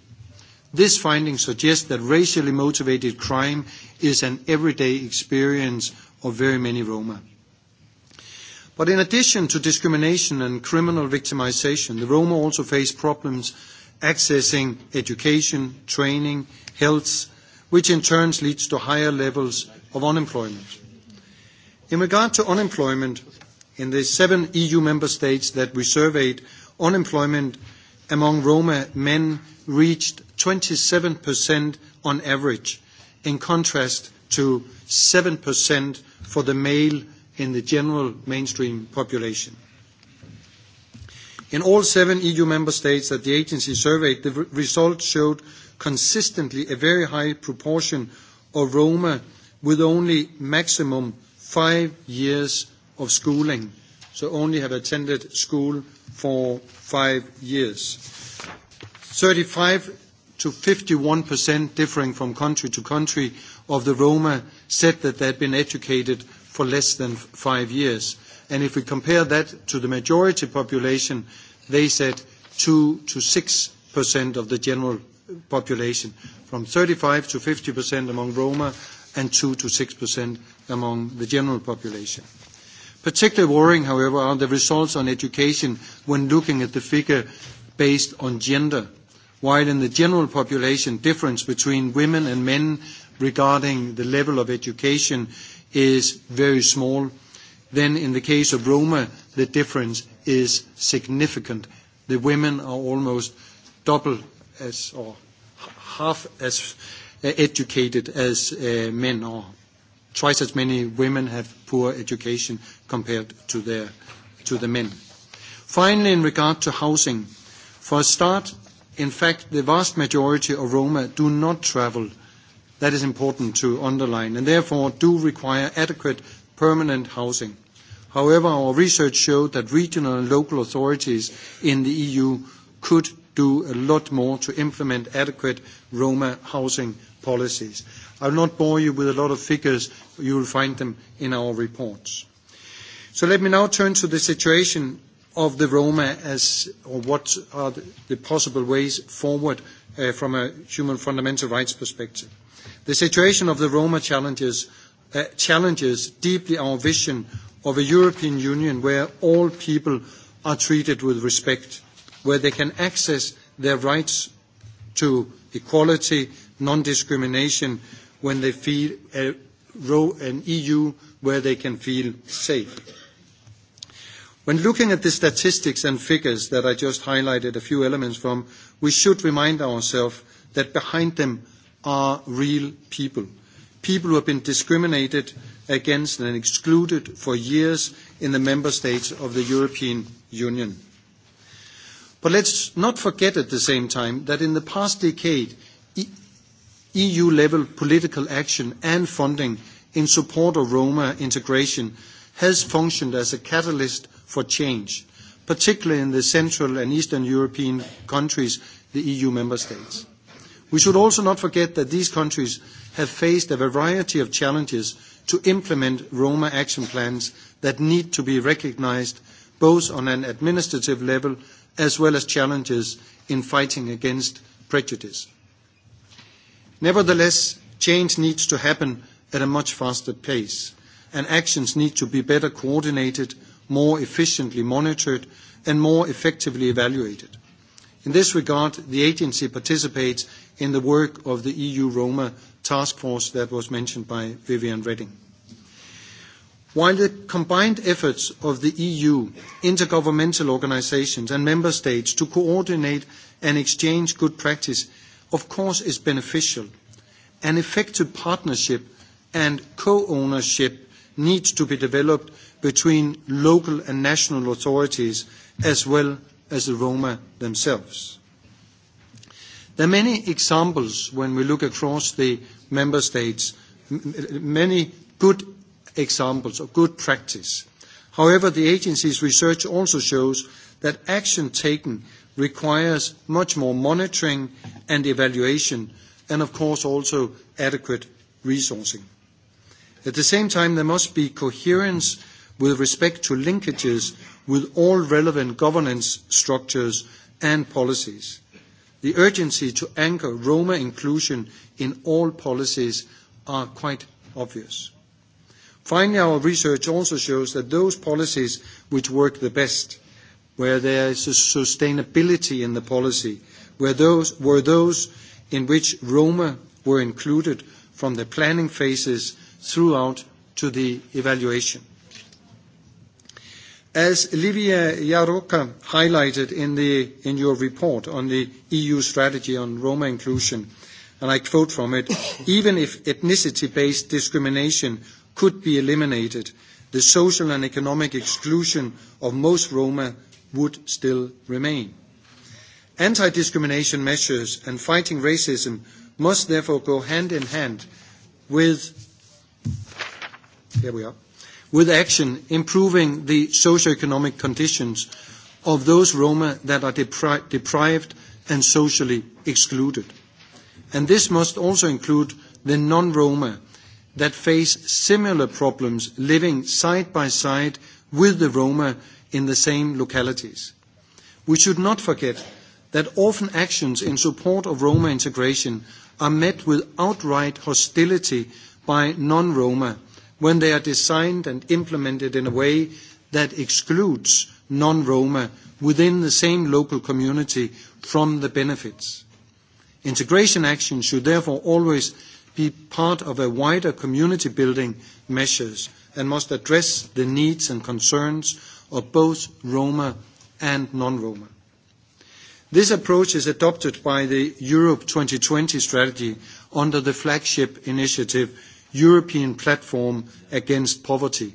This finding suggests that racially motivated crime is an everyday experience of very many Roma. But in addition to discrimination and criminal victimization, the Roma also face problems accessing education, training, health, which in turn leads to higher levels of unemployment. In regard to unemployment, in the seven EU member states that we surveyed, unemployment among Roma men reached 27% on average, in contrast to 7% for the male in the general mainstream population. In all seven EU member states that the agency surveyed, the results showed consistently a very high proportion of Roma with only maximum five years of schooling, so only have attended school for five years. 35 to 51%, differing from country to country, of the Roma said that they had been educated for less than five years. And if we compare that to the majority population, they said 2%-6% of the general population, from 35% to 50% among Roma and 2%-6% among the general population. Particularly worrying, however, are the results on education when looking at the figure based on gender while in the general population, difference between women and men regarding the level of education is very small, then in the case of Roma, the difference is significant. The women are almost double as or half as uh, educated as uh, men are. Twice as many women have poor education compared to, their, to the men. Finally, in regard to housing, for a start, In fact, the vast majority of Roma do not travel. That is important to underline, and therefore do require adequate permanent housing. However, our research showed that regional and local authorities in the EU could do a lot more to implement adequate Roma housing policies. I will not bore you with a lot of figures. You will find them in our reports. So let me now turn to the situation of the Roma as, or what are the, the possible ways forward uh, from a human fundamental rights perspective. The situation of the Roma challenges, uh, challenges deeply our vision of a European Union where all people are treated with respect, where they can access their rights to equality, non-discrimination, when they feel a, an EU where they can feel safe. When looking at the statistics and figures that I just highlighted a few elements from, we should remind ourselves that behind them are real people. People who have been discriminated against and excluded for years in the member states of the European Union. But let's not forget at the same time that in the past decade, EU-level e political action and funding in support of Roma integration has functioned as a catalyst for change, particularly in the Central and Eastern European countries, the EU member states. We should also not forget that these countries have faced a variety of challenges to implement Roma action plans that need to be recognized both on an administrative level as well as challenges in fighting against prejudice. Nevertheless, change needs to happen at a much faster pace, and actions need to be better coordinated more efficiently monitored, and more effectively evaluated. In this regard, the agency participates in the work of the EU Roma Task Force that was mentioned by Viviane Reding. While the combined efforts of the EU, intergovernmental organizations, and member states to coordinate and exchange good practice, of course, is beneficial, an effective partnership and co-ownership needs to be developed between local and national authorities as well as the Roma themselves. There are many examples when we look across the member states, many good examples of good practice. However, the agency's research also shows that action taken requires much more monitoring and evaluation, and of course, also adequate resourcing. At the same time, there must be coherence with respect to linkages with all relevant governance structures and policies. The urgency to anchor Roma inclusion in all policies are quite obvious. Finally, our research also shows that those policies which work the best, where there is a sustainability in the policy, where those, were those in which Roma were included from the planning phases throughout to the evaluation. As Livia Jaroka highlighted in, the, in your report on the EU strategy on Roma inclusion, and I quote from it, "Even if ethnicity-based discrimination could be eliminated, the social and economic exclusion of most Roma would still remain. Anti-discrimination measures and fighting racism must therefore go hand in hand with, here we are, with action improving the socioeconomic conditions of those Roma that are depri- deprived and socially excluded. And this must also include the non-Roma that face similar problems living side by side with the Roma in the same localities. We should not forget that often actions in support of Roma integration are met with outright hostility by non-Roma when they are designed and implemented in a way that excludes non-Roma within the same local community from the benefits. Integration actions should therefore always be part of a wider community building measures and must address the needs and concerns of both Roma and non-Roma. This approach is adopted by the Europe 2020 strategy under the flagship initiative European platform against poverty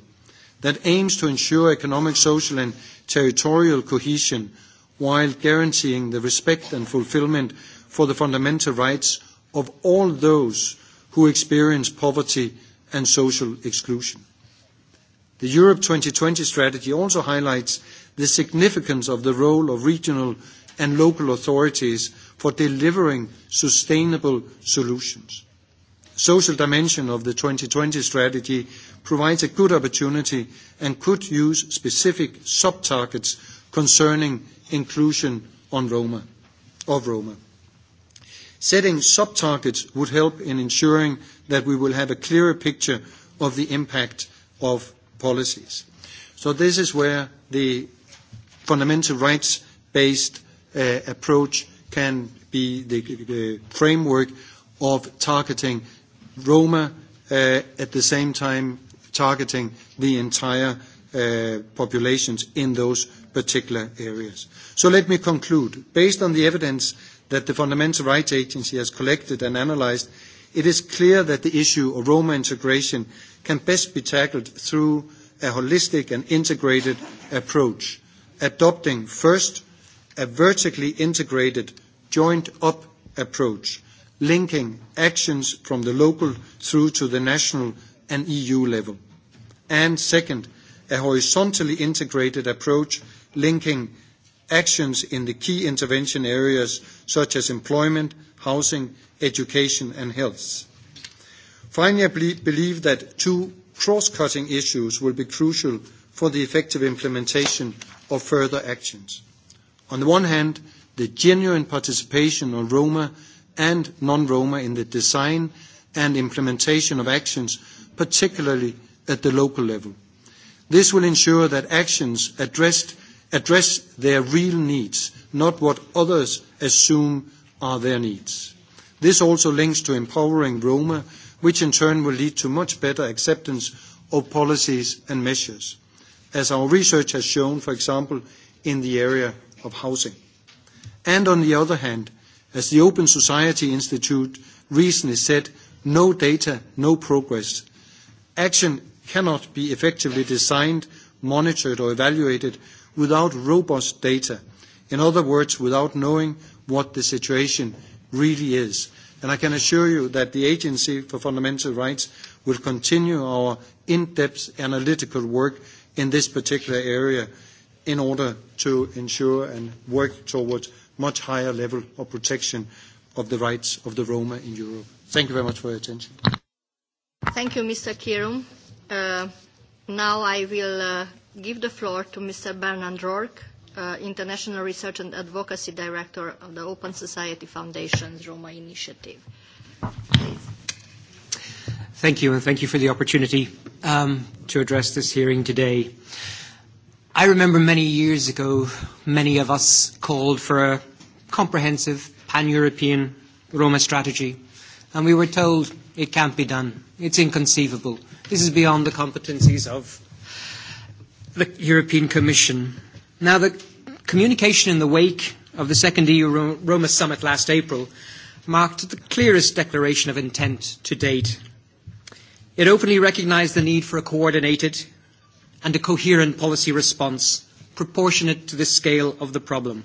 that aims to ensure economic, social and territorial cohesion while guaranteeing the respect and fulfillment for the fundamental rights of all those who experience poverty and social exclusion. The Europe 2020 strategy also highlights the significance of the role of regional and local authorities for delivering sustainable solutions social dimension of the 2020 strategy provides a good opportunity and could use specific sub-targets concerning inclusion on Roma, of Roma. Setting sub-targets would help in ensuring that we will have a clearer picture of the impact of policies. So this is where the fundamental rights-based uh, approach can be the, the framework of targeting Roma, uh, at the same time targeting the entire uh, populations in those particular areas. So let me conclude. Based on the evidence that the Fundamental Rights Agency has collected and analyzed, it is clear that the issue of Roma integration can best be tackled through a holistic and integrated approach, adopting first a vertically integrated joined-up approach linking actions from the local through to the national and EU level. And second, a horizontally integrated approach linking actions in the key intervention areas such as employment, housing, education, and health. Finally, I believe that two cross-cutting issues will be crucial for the effective implementation of further actions. On the one hand, the genuine participation of Roma and non-Roma in the design and implementation of actions, particularly at the local level. This will ensure that actions addressed, address their real needs, not what others assume are their needs. This also links to empowering Roma, which in turn will lead to much better acceptance of policies and measures, as our research has shown, for example, in the area of housing. And on the other hand, As the Open Society Institute recently said, no data, no progress. Action cannot be effectively designed, monitored, or evaluated without robust data. In other words, without knowing what the situation really is. And I can assure you that the Agency for Fundamental Rights will continue our in-depth analytical work in this particular area in order to ensure and work towards much higher level of protection of the rights of the Roma in Europe. Thank you very much for your attention. Thank you, Mr. Kirum. Uh, now I will uh, give the floor to Mr. Bernard Rourke, uh, International Research and Advocacy Director of the Open Society Foundation's Roma Initiative. Please. Thank you, and thank you for the opportunity um, to address this hearing today. Uh, I remember many years ago, many of us called for a comprehensive pan-European Roma strategy, and we were told it can't be done. It's inconceivable. This is beyond the competencies of the European Commission. Now, the communication in the wake of the second EU Roma summit last April marked the clearest declaration of intent to date. It openly recognized the need for a coordinated and a coherent policy response proportionate to the scale of the problem.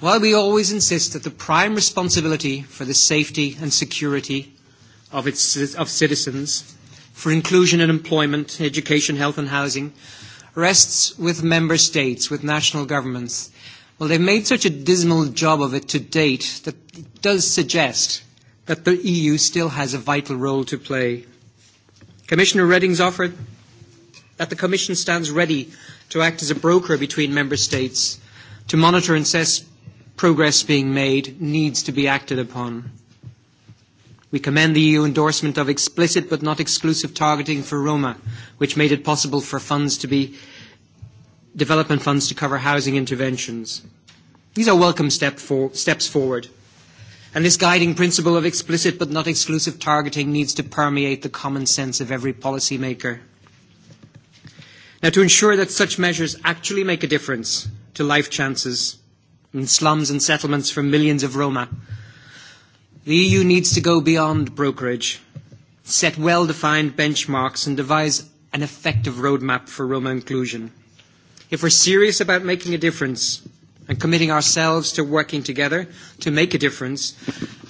While we always insist that the prime responsibility for the safety and security of, its, of citizens, for inclusion in employment, education, health and housing, rests with member states, with national governments. Well, they've made such a dismal job of it to date that it does suggest that the EU still has a vital role to play. Commissioner Redding's offer that the Commission stands ready to act as a broker between Member States to monitor and assess progress being made needs to be acted upon. We commend the EU endorsement of explicit but not exclusive targeting for Roma, which made it possible for funds to be development funds to cover housing interventions. These are welcome step for, steps forward. And this guiding principle of explicit but not exclusive targeting needs to permeate the common sense of every policymaker. Now, to ensure that such measures actually make a difference to life chances in slums and settlements for millions of Roma, the EU needs to go beyond brokerage, set well-defined benchmarks, and devise an effective roadmap for Roma inclusion. If we're serious about making a difference and committing ourselves to working together to make a difference,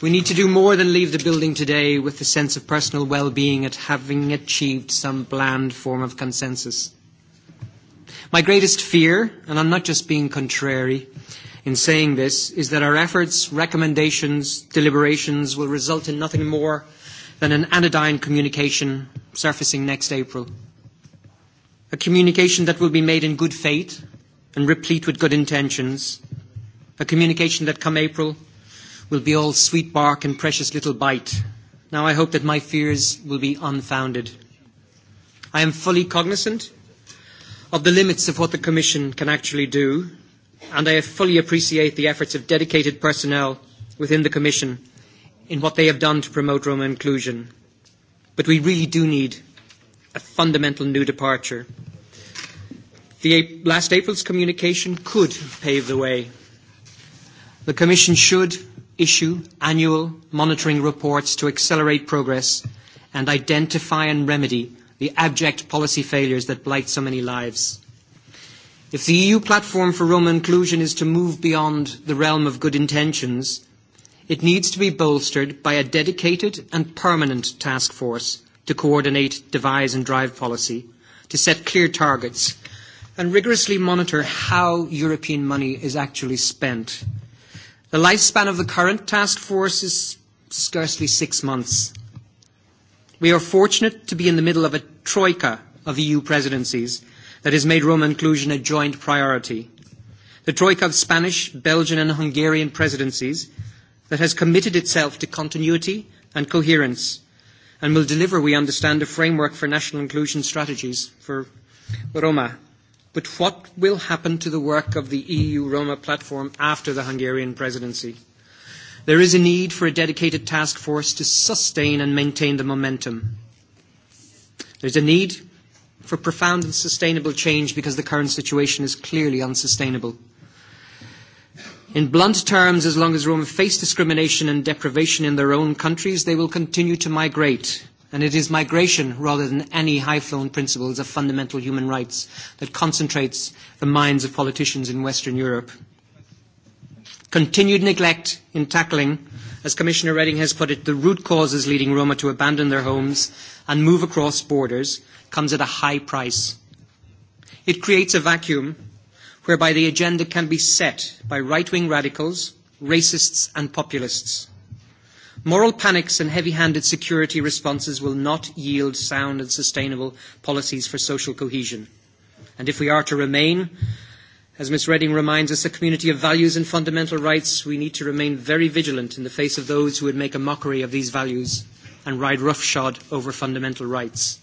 we need to do more than leave the building today with the sense of personal well-being at having achieved some bland form of consensus. My greatest fear, and I'm not just being contrary in saying this, is that our efforts, recommendations, deliberations will result in nothing more than an anodyne communication surfacing next April. A communication that will be made in good faith and replete with good intentions. A communication that come April will be all sweet bark and precious little bite. Now I hope that my fears will be unfounded. I am fully cognizant of the limits of what the Commission can actually do, and I fully appreciate the efforts of dedicated personnel within the Commission in what they have done to promote Roma inclusion. But we really do need a fundamental new departure. The last April's communication could pave the way. The Commission should issue annual monitoring reports to accelerate progress and identify and remedy the abject policy failures that blight so many lives. If the EU platform for Roma inclusion is to move beyond the realm of good intentions, it needs to be bolstered by a dedicated and permanent task force to coordinate, devise and drive policy, to set clear targets, and rigorously monitor how European money is actually spent. The lifespan of the current task force is scarcely six months, We are fortunate to be in the middle of a troika of EU presidencies that has made Roma inclusion a joint priority. The troika of Spanish, Belgian and Hungarian presidencies that has committed itself to continuity and coherence and will deliver, we understand, a framework for national inclusion strategies for Roma. But what will happen to the work of the EU Roma platform after the Hungarian presidency? There is a need for a dedicated task force to sustain and maintain the momentum. There's a need for profound and sustainable change because the current situation is clearly unsustainable. In blunt terms, as long as Roma face discrimination and deprivation in their own countries, they will continue to migrate. And it is migration, rather than any high-flown principles of fundamental human rights, that concentrates the minds of politicians in Western Europe. Continued neglect in tackling, as Commissioner Redding has put it, the root causes leading Roma to abandon their homes and move across borders comes at a high price. It creates a vacuum whereby the agenda can be set by right-wing radicals, racists and populists. Moral panics and heavy-handed security responses will not yield sound and sustainable policies for social cohesion. And if we are to remain As Ms. Redding reminds us, a community of values and fundamental rights, we need to remain very vigilant in the face of those who would make a mockery of these values and ride roughshod over fundamental rights.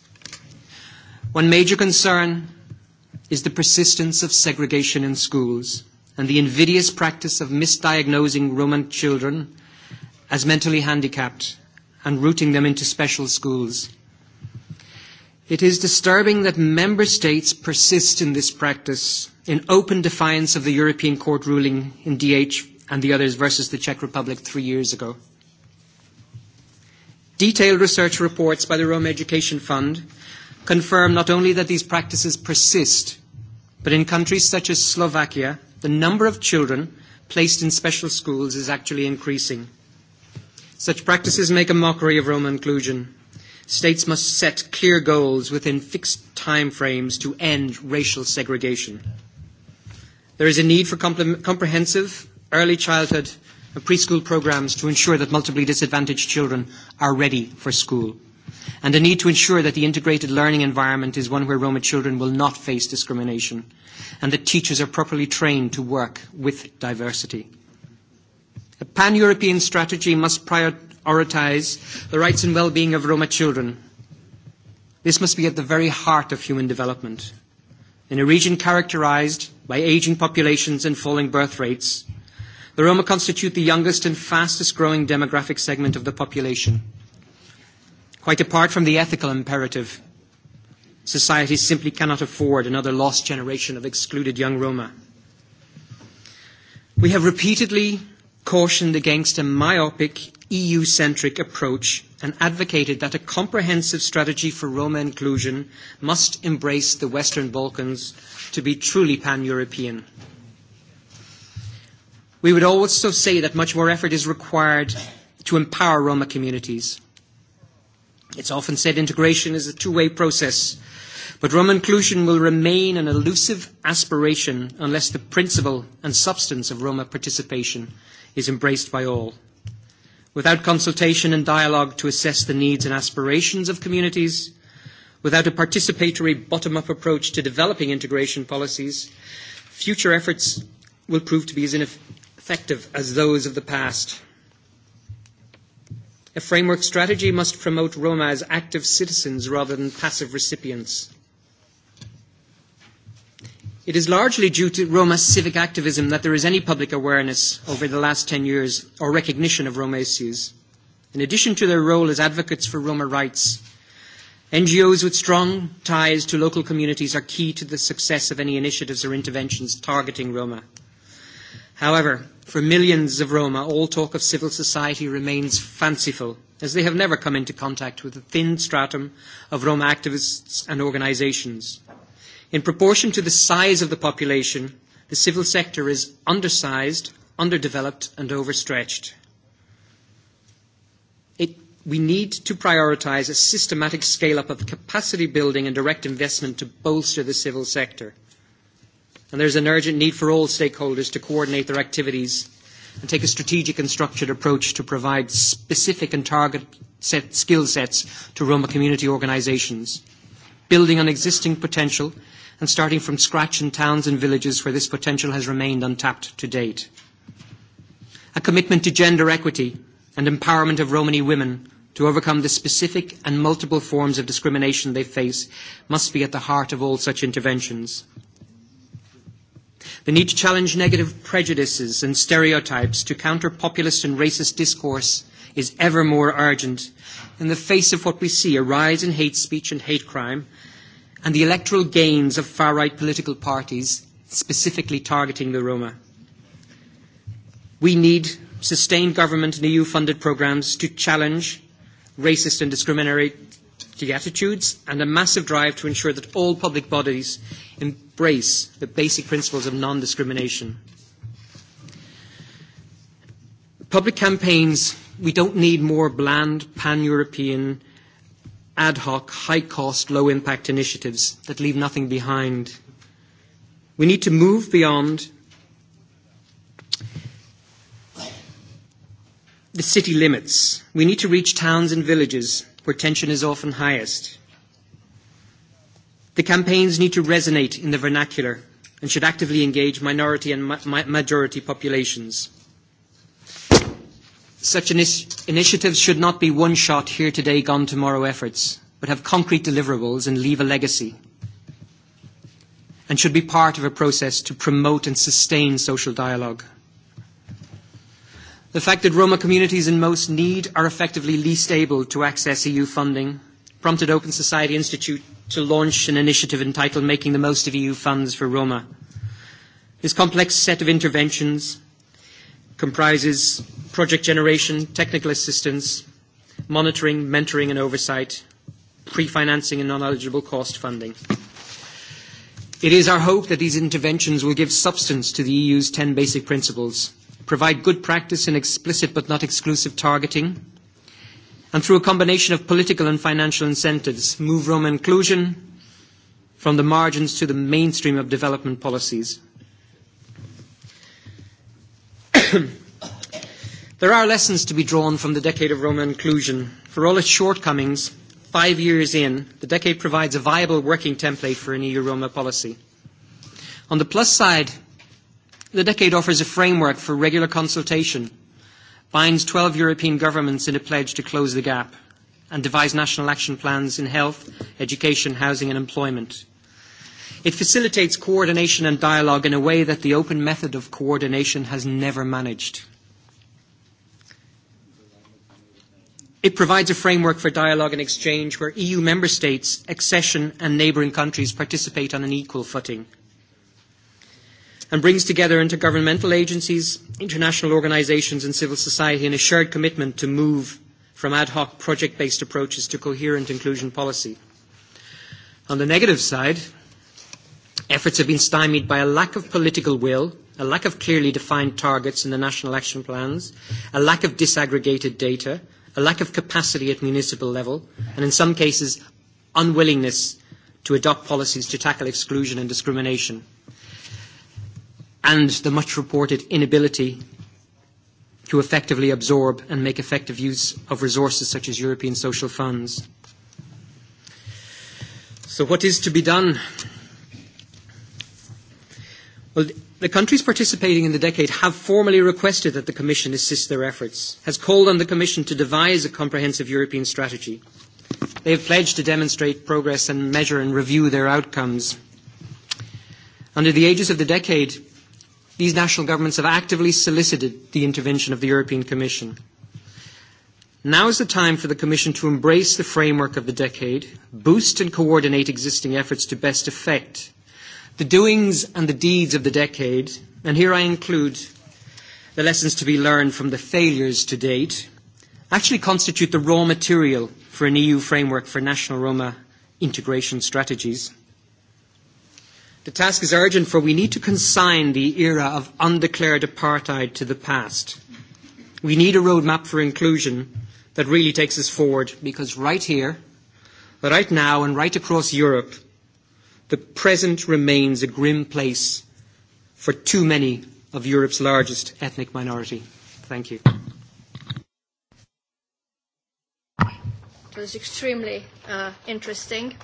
One major concern is the persistence of segregation in schools and the invidious practice of misdiagnosing Roma children as mentally handicapped and routing them into special schools. It is disturbing that member states persist in this practice in open defiance of the European Court ruling in DH and the others versus the Czech Republic three years ago. Detailed research reports by the Rome Education Fund confirm not only that these practices persist, but in countries such as Slovakia, the number of children placed in special schools is actually increasing. Such practices make a mockery of Roma inclusion. States must set clear goals within fixed timeframes to end racial segregation. There is a need for comprehensive early childhood and preschool programs to ensure that multiply disadvantaged children are ready for school, and a need to ensure that the integrated learning environment is one where Roma children will not face discrimination, and that teachers are properly trained to work with diversity. A pan-European strategy must prioritise the rights and well-being of Roma children. This must be at the very heart of human development. In a region characterised by aging populations and falling birth rates, the Roma constitute the youngest and fastest growing demographic segment of the population. Quite apart from the ethical imperative, society simply cannot afford another lost generation of excluded young Roma. We have repeatedly cautioned against a myopic, EU centric approach and advocated that a comprehensive strategy for Roma inclusion must embrace the Western Balkans to be truly pan-European. We would also say that much more effort is required to empower Roma communities. It's often said integration is a two-way process, but Roma inclusion will remain an elusive aspiration unless the principle and substance of Roma participation is embraced by all. Without consultation and dialogue to assess the needs and aspirations of communities, Without a participatory bottom-up approach to developing integration policies, future efforts will prove to be as ineffective as those of the past. A framework strategy must promote Roma as active citizens rather than passive recipients. It is largely due to Roma civic activism that there is any public awareness over the last 10 years or recognition of Roma issues. In addition to their role as advocates for Roma rights, NGOs with strong ties to local communities are key to the success of any initiatives or interventions targeting Roma. However, for millions of Roma, all talk of civil society remains fanciful, as they have never come into contact with the thin stratum of Roma activists and organizations. In proportion to the size of the population, the civil sector is undersized, underdeveloped, and overstretched we need to prioritize a systematic scale-up of capacity building and direct investment to bolster the civil sector. And there's an urgent need for all stakeholders to coordinate their activities and take a strategic and structured approach to provide specific and target set skill sets to Roma community organizations, building on existing potential and starting from scratch in towns and villages where this potential has remained untapped to date. A commitment to gender equity and empowerment of Romani women to overcome the specific and multiple forms of discrimination they face must be at the heart of all such interventions. The need to challenge negative prejudices and stereotypes to counter populist and racist discourse is ever more urgent in the face of what we see a rise in hate speech and hate crime, and the electoral gains of far right political parties specifically targeting the Roma. We need sustain government and EU-funded programs to challenge racist and discriminatory attitudes and a massive drive to ensure that all public bodies embrace the basic principles of non-discrimination. Public campaigns, we don't need more bland, pan-European, ad hoc, high-cost, low-impact initiatives that leave nothing behind. We need to move beyond the city limits. We need to reach towns and villages where tension is often highest. The campaigns need to resonate in the vernacular and should actively engage minority and ma- majority populations. Such inis- initiatives should not be one shot here today, gone tomorrow efforts, but have concrete deliverables and leave a legacy, and should be part of a process to promote and sustain social dialogue. The fact that Roma communities in most need are effectively least able to access EU funding prompted Open Society Institute to launch an initiative entitled Making the Most of EU Funds for Roma. This complex set of interventions comprises project generation, technical assistance, monitoring, mentoring and oversight, pre-financing and non-eligible cost funding. It is our hope that these interventions will give substance to the EU's 10 basic principles provide good practice in explicit but not exclusive targeting, and through a combination of political and financial incentives, move Roma inclusion from the margins to the mainstream of development policies. [COUGHS] there are lessons to be drawn from the decade of Roma inclusion. For all its shortcomings, five years in, the decade provides a viable working template for an EU Roma policy. On the plus side, The decade offers a framework for regular consultation, binds 12 European governments in a pledge to close the gap, and devise national action plans in health, education, housing and employment. It facilitates coordination and dialogue in a way that the open method of coordination has never managed. It provides a framework for dialogue and exchange where EU member states, accession and neighbouring countries participate on an equal footing – and brings together intergovernmental agencies, international organizations, and civil society in a shared commitment to move from ad hoc project based approaches to coherent inclusion policy. On the negative side, efforts have been stymied by a lack of political will, a lack of clearly defined targets in the national action plans, a lack of disaggregated data, a lack of capacity at municipal level, and in some cases, unwillingness to adopt policies to tackle exclusion and discrimination and the much reported inability to effectively absorb and make effective use of resources such as European social funds. So what is to be done? Well, the countries participating in the decade have formally requested that the Commission assist their efforts, has called on the Commission to devise a comprehensive European strategy. They have pledged to demonstrate progress and measure and review their outcomes. Under the aegis of the decade, these national governments have actively solicited the intervention of the European Commission. Now is the time for the Commission to embrace the framework of the decade, boost and coordinate existing efforts to best effect the doings and the deeds of the decade, and here I include the lessons to be learned from the failures to date, actually constitute the raw material for an EU framework for national Roma integration strategies. The task is urgent, for we need to consign the era of undeclared apartheid to the past. We need a roadmap for inclusion that really takes us forward, because right here, right now, and right across Europe, the present remains a grim place for too many of Europe's largest ethnic minority. Thank you. It was extremely uh, interesting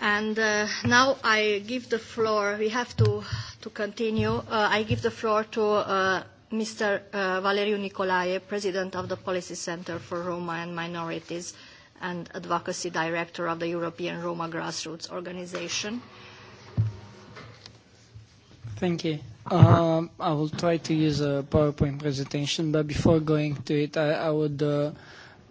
And uh, now I give the floor, we have to, to continue. Uh, I give the floor to uh, Mr. Uh, Valeriu Nicolae, President of the Policy Center for Roma and Minorities and Advocacy Director of the European Roma Grassroots Organization. Thank you. Um, I will try to use a PowerPoint presentation, but before going to it, I, I would uh,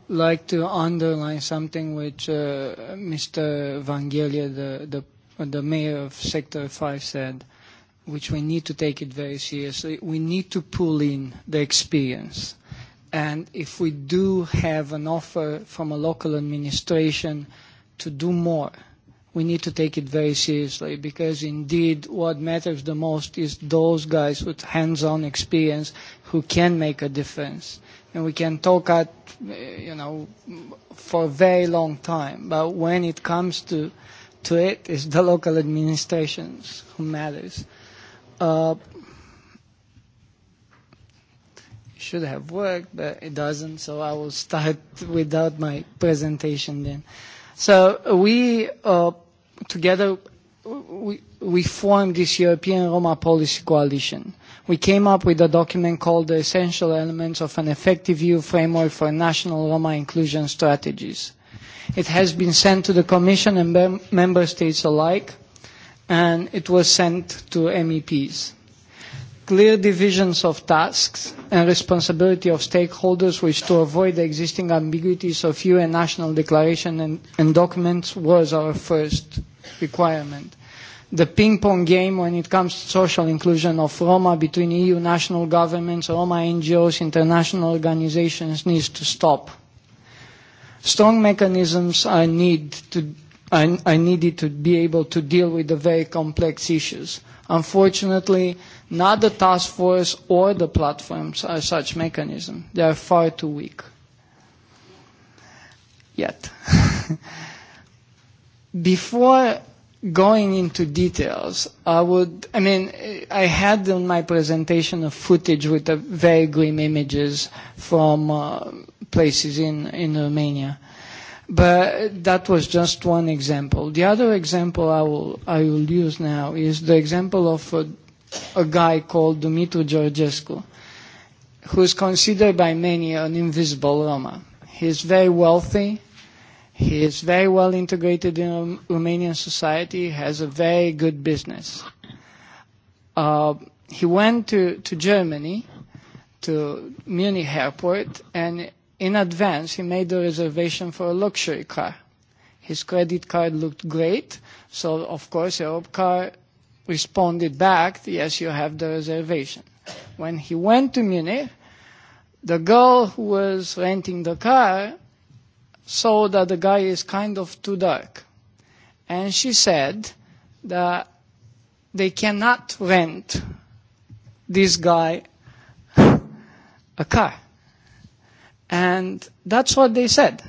like to underline something which uh, Mr. Vangelia, the, the, the mayor of Sector 5, said, which we need to take it very seriously. We need to pull in the experience. And if we do have an offer from a local administration to do more, we need to take it very seriously because indeed what matters the most is those guys with hands-on experience who can make a difference and we can talk at, you know, for a very long time. But when it comes to, to it, it's the local administrations who matters. Uh, should have worked, but it doesn't, so I will start [LAUGHS] without my presentation then. So we, uh, together, we, we formed this European Roma Policy Coalition. Uh, we came up with a document called The Essential Elements of an Effective EU Framework for National Roma Inclusion Strategies. It has been sent to the Commission and mem member states alike, and it was sent to MEPs. Clear divisions of tasks and responsibility of stakeholders which to avoid the existing ambiguities of UN national declaration and, and documents was our first requirement the ping pong game when it comes to social inclusion of Roma between EU national governments, Roma NGOs, international organizations needs to stop. Strong mechanisms are, need to, are, are needed to be able to deal with the very complex issues. Unfortunately, not the task force or the platforms are such mechanisms. They are far too weak. Yet. [LAUGHS] Before going into details, I would, I mean, I had in my presentation a footage with the very grim images from uh, places in, in Romania. But that was just one example. The other example I will, I will use now is the example of a, a guy called Dumitru Georgescu, who is considered by many an invisible Roma. He's very wealthy, He is very well integrated in um, Romanian society, has a very good business. Uh, he went to, to Germany, to Munich airport, and in advance he made a reservation for a luxury car. His credit card looked great, so of course Europcar responded back, yes, you have the reservation. When he went to Munich, the girl who was renting the car saw that the guy is kind of too dark. And she said that they cannot rent this guy [LAUGHS] a car. And that's what they said.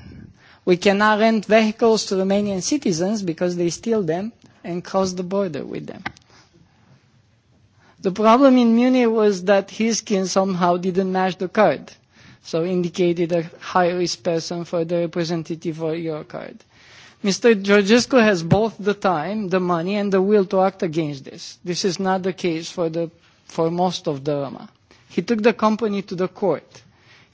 We cannot rent vehicles to Romanian citizens because they steal them and cross the border with them. The problem in Munich was that his skin somehow didn't match the card so indicated a high-risk person for the representative or Eurocard. Mr. Georgescu has both the time, the money, and the will to act against this. This is not the case for, the, for most of the Roma. He took the company to the court.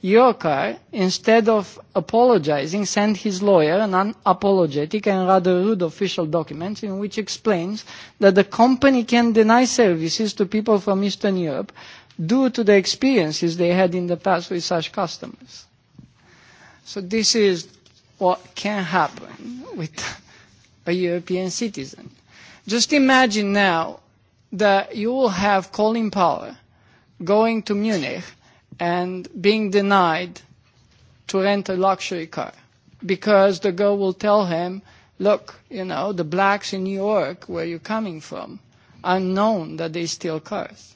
Eurocard, instead of apologizing, sent his lawyer an unapologetic and rather rude official document in which explains that the company can deny services to people from Eastern Europe due to the experiences they had in the past with such customers. So this is what can happen with [LAUGHS] a European citizen. Just imagine now that you will have Colin Power going to Munich and being denied to rent a luxury car because the girl will tell him, look, you know, the blacks in New York, where you're coming from, are known that they steal cars.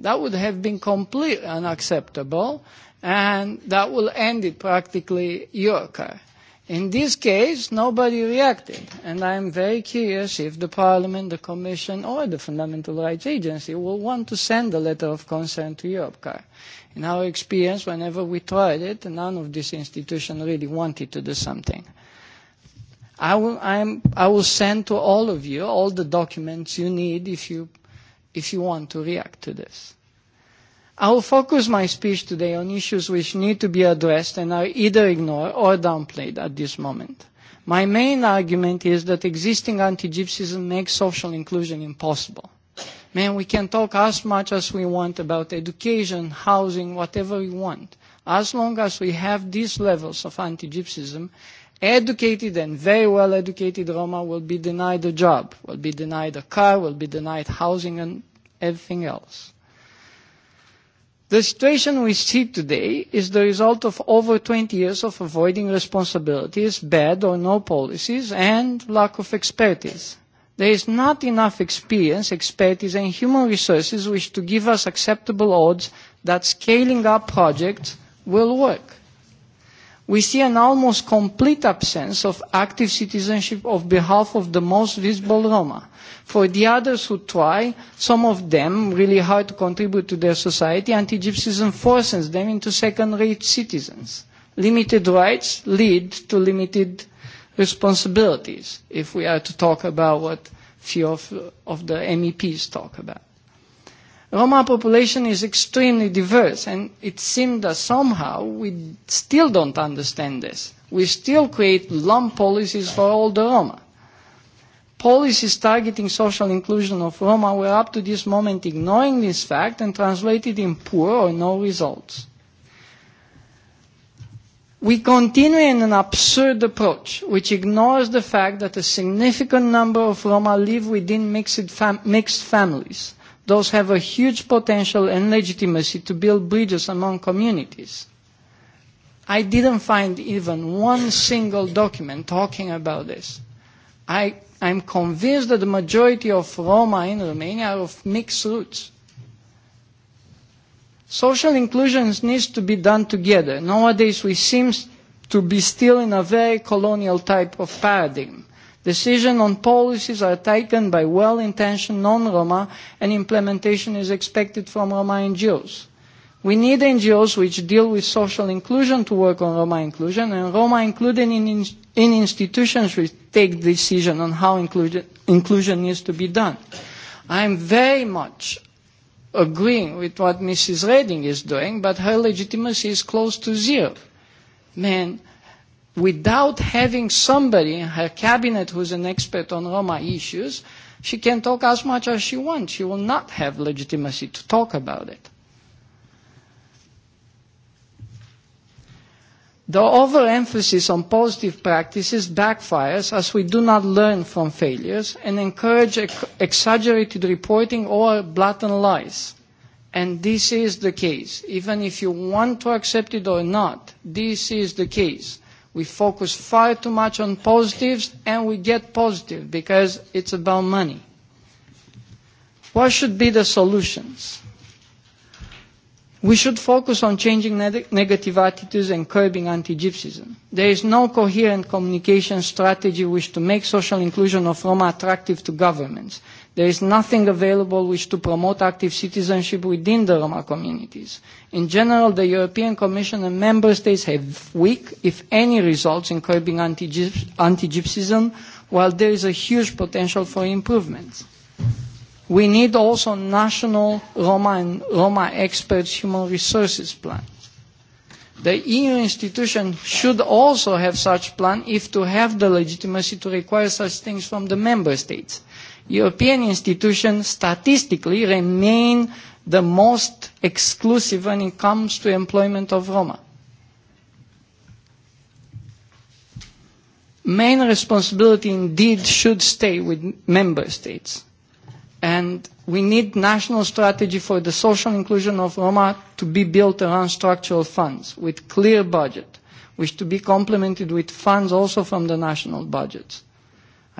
That would have been completely unacceptable, and that will end it practically your car. In this case, nobody reacted, and I am very curious if the Parliament, the Commission, or the Fundamental Rights Agency will want to send a letter of concern to Europcar. In our experience, whenever we tried it, none of these institutions really wanted to do something. I will, I'm, I will send to all of you all the documents you need if you if you want to react to this. I will focus my speech today on issues which need to be addressed and are either ignored or downplayed at this moment. My main argument is that existing anti-Gypsyism makes social inclusion impossible. Man, we can talk as much as we want about education, housing, whatever we want. As long as we have these levels of anti-Gypsyism, educated and very well educated Roma will be denied a job, will be denied a car, will be denied housing and everything else. The situation we see today is the result of over 20 years of avoiding responsibilities, bad or no policies, and lack of expertise. There is not enough experience, expertise, and human resources which to give us acceptable odds that scaling up projects will work we see an almost complete absence of active citizenship on behalf of the most visible Roma. For the others who try, some of them really hard to contribute to their society, anti-Gypsyism forces them into second-rate citizens. Limited rights lead to limited responsibilities, if we are to talk about what few of, of the MEPs talk about. Roma population is extremely diverse, and it seems that somehow we still don't understand this. We still create lump policies for all the Roma. Policies targeting social inclusion of Roma were up to this moment ignoring this fact and translated in poor or no results. We continue in an absurd approach which ignores the fact that a significant number of Roma live within mixed, fam- mixed families Those have a huge potential and legitimacy to build bridges among communities. I didn't find even one single document talking about this. I, I'm convinced that the majority of Roma in Romania are of mixed roots. Social inclusion needs to be done together. Nowadays we seem to be still in a very colonial type of paradigm. Decisions on policies are taken by well-intentioned non-Roma and implementation is expected from Roma NGOs. We need NGOs which deal with social inclusion to work on Roma inclusion and Roma included in, in, in institutions which take decision on how inclusion, inclusion needs to be done. I'm very much agreeing with what Mrs. Reding is doing, but her legitimacy is close to zero. Man, without having somebody in her cabinet who's an expert on Roma issues, she can talk as much as she wants. She will not have legitimacy to talk about it. The overemphasis on positive practices backfires as we do not learn from failures and encourage ex exaggerated reporting or blatant lies. And this is the case. Even if you want to accept it or not, this is the case We focus far too much on positives and we get positive because it's about money. What should be the solutions? We should focus on changing ne negative attitudes and curbing anti-Gypsyism. There is no coherent communication strategy which to make social inclusion of Roma attractive to governments. There is nothing available which to promote active citizenship within the Roma communities. In general, the European Commission and Member States have weak, if any, results in curbing anti-Gypsyism, while there is a huge potential for improvements. We need also national Roma and Roma experts human resources plans. The EU institution should also have such plan if to have the legitimacy to require such things from the member states. European institutions statistically remain the most exclusive when it comes to employment of Roma. Main responsibility indeed should stay with member states. And we need national strategy for the social inclusion of Roma to be built around structural funds with clear budget, which to be complemented with funds also from the national budgets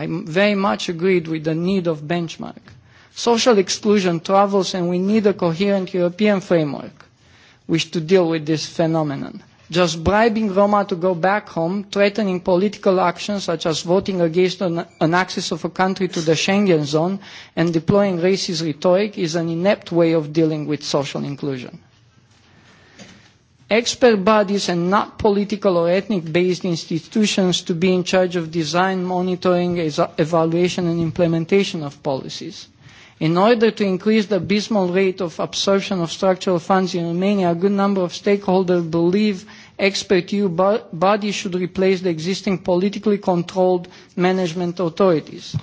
I very much agreed with the need of benchmark. Social exclusion travels and we need a coherent European framework which to deal with this phenomenon. Just bribing Roma to go back home, threatening political action such as voting against an, an access of a country to the Schengen zone and deploying racist rhetoric is an inept way of dealing with social inclusion expert bodies and not political or ethnic-based institutions to be in charge of design, monitoring, evaluation, and implementation of policies. In order to increase the abysmal rate of absorption of structural funds in Romania, a good number of stakeholders believe expert EU bo bodies should replace the existing politically controlled management authorities.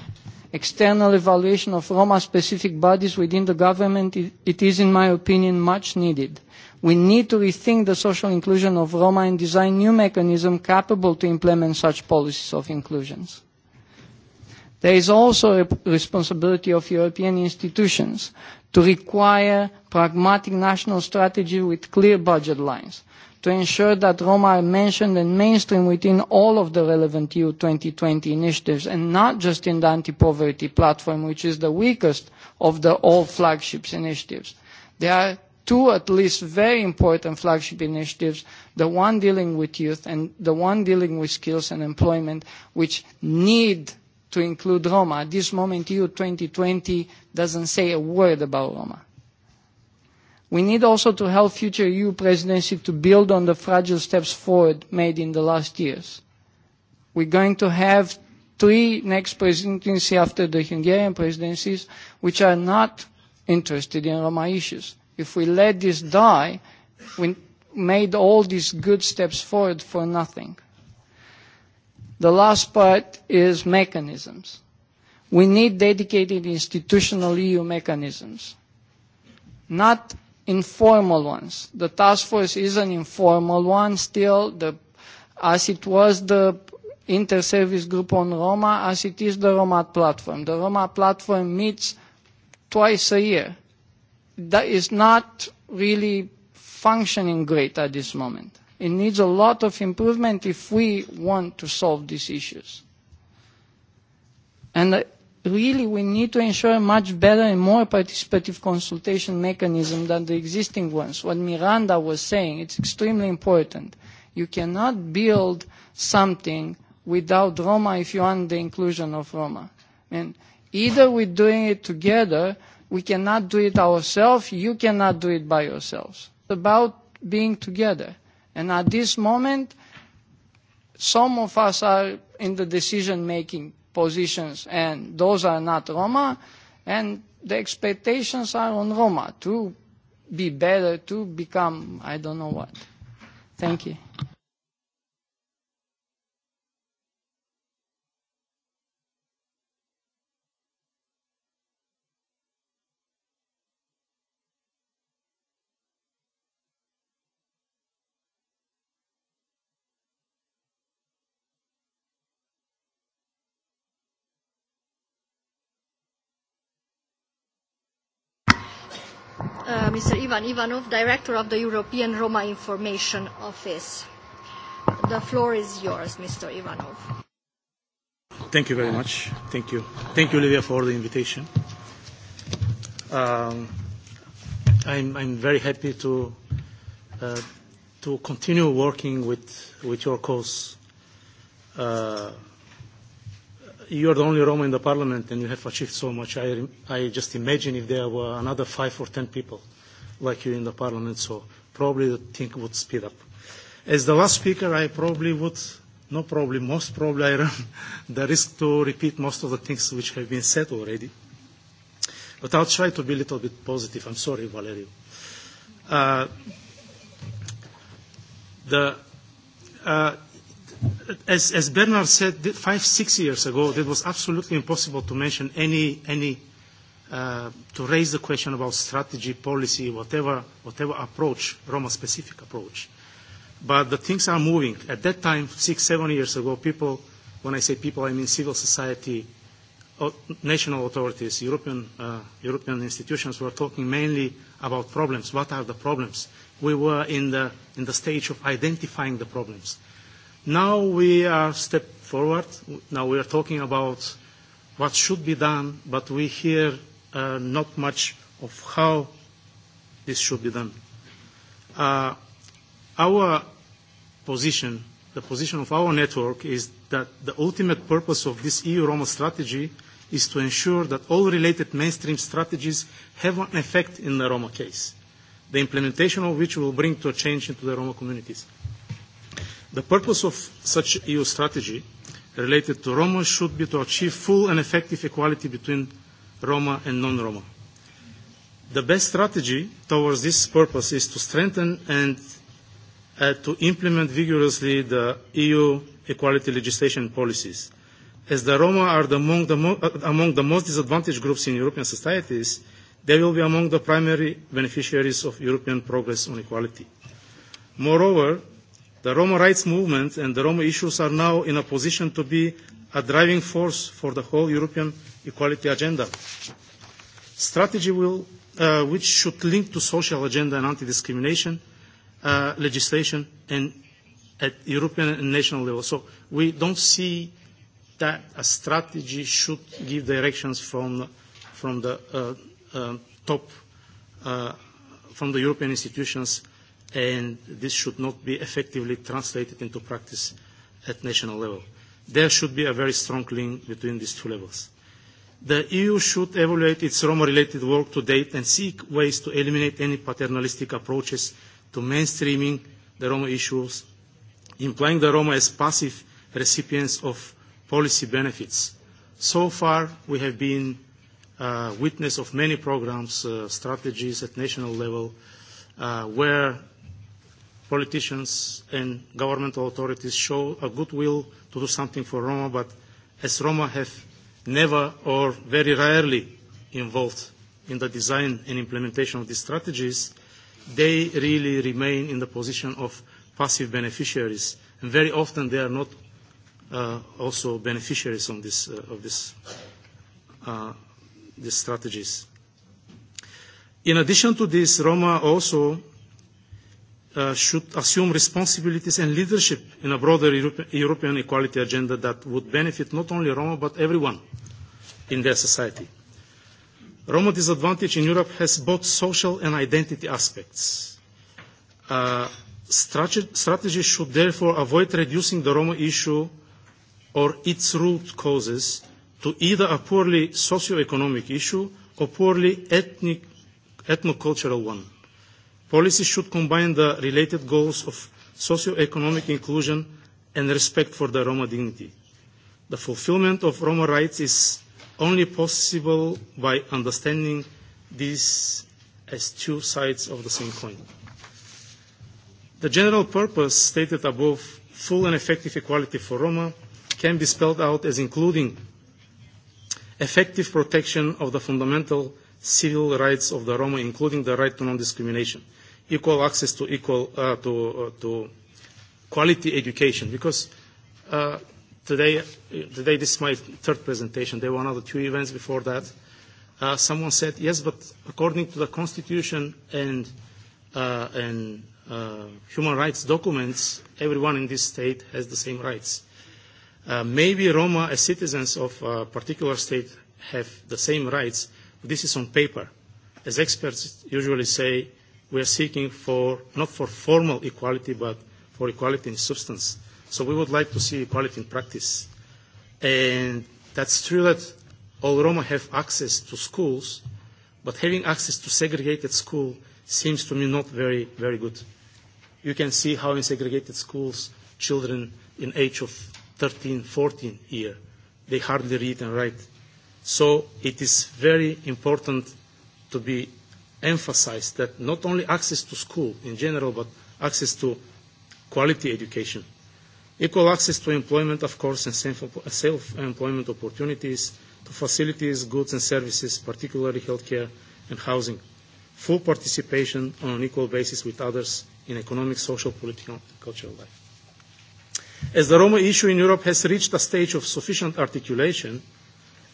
External evaluation of Roma-specific bodies within the government, it, it is, in my opinion, much needed We need to rethink the social inclusion of Roma and design new mechanisms capable to implement such policies of inclusions. There is also a responsibility of European institutions to require pragmatic national strategy with clear budget lines to ensure that Roma are mentioned and mainstreamed within all of the relevant EU 2020 initiatives and not just in the anti-poverty platform, which is the weakest of the all flagships initiatives. They are two at least very important flagship initiatives, the one dealing with youth and the one dealing with skills and employment, which need to include Roma. At this moment, EU 2020 doesn't say a word about Roma. We need also to help future EU presidency to build on the fragile steps forward made in the last years. We're going to have three next presidency after the Hungarian presidencies, which are not interested in Roma issues If we let this die, we made all these good steps forward for nothing. The last part is mechanisms. We need dedicated institutional EU mechanisms, not informal ones. The task force is an informal one still, the, as it was the inter-service group on Roma, as it is the Roma platform. The Roma platform meets twice a year that is not really functioning great at this moment. It needs a lot of improvement if we want to solve these issues. And uh, really, we need to ensure a much better and more participative consultation mechanism than the existing ones. What Miranda was saying, it's extremely important. You cannot build something without Roma if you want the inclusion of Roma. And either we're doing it together We cannot do it ourselves. You cannot do it by yourselves. It's about being together. And at this moment, some of us are in the decision-making positions, and those are not Roma, and the expectations are on Roma to be better, to become I don't know what. Thank you. uh, Mr. Ivan Ivanov, Director of the European Roma Information Office. The floor is yours, Mr. Ivanov. Thank you very much. Thank you. Thank you, Olivia, for the invitation. Um, I'm, I'm very happy to, uh, to continue working with, with your cause uh, you are the only Roma in the parliament and you have achieved so much. I, I just imagine if there were another five or ten people like you in the parliament, so probably the thing would speed up. As the last speaker, I probably would, no probably, most probably I run [LAUGHS] the risk to repeat most of the things which have been said already. But I'll try to be a little bit positive. I'm sorry, Valerio. Uh, the, uh, as, as Bernard said, five, six years ago, it was absolutely impossible to mention any, any uh, to raise the question about strategy, policy, whatever, whatever approach, Roma-specific approach. But the things are moving. At that time, six, seven years ago, people, when I say people, I mean civil society, national authorities, European, uh, European institutions were talking mainly about problems. What are the problems? We were in the, in the stage of identifying the problems Now we are step forward. Now we are talking about what should be done, but we hear uh, not much of how this should be done. Uh, our position, the position of our network, is that the ultimate purpose of this EU-Roma strategy is to ensure that all related mainstream strategies have an effect in the Roma case, the implementation of which will bring to a change into the Roma communities. The purpose of such EU strategy related to Roma should be to achieve full and effective equality between Roma and non-Roma. The best strategy towards this purpose is to strengthen and uh, to implement vigorously the EU equality legislation policies. As the Roma are the, among, the mo- uh, among the most disadvantaged groups in European societies, they will be among the primary beneficiaries of European progress on equality. Moreover, The Roma rights movement and the Roma issues are now in a position to be a driving force for the whole European equality agenda. Strategy will, uh, which should link to social agenda and anti-discrimination uh, legislation and at European and national level. So we don't see that a strategy should give directions from, from the uh, uh, top, uh, from the European institutions and this should not be effectively translated into practice at national level. There should be a very strong link between these two levels. The EU should evaluate its Roma-related work to date and seek ways to eliminate any paternalistic approaches to mainstreaming the Roma issues, implying the Roma as passive recipients of policy benefits. So far, we have been uh, witness of many programs, uh, strategies at national level, uh, where politicians and government authorities show a goodwill to do something for Roma, but as Roma have never or very rarely involved in the design and implementation of these strategies, they really remain in the position of passive beneficiaries. And very often they are not uh, also beneficiaries on this, uh, of this, uh, these strategies. In addition to this, Roma also uh, should assume responsibilities and leadership in a broader Europe, European equality agenda that would benefit not only Roma but everyone in their society. Roma disadvantage in Europe has both social and identity aspects. Uh, strategies should therefore avoid reducing the Roma issue or its root causes to either a poorly socio-economic issue or poorly ethnic, ethnocultural one. Policies should combine the related goals of socioeconomic inclusion and respect for the Roma dignity. The fulfillment of Roma rights is only possible by understanding these as two sides of the same coin. The general purpose stated above, full and effective equality for Roma, can be spelled out as including effective protection of the fundamental civil rights of the Roma, including the right to non-discrimination, equal access to equal uh, to uh, to quality education. Because uh, today, today this is my third presentation. There were another two events before that. Uh, someone said yes, but according to the constitution and uh, and uh, human rights documents, everyone in this state has the same rights. Uh, maybe Roma, as citizens of a particular state, have the same rights, this is on paper. As experts usually say, we are seeking for, not for formal equality, but for equality in substance. So we would like to see equality in practice. And that's true that all Roma have access to schools, but having access to segregated school seems to me not very, very good. You can see how in segregated schools children in age of 13, 14 year, they hardly read and write So it is very important to be emphasized that not only access to school in general, but access to quality education. Equal access to employment, of course, and self-employment opportunities, to facilities, goods and services, particularly healthcare and housing. Full participation on an equal basis with others in economic, social, political, and cultural life. As the Roma issue in Europe has reached a stage of sufficient articulation,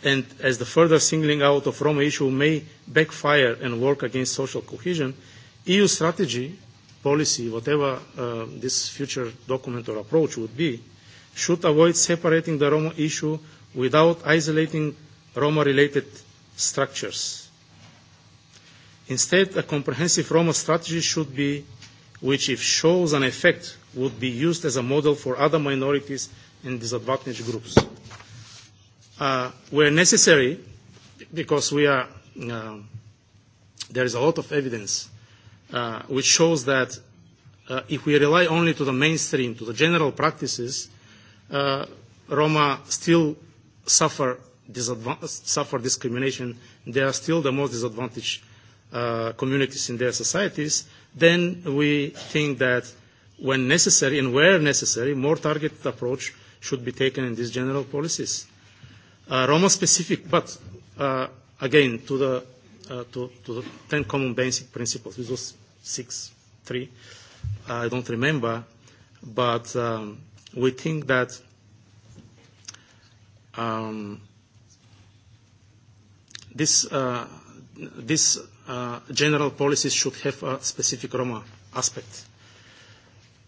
and as the further singling out of Roma issue may backfire and work against social cohesion, EU strategy, policy, whatever uh, this future document or approach would be, should avoid separating the Roma issue without isolating Roma-related structures. Instead, a comprehensive Roma strategy should be, which if shows an effect, would be used as a model for other minorities and disadvantaged groups uh, where necessary, because we are, uh, there is a lot of evidence uh, which shows that uh, if we rely only to the mainstream, to the general practices, uh, Roma still suffer, suffer discrimination. They are still the most disadvantaged uh, communities in their societies. Then we think that when necessary and where necessary, more targeted approach should be taken in these general policies uh, Roma-specific, but uh, again, to the, uh, to, to the 10 common basic principles, which was 6, 3, uh, I don't remember, but um, we think that um, this, uh, this uh, general policies should have a specific Roma aspect.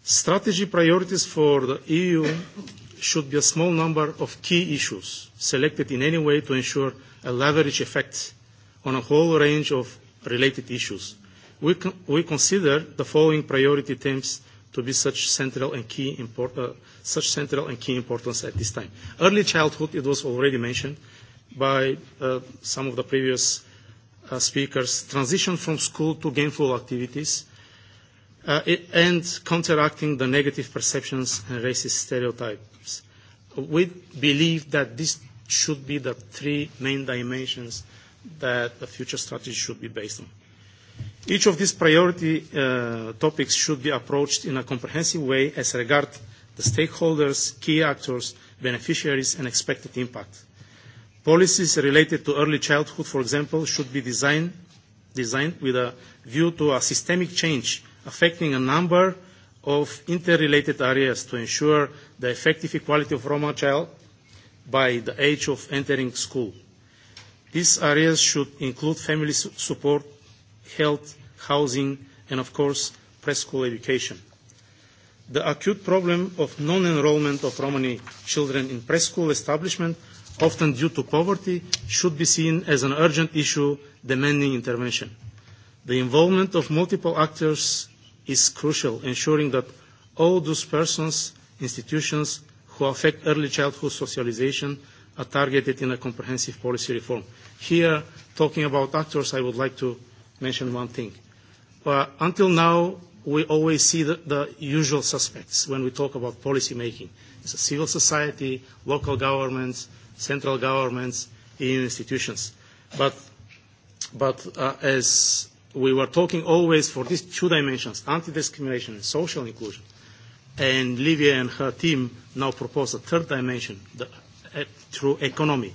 Strategy priorities for the EU should be a small number of key issues selected in any way to ensure a leverage effect on a whole range of related issues. We, con- we consider the following priority themes to be such central and key import- uh, such central and key importance at this time. Early childhood, it was already mentioned by uh, some of the previous uh, speakers. Transition from school to gainful activities, uh, and counteracting the negative perceptions and racist stereotypes. We believe that these should be the three main dimensions that the future strategy should be based on. Each of these priority uh, topics should be approached in a comprehensive way as regards the stakeholders, key actors, beneficiaries, and expected impact. Policies related to early childhood, for example, should be designed, designed with a view to a systemic change affecting a number of interrelated areas to ensure the effective equality of Roma child by the age of entering school. These areas should include family support, health, housing, and of course, preschool education. The acute problem of non-enrollment of Romani children in preschool establishment, often due to poverty, should be seen as an urgent issue demanding intervention. The involvement of multiple actors is crucial, ensuring that all those persons, institutions who affect early childhood socialization are targeted in a comprehensive policy reform. Here, talking about actors, I would like to mention one thing. Uh, until now, we always see the, the usual suspects when we talk about policy making. It's a civil society, local governments, central governments, EU institutions. But, but uh, as we were talking always for these two dimensions, anti-discrimination and social inclusion. And Livia and her team now propose a third dimension the, uh, through economy,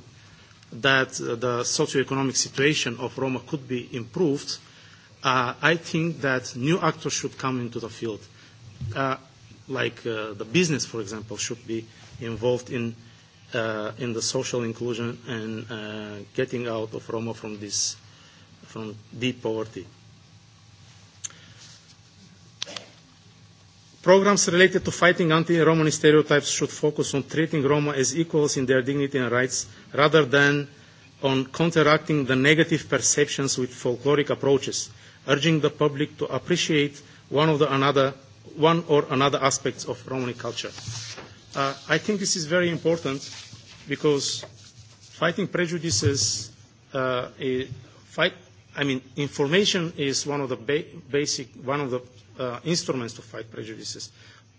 that uh, the socioeconomic situation of Roma could be improved. Uh, I think that new actors should come into the field, uh, like uh, the business, for example, should be involved in, uh, in the social inclusion and uh, getting out of Roma from this uh, from deep poverty. Programs related to fighting anti-Romani stereotypes should focus on treating Roma as equals in their dignity and rights rather than on counteracting the negative perceptions with folkloric approaches, urging the public to appreciate one, of the another, one or another aspects of Romani culture. Uh, I think this is very important because fighting prejudices, uh, fight, I mean, information is one of the ba- basic, one of the uh, instruments to fight prejudices.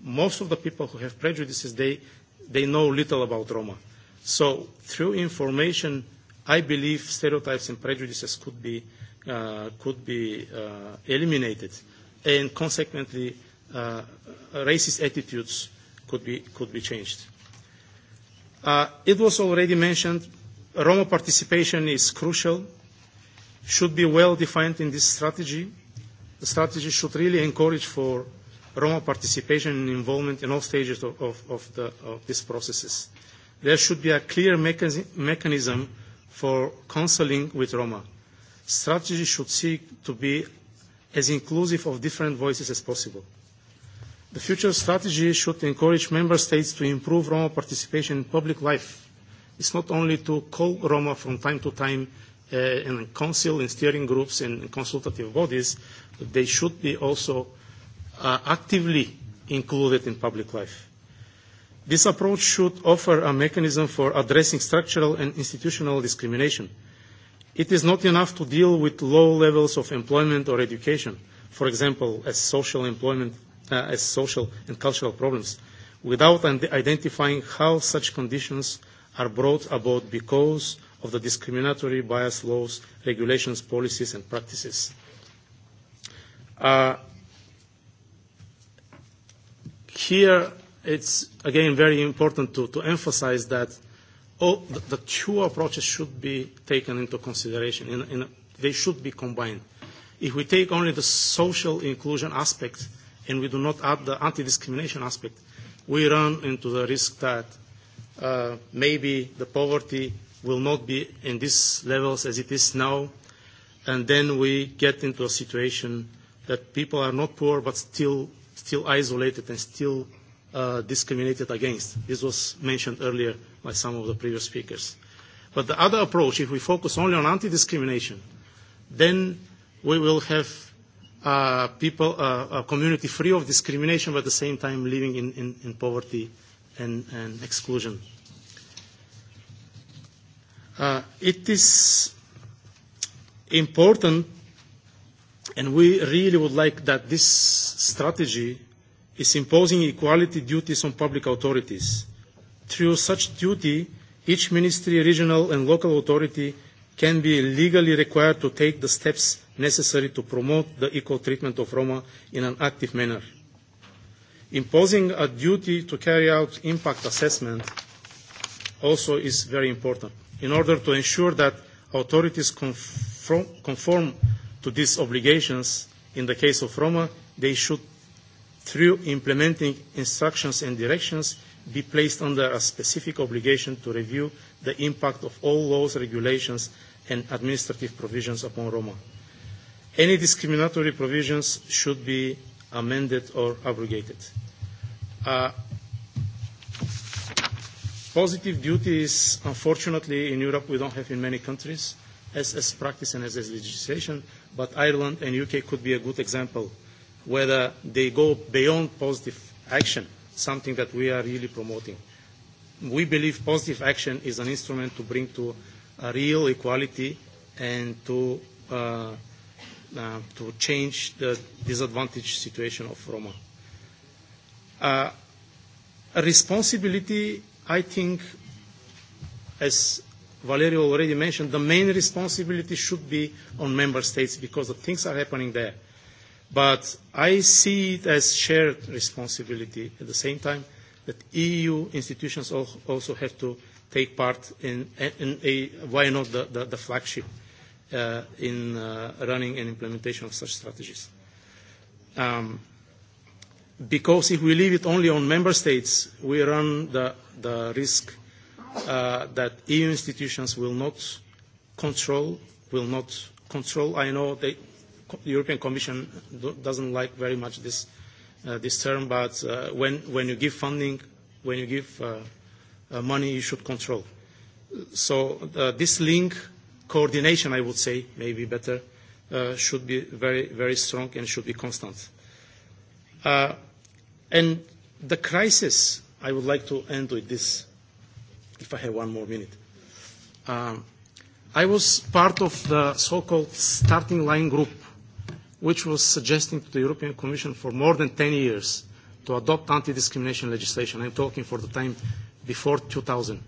Most of the people who have prejudices, they, they know little about Roma. So through information, I believe stereotypes and prejudices could be, uh, could be uh, eliminated, and consequently, uh, racist attitudes could be, could be changed. Uh, it was already mentioned, Roma participation is crucial should be well defined in this strategy. The strategy should really encourage for Roma participation and involvement in all stages of, of, of, the, of these processes. There should be a clear mechanism for counseling with Roma. Strategy should seek to be as inclusive of different voices as possible. The future strategy should encourage member states to improve Roma participation in public life. It's not only to call Roma from time to time uh, in council, in steering groups, in consultative bodies, they should be also uh, actively included in public life. This approach should offer a mechanism for addressing structural and institutional discrimination. It is not enough to deal with low levels of employment or education, for example, as social employment, uh, as social and cultural problems, without identifying how such conditions are brought about because of the discriminatory bias laws, regulations, policies, and practices. Uh, here, it's again very important to, to emphasize that all the, the two approaches should be taken into consideration. In, in, they should be combined. If we take only the social inclusion aspect and we do not add the anti-discrimination aspect, we run into the risk that uh, maybe the poverty will not be in these levels as it is now, and then we get into a situation that people are not poor but still, still isolated and still uh, discriminated against. This was mentioned earlier by some of the previous speakers. But the other approach, if we focus only on anti-discrimination, then we will have uh, people, uh, a community free of discrimination, but at the same time living in, in, in poverty and, and exclusion. Uh, it is important, and we really would like that this strategy is imposing equality duties on public authorities. Through such duty, each ministry, regional and local authority can be legally required to take the steps necessary to promote the equal treatment of Roma in an active manner. Imposing a duty to carry out impact assessment also is very important in order to ensure that authorities conform, conform to these obligations. In the case of Roma, they should, through implementing instructions and directions, be placed under a specific obligation to review the impact of all laws, regulations, and administrative provisions upon Roma. Any discriminatory provisions should be amended or abrogated. Uh, Positive duties, unfortunately, in Europe we don't have in many countries as, as practice and as, as legislation, but Ireland and UK could be a good example whether they go beyond positive action, something that we are really promoting. We believe positive action is an instrument to bring to a real equality and to, uh, uh, to change the disadvantaged situation of Roma. Uh, responsibility I think, as Valerio already mentioned, the main responsibility should be on member states because the things are happening there. But I see it as shared responsibility at the same time that EU institutions also have to take part in, in a, why not the, the, the flagship uh, in uh, running and implementation of such strategies. Um, because if we leave it only on member states, we run the, the risk uh, that EU institutions will not control, will not control. I know they, the European Commission do, doesn't like very much this, uh, this term, but uh, when, when you give funding, when you give uh, uh, money, you should control. So uh, this link, coordination, I would say, maybe better, uh, should be very, very strong and should be constant. Uh, And the crisis, I would like to end with this, if I have one more minute. Um, I was part of the so-called starting line group, which was suggesting to the European Commission for more than 10 years to adopt anti-discrimination legislation. I'm talking for the time before 2000.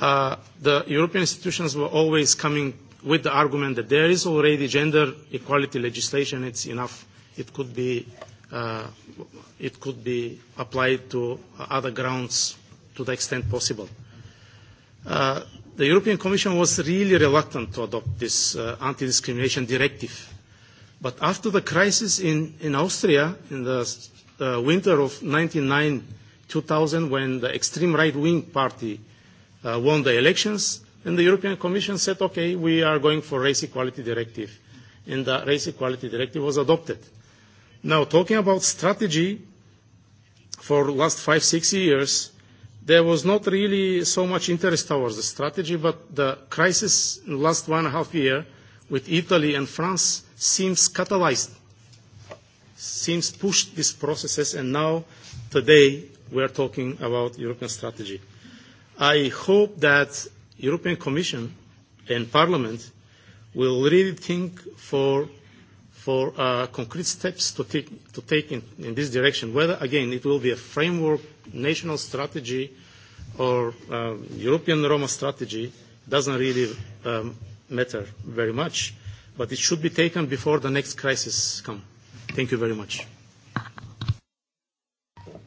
Uh, the European institutions were always coming with the argument that there is already gender equality legislation, it's enough, it could be uh, it could be applied to other grounds to the extent possible. Uh, the European Commission was really reluctant to adopt this uh, anti-discrimination directive. But after the crisis in, in Austria in the uh, winter of 1999-2000, when the extreme right-wing party uh, won the elections, and the European Commission said, okay, we are going for race equality directive. And the race equality directive was adopted. Uh, Now, talking about strategy for last five, six years, there was not really so much interest towards the strategy, but the crisis in the last one and a half year with Italy and France seems catalyzed, seems pushed these processes, and now, today, we are talking about European strategy. I hope that European Commission and Parliament will really think for for uh, concrete steps to take, to take in, in this direction, whether, again, it will be a framework, national strategy, or uh, European Roma strategy, doesn't really um, matter very much, but it should be taken before the next crisis comes. Thank you very much.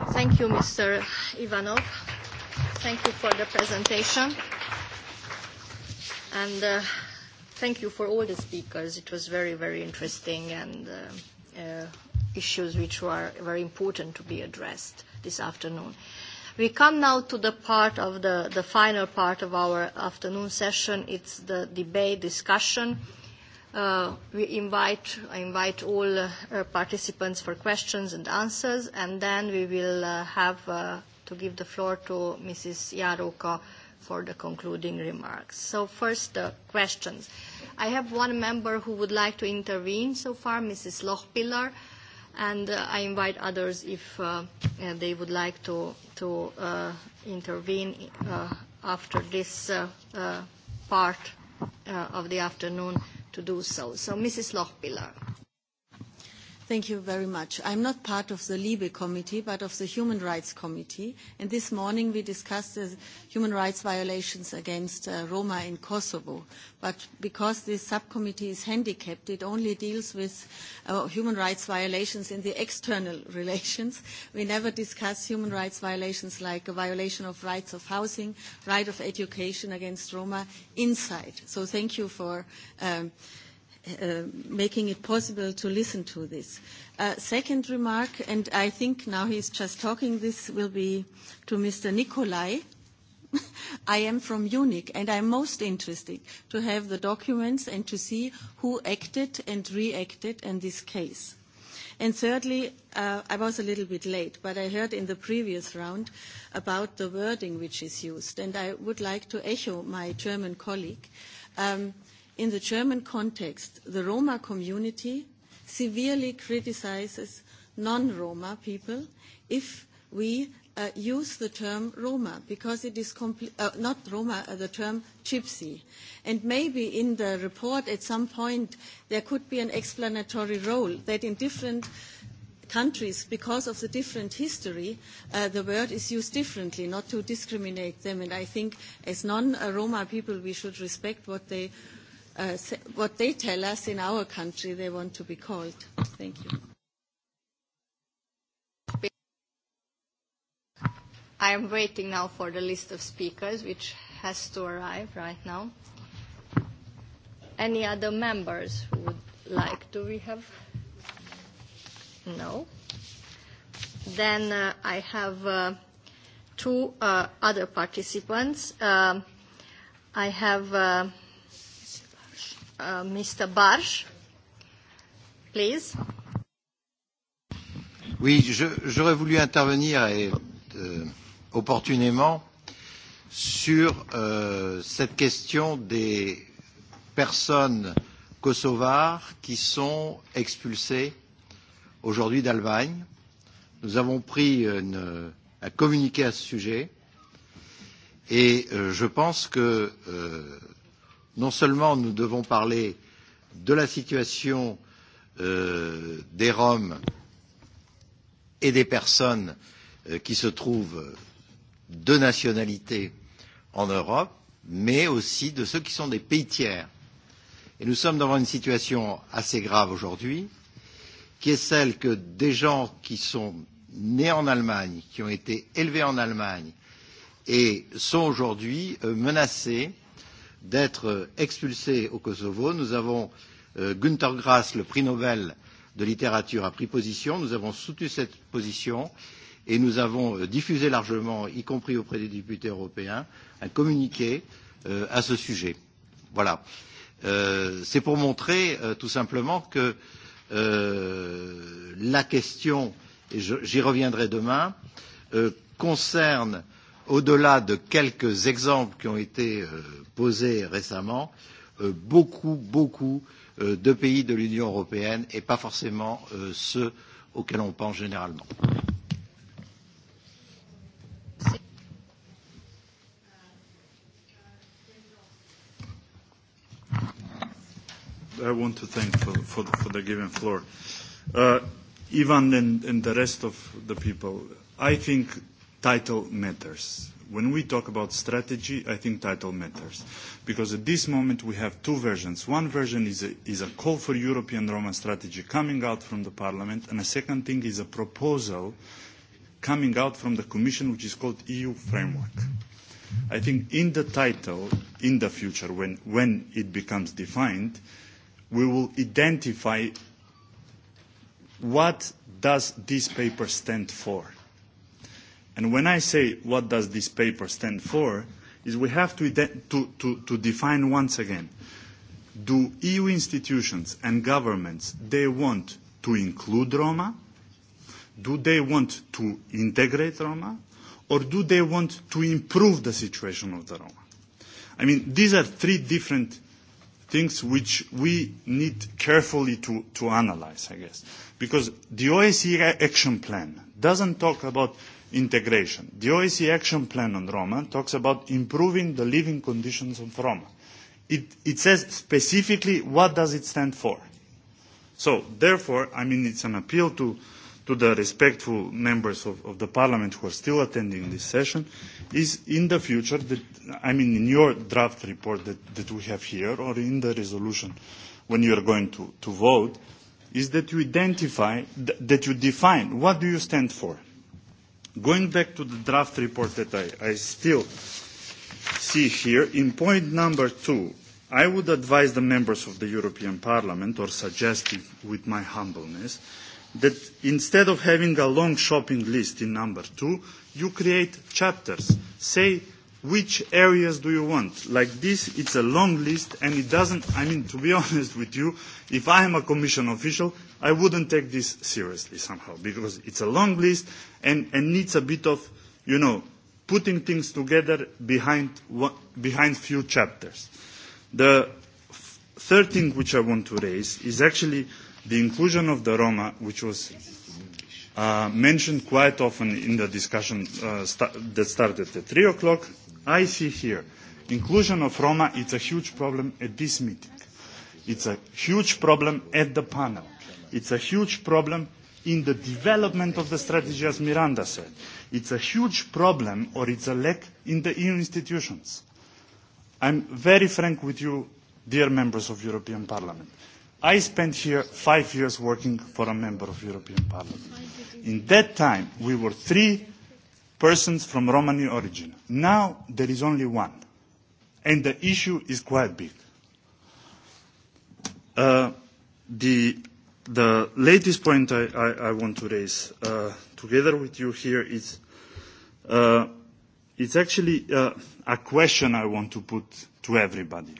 Thank you, Mr. Ivanov. Thank you for the presentation. And uh, thank you for all the speakers. It was very, very interesting and uh, uh, issues which were very important to be addressed this afternoon. We come now to the part of the, the final part of our afternoon session. It's the debate discussion. Uh, we invite, I invite all uh, participants for questions and answers, and then we will uh, have uh, to give the floor to Mrs. Jaroka for the concluding remarks. So first, the uh, questions. Uh, I have one member who would like to intervene so far, Mrs. Lochpiller, and uh, I invite others if uh, uh, they would like to, to uh, intervene uh, after this uh, uh, part uh, of the afternoon to do so. So, Mrs. Lochpiller. Thank you very much. I'm not part of the Libe Committee, but of the Human Rights Committee. And this morning we discussed the human rights violations against uh, Roma in Kosovo. But because this subcommittee is handicapped, it only deals with uh, human rights violations in the external [LAUGHS] relations. We never discuss human rights violations like a violation of rights of housing, right of education against Roma inside. So thank you for um, uh, uh, making it possible to listen to this. Uh, second remark, and I think now he's just talking, this will be to Mr. Nikolai. [LAUGHS] I am from UNIC, and I'm most interested to have the documents and to see who acted and reacted in this case. And thirdly, uh, I was a little bit late, but I heard in the previous round about the wording which is used, and I would like to echo my German colleague. Um, In the German context, the Roma community severely criticizes non-Roma people if we uh, use the term Roma because it is compl- uh, not Roma, uh, the term gypsy. And maybe in the report at some point there could be an explanatory role that in different countries, because of the different history, uh, the word is used differently, not to discriminate them. And I think as non-Roma uh, people we should respect what they uh, what they tell us in our country they want to be called. Thank you. I am waiting now for the list of speakers, which has to arrive right now. Any other members who would like? Do we have? No. Then uh, I have uh, two uh, other participants. Um, I have. Uh, uh, Mr. Barge, please. Oui, j'aurais voulu intervenir et, euh, opportunément sur euh, cette question des personnes kosovars qui sont expulsées aujourd'hui d'Allemagne. Nous avons pris une, un communiqué à ce sujet et euh, je pense que euh, non seulement nous devons parler de la situation euh, des Roms et des personnes euh, qui se trouvent de nationalité en Europe, mais aussi de ceux qui sont des pays tiers. Et nous sommes devant une situation assez grave aujourd'hui, qui est celle que des gens qui sont nés en Allemagne, qui ont été élevés en Allemagne et sont aujourd'hui euh, menacés euh, d'être euh, expulsés au Kosovo. Nous avons euh, Günther Grass, le prix Nobel de littérature, a pris position. Nous avons soutenu cette position et nous avons euh, diffusé largement, y compris auprès des députés européens, un communiqué euh, à ce sujet. Voilà. Euh, C'est pour montrer euh, tout simplement que euh, la question, et j'y reviendrai demain, euh, concerne euh, au-delà de quelques exemples qui ont été euh, posés récemment, euh, beaucoup, beaucoup euh, de pays de l'Union européenne et pas forcément euh, ceux auxquels on pense généralement. I want to thank for, for, for the given floor. Uh, Ivan and, and the rest of the people, I think title matters. When we talk about strategy, I think title matters. Because at this moment we have two versions. One version is a, is a call for European Roma strategy coming out from the Parliament, and a second thing is a proposal coming out from the Commission which is called EU Framework. I think in the title, in the future, when, when it becomes defined, we will identify what does this paper stand for And when I say what does this paper stand for, is we have to, to, to, to define once again, do EU institutions and governments, they want to include Roma? Do they want to integrate Roma? Or do they want to improve the situation of the Roma? I mean, these are three different things which we need carefully to, to analyze, I guess. Because the OSCE action plan doesn't talk about integration. The OSCE Action Plan on Roma talks about improving the living conditions of Roma. It, it says specifically what does it stand for. So, therefore, I mean, it's an appeal to, to the respectful members of, of the parliament who are still attending this session, is in the future, that, I mean, in your draft report that, that we have here, or in the resolution when you are going to, to vote, is that you identify, th- that you define what do you stand for Going back to the draft report that I, I still see here, in point number two, I would advise the members of the European Parliament, or suggest it with my humbleness, that instead of having a long shopping list in number two, you create chapters. Say which areas do you want? Like this, it's a long list, and it doesn't, I mean, to be [LAUGHS] honest with you, if I am a commission official, I wouldn't take this seriously somehow, because it's a long list and, and needs a bit of, you know, putting things together behind, behind few chapters. The third thing which I want to raise is actually the inclusion of the Roma, which was uh, mentioned quite often in the discussion uh, sta- that started at 3 o'clock I see here, inclusion of Roma, it's a huge problem at this meeting. It's a huge problem at the panel. It's a huge problem in the development of the strategy, as Miranda said. It's a huge problem, or it's a lack in the EU institutions. I'm very frank with you, dear members of European Parliament. I spent here five years working for a member of European Parliament. In that time, we were three persons from Romani origin. Now there is only one, and the issue is quite big. Uh, the, the latest point I, I, I want to raise uh, together with you here is uh, it's actually uh, a question I want to put to everybody.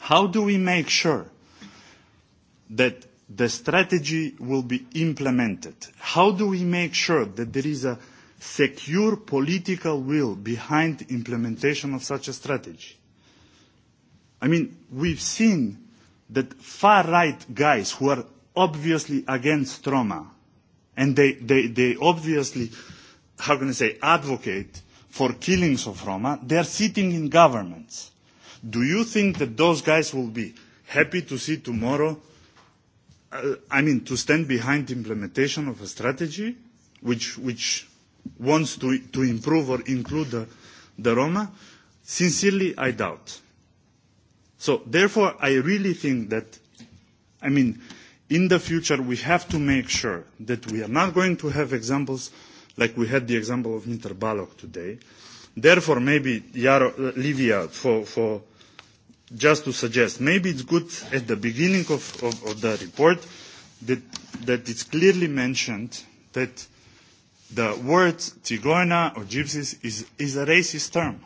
How do we make sure that the strategy will be implemented? How do we make sure that there is a secure political will behind implementation of such a strategy. I mean, we've seen that far-right guys who are obviously against trauma, and they, they, they obviously, how can I say, advocate for killings of Roma, they're sitting in governments. Do you think that those guys will be happy to see tomorrow, uh, I mean, to stand behind implementation of a strategy which, which wants to, to improve or include the, the Roma, sincerely, I doubt. So therefore, I really think that, I mean, in the future, we have to make sure that we are not going to have examples like we had the example of Mr. Balog today. Therefore, maybe Yaro, uh, Livia, for, for just to suggest, maybe it's good at the beginning of, of, of the report that, that it's clearly mentioned that the word Tigorna or gypsies is, is a racist term.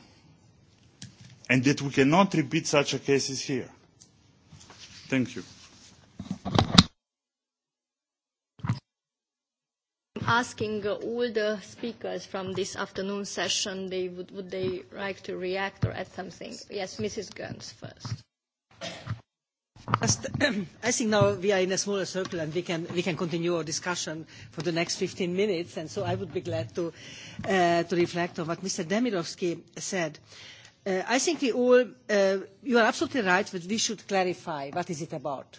And that we cannot repeat such a cases here. Thank you. asking all the speakers from this afternoon session, they would, would they like to react or add something? Yes, Mrs. Gerns first. Just, [CLEARS THROAT] I think now we are in a smaller circle, and we can, we can continue our discussion for the next 15 minutes. And so I would be glad to, uh, to reflect on what Mr. Demirovsky said. Uh, I think we all, uh, you are absolutely right, but we should clarify what is it about.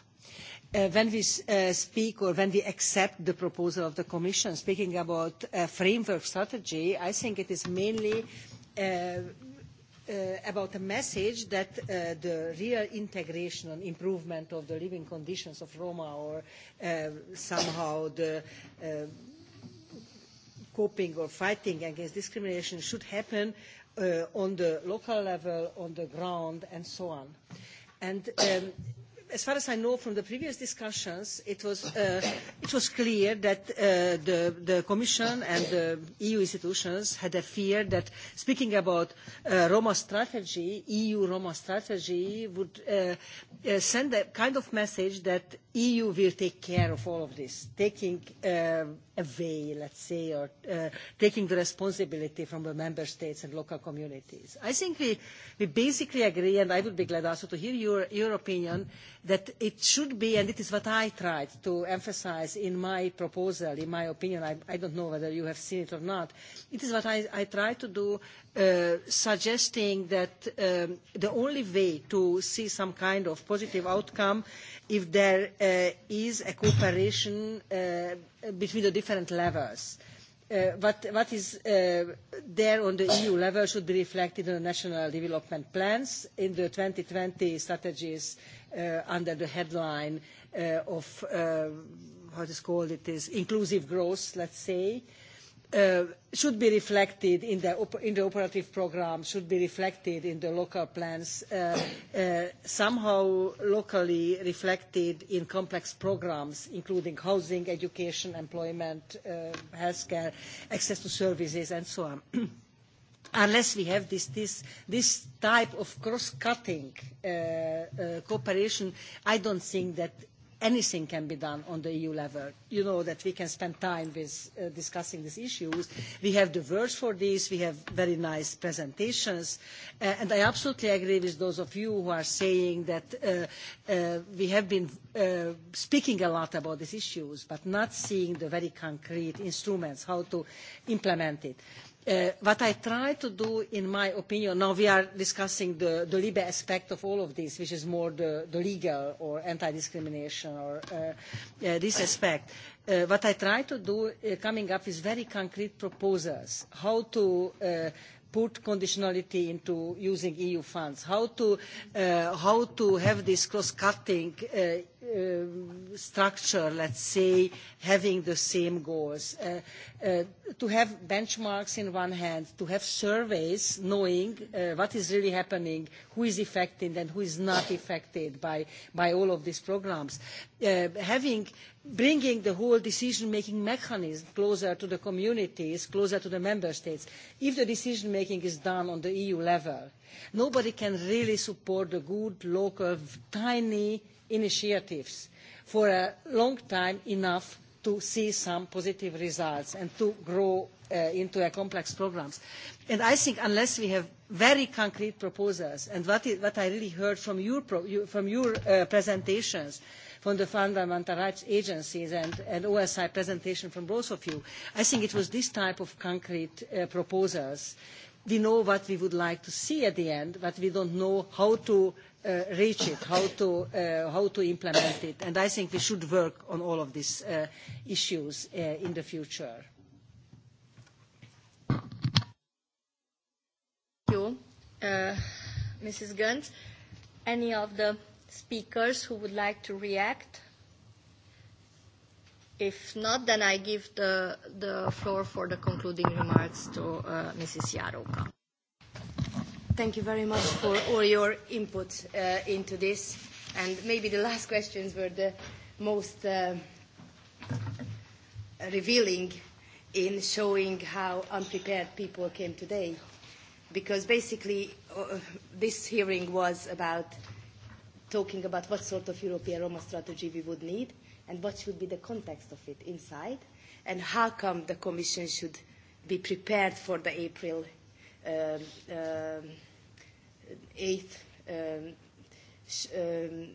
Uh, when we uh, speak or when we accept the proposal of the Commission, speaking about a framework strategy, I think it is mainly uh, uh, about a message that uh, the real integration and improvement of the living conditions of Roma or uh, somehow the uh, coping or fighting against discrimination should happen uh, on the local level, on the ground, and so on. And um, as far as I know from the previous discussions, it was, uh, it was clear that uh, the, the Commission and the EU institutions had a fear that speaking about uh, Roma strategy, EU Roma strategy, would uh, uh, send a kind of message that EU will take care of all of this, taking uh, away, let's say, or uh, taking the responsibility from the member states and local communities. I think we, we basically agree, and I would be glad also to hear your, your opinion, that it should be, and it is what I tried to emphasize in my proposal, in my opinion, I, I don't know whether you have seen it or not, it is what I, I tried to do, uh, suggesting that um, the only way to see some kind of positive outcome if there uh, is a cooperation uh, between the different levels. Uh, Uh, what, what is uh, there on the EU level should be reflected in the national development plans in the 2020 strategies uh, under the headline uh, of uh, what is called it is inclusive growth, let's say. Uh, uh, should be reflected in the, op in the operative programme, should be reflected in the local plans, uh, uh, somehow locally reflected in complex programmes, including housing, education, employment, uh, healthcare, access to services, and so on. [CLEARS THROAT] Unless we have this, this, this type of cross-cutting uh, uh, cooperation, I don't think that anything can be done on the EU level. You know that we can spend time with uh, discussing these issues. We have the words for this. We have very nice presentations. Uh, and I absolutely agree with those of you who are saying that uh, uh, we have been uh, speaking a lot about these issues, but not seeing the very concrete instruments, how to implement it. Uh, Uh, what I try to do, in my opinion, now we are discussing the, the LIBE aspect of all of this, which is more the, the legal or anti-discrimination or uh, uh, this aspect. Uh, what I try to do, uh, coming up with very concrete proposals, how to uh, put conditionality into using EU funds, how to, uh, how to have this cross-cutting uh, uh, structure, let's say, having the same goals, uh, uh, to have benchmarks in one hand, to have surveys knowing uh, what is really happening, who is affected and who is not affected by, by all of these programs, uh, having uh, bringing the whole decision making mechanism closer to the communities closer to the member states if the decision making is done on the eu level nobody can really support the good local tiny initiatives for a long time enough to see some positive results and to grow uh, into a complex programs and i think unless we have very concrete proposals and what, is, what i really heard from your, pro, you, from your uh, presentations is from the Fundamental Rights Agencies and an OSI presentation from both of you. I think it was this type of concrete uh, proposals. We know what we would like to see at the end, but we don't know how to uh, reach it, how to, uh, how to implement it. And I think we should work on all of these uh, issues uh, in the future. Thank you, uh, Mrs. Gunt. Any of the speakers who would like to react? If not, then I give the, the floor for the concluding remarks to uh, Mrs. Jaroka. Thank you very much for all your input uh, into this. And maybe the last questions were the most uh, revealing in showing how unprepared people came today. Because basically, uh, this hearing was about uh, talking about what sort of European Roma strategy we would need and what should be the context of it inside and how come the Commission should be prepared for the April um, um, 8th um, sh- um,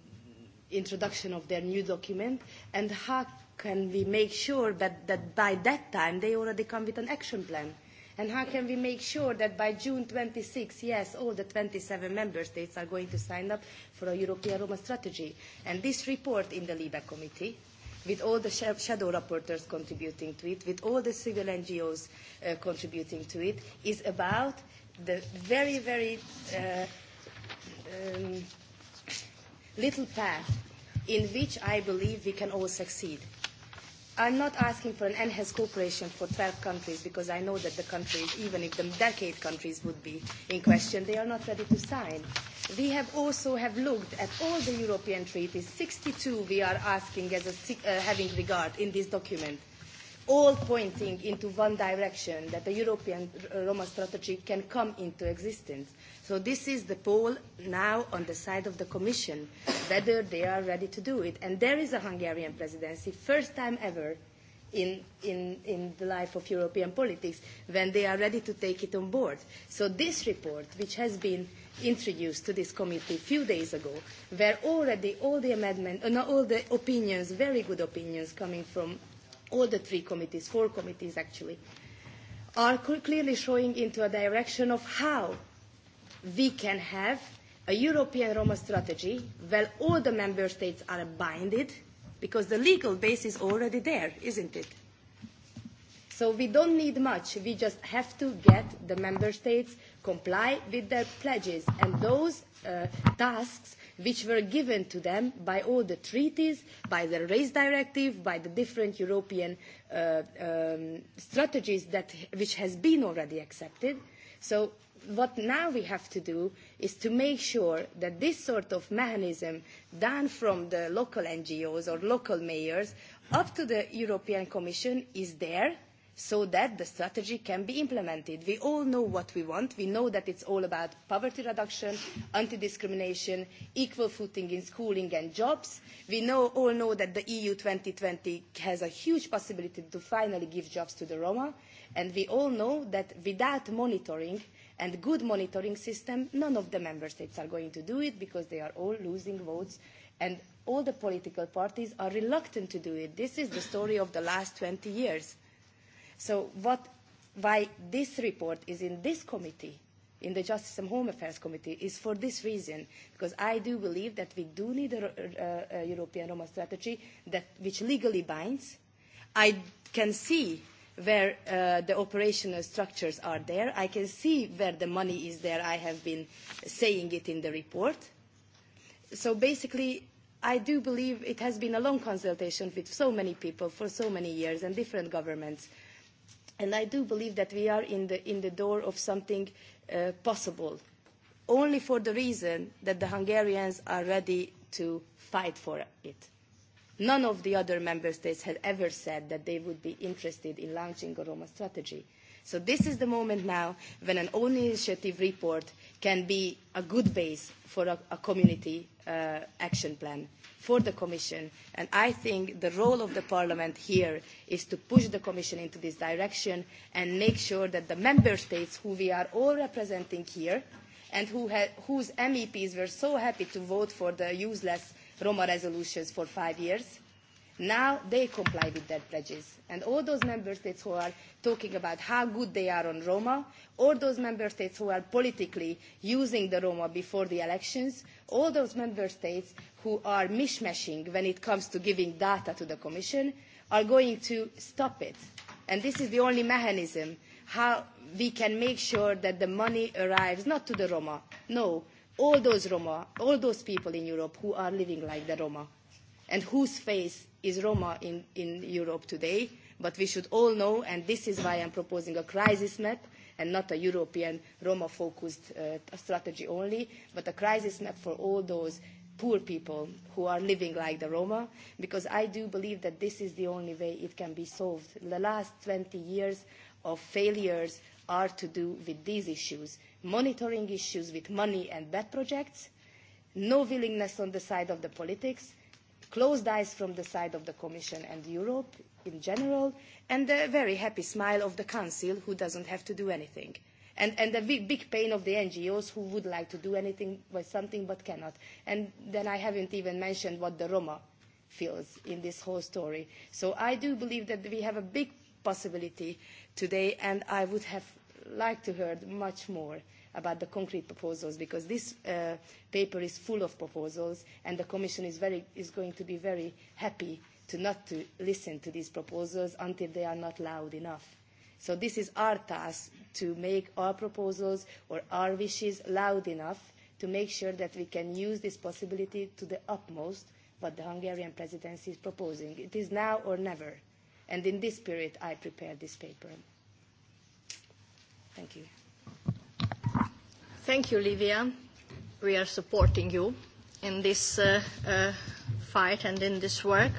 introduction of their new document and how can we make sure that, that by that time they already come with an action plan And how can we make sure that by June 26, yes, all the 27 member states are going to sign up for a European Roma strategy? And this report in the LIBE committee, with all the sh shadow rapporteurs contributing to it, with all the civil NGOs uh, contributing to it, is about the very, very uh, um, little path in which I believe we can all succeed I'm not asking for an enhanced cooperation for 12 countries because I know that the countries, even if the decade countries would be in question, they are not ready to sign. We have also have looked at all the European treaties, 62 we are asking as a, uh, having regard in this document. Uh, all pointing into one direction, that the European uh, Roma strategy can come into existence. So this is the poll now on the side of the Commission, whether they are ready to do it. And there is a Hungarian presidency, first time ever in, in, in the life of European politics, when they are ready to take it on board. So this report, which has been introduced to this committee a few days ago, where already all the amendments, uh, no, all the opinions, very good opinions coming from all the three committees, four committees actually, are clearly showing into a direction of how we can have a European Roma strategy where all the member states are binded because the legal base is already there, isn't it? So we don't need much. We just have to get the member states comply with their pledges and those uh, tasks which were given to them by all the treaties, by the race directive, by the different European uh, um, strategies that, which has been already accepted. So what now we have to do is to make sure that this sort of mechanism done from the local NGOs or local mayors up to the European Commission is there so that the strategy can be implemented. We all know what we want. We know that it's all about poverty reduction, anti-discrimination, equal footing in schooling and jobs. We know, all know that the EU 2020 has a huge possibility to finally give jobs to the Roma, and we all know that without monitoring and good monitoring system, none of the member states are going to do it because they are all losing votes and all the political parties are reluctant to do it. This is the story of the last 20 years So what, why this report is in this committee, in the Justice and Home Affairs Committee, is for this reason, because I do believe that we do need a, a, a European Roma strategy that, which legally binds. I can see where uh, the operational structures are there. I can see where the money is there. I have been saying it in the report. So basically, I do believe it has been a long consultation with so many people for so many years and different governments And I do believe that we are in the, in the door of something uh, possible, only for the reason that the Hungarians are ready to fight for it. None of the other member states had ever said that they would be interested in launching a Roma strategy. So this is the moment now when an own initiative report can be a good base for a, a community uh, action plan. Uh, for the Commission. And I think the role of the Parliament here is to push the Commission into this direction and make sure that the Member States, who we are all representing here, and who ha whose MEPs were so happy to vote for the useless Roma resolutions for five years, Now they comply with that pledges. And all those member states who are talking about how good they are on Roma, all those member states who are politically using the Roma before the elections, all those member states who are mishmashing when it comes to giving data to the Commission are going to stop it. And this is the only mechanism how we can make sure that the money arrives not to the Roma, no, all those Roma, all those people in Europe who are living like the Roma and whose face is Roma in, in Europe today. But we should all know, and this is why I'm proposing a crisis map and not a European Roma-focused uh, strategy only, but a crisis map for all those poor people who are living like the Roma, because I do believe that this is the only way it can be solved. The last 20 years of failures are to do with these issues, monitoring issues with money and bad projects, no willingness on the side of the politics, closed eyes from the side of the Commission and Europe in general, and the very happy smile of the Council, who doesn't have to do anything. And, and the big, big pain of the NGOs who would like to do anything by something but cannot. And then I haven't even mentioned what the Roma feels in this whole story. So I do believe that we have a big possibility today, and I would have liked to heard much more about the concrete proposals because this uh, paper is full of proposals and the Commission is, very, is going to be very happy to not to listen to these proposals until they are not loud enough. So this is our task to make our proposals or our wishes loud enough to make sure that we can use this possibility to the utmost what the Hungarian presidency is proposing. It is now or never. And in this spirit, I prepared this paper. Thank you. Thank you, Livia. We are supporting you in this uh, uh, fight and in this work.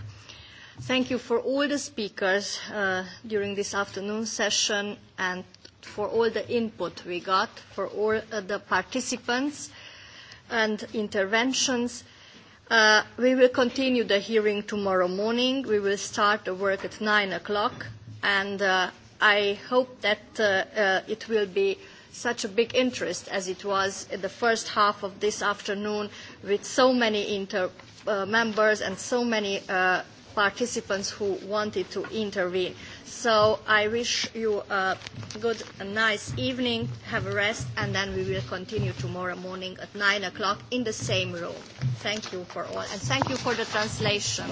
Thank you for all the speakers uh, during this afternoon session and for all the input we got, for all uh, the participants and interventions. Uh, we will continue the hearing tomorrow morning. We will start the work at 9 o'clock, and uh, I hope that uh, uh, it will be such a big interest as it was in the first half of this afternoon with so many inter, uh, members and so many uh, participants who wanted to intervene. So I wish you a good, a nice evening, have a rest, and then we will continue tomorrow morning at 9 o'clock in the same room. Thank you for all, and thank you for the translation.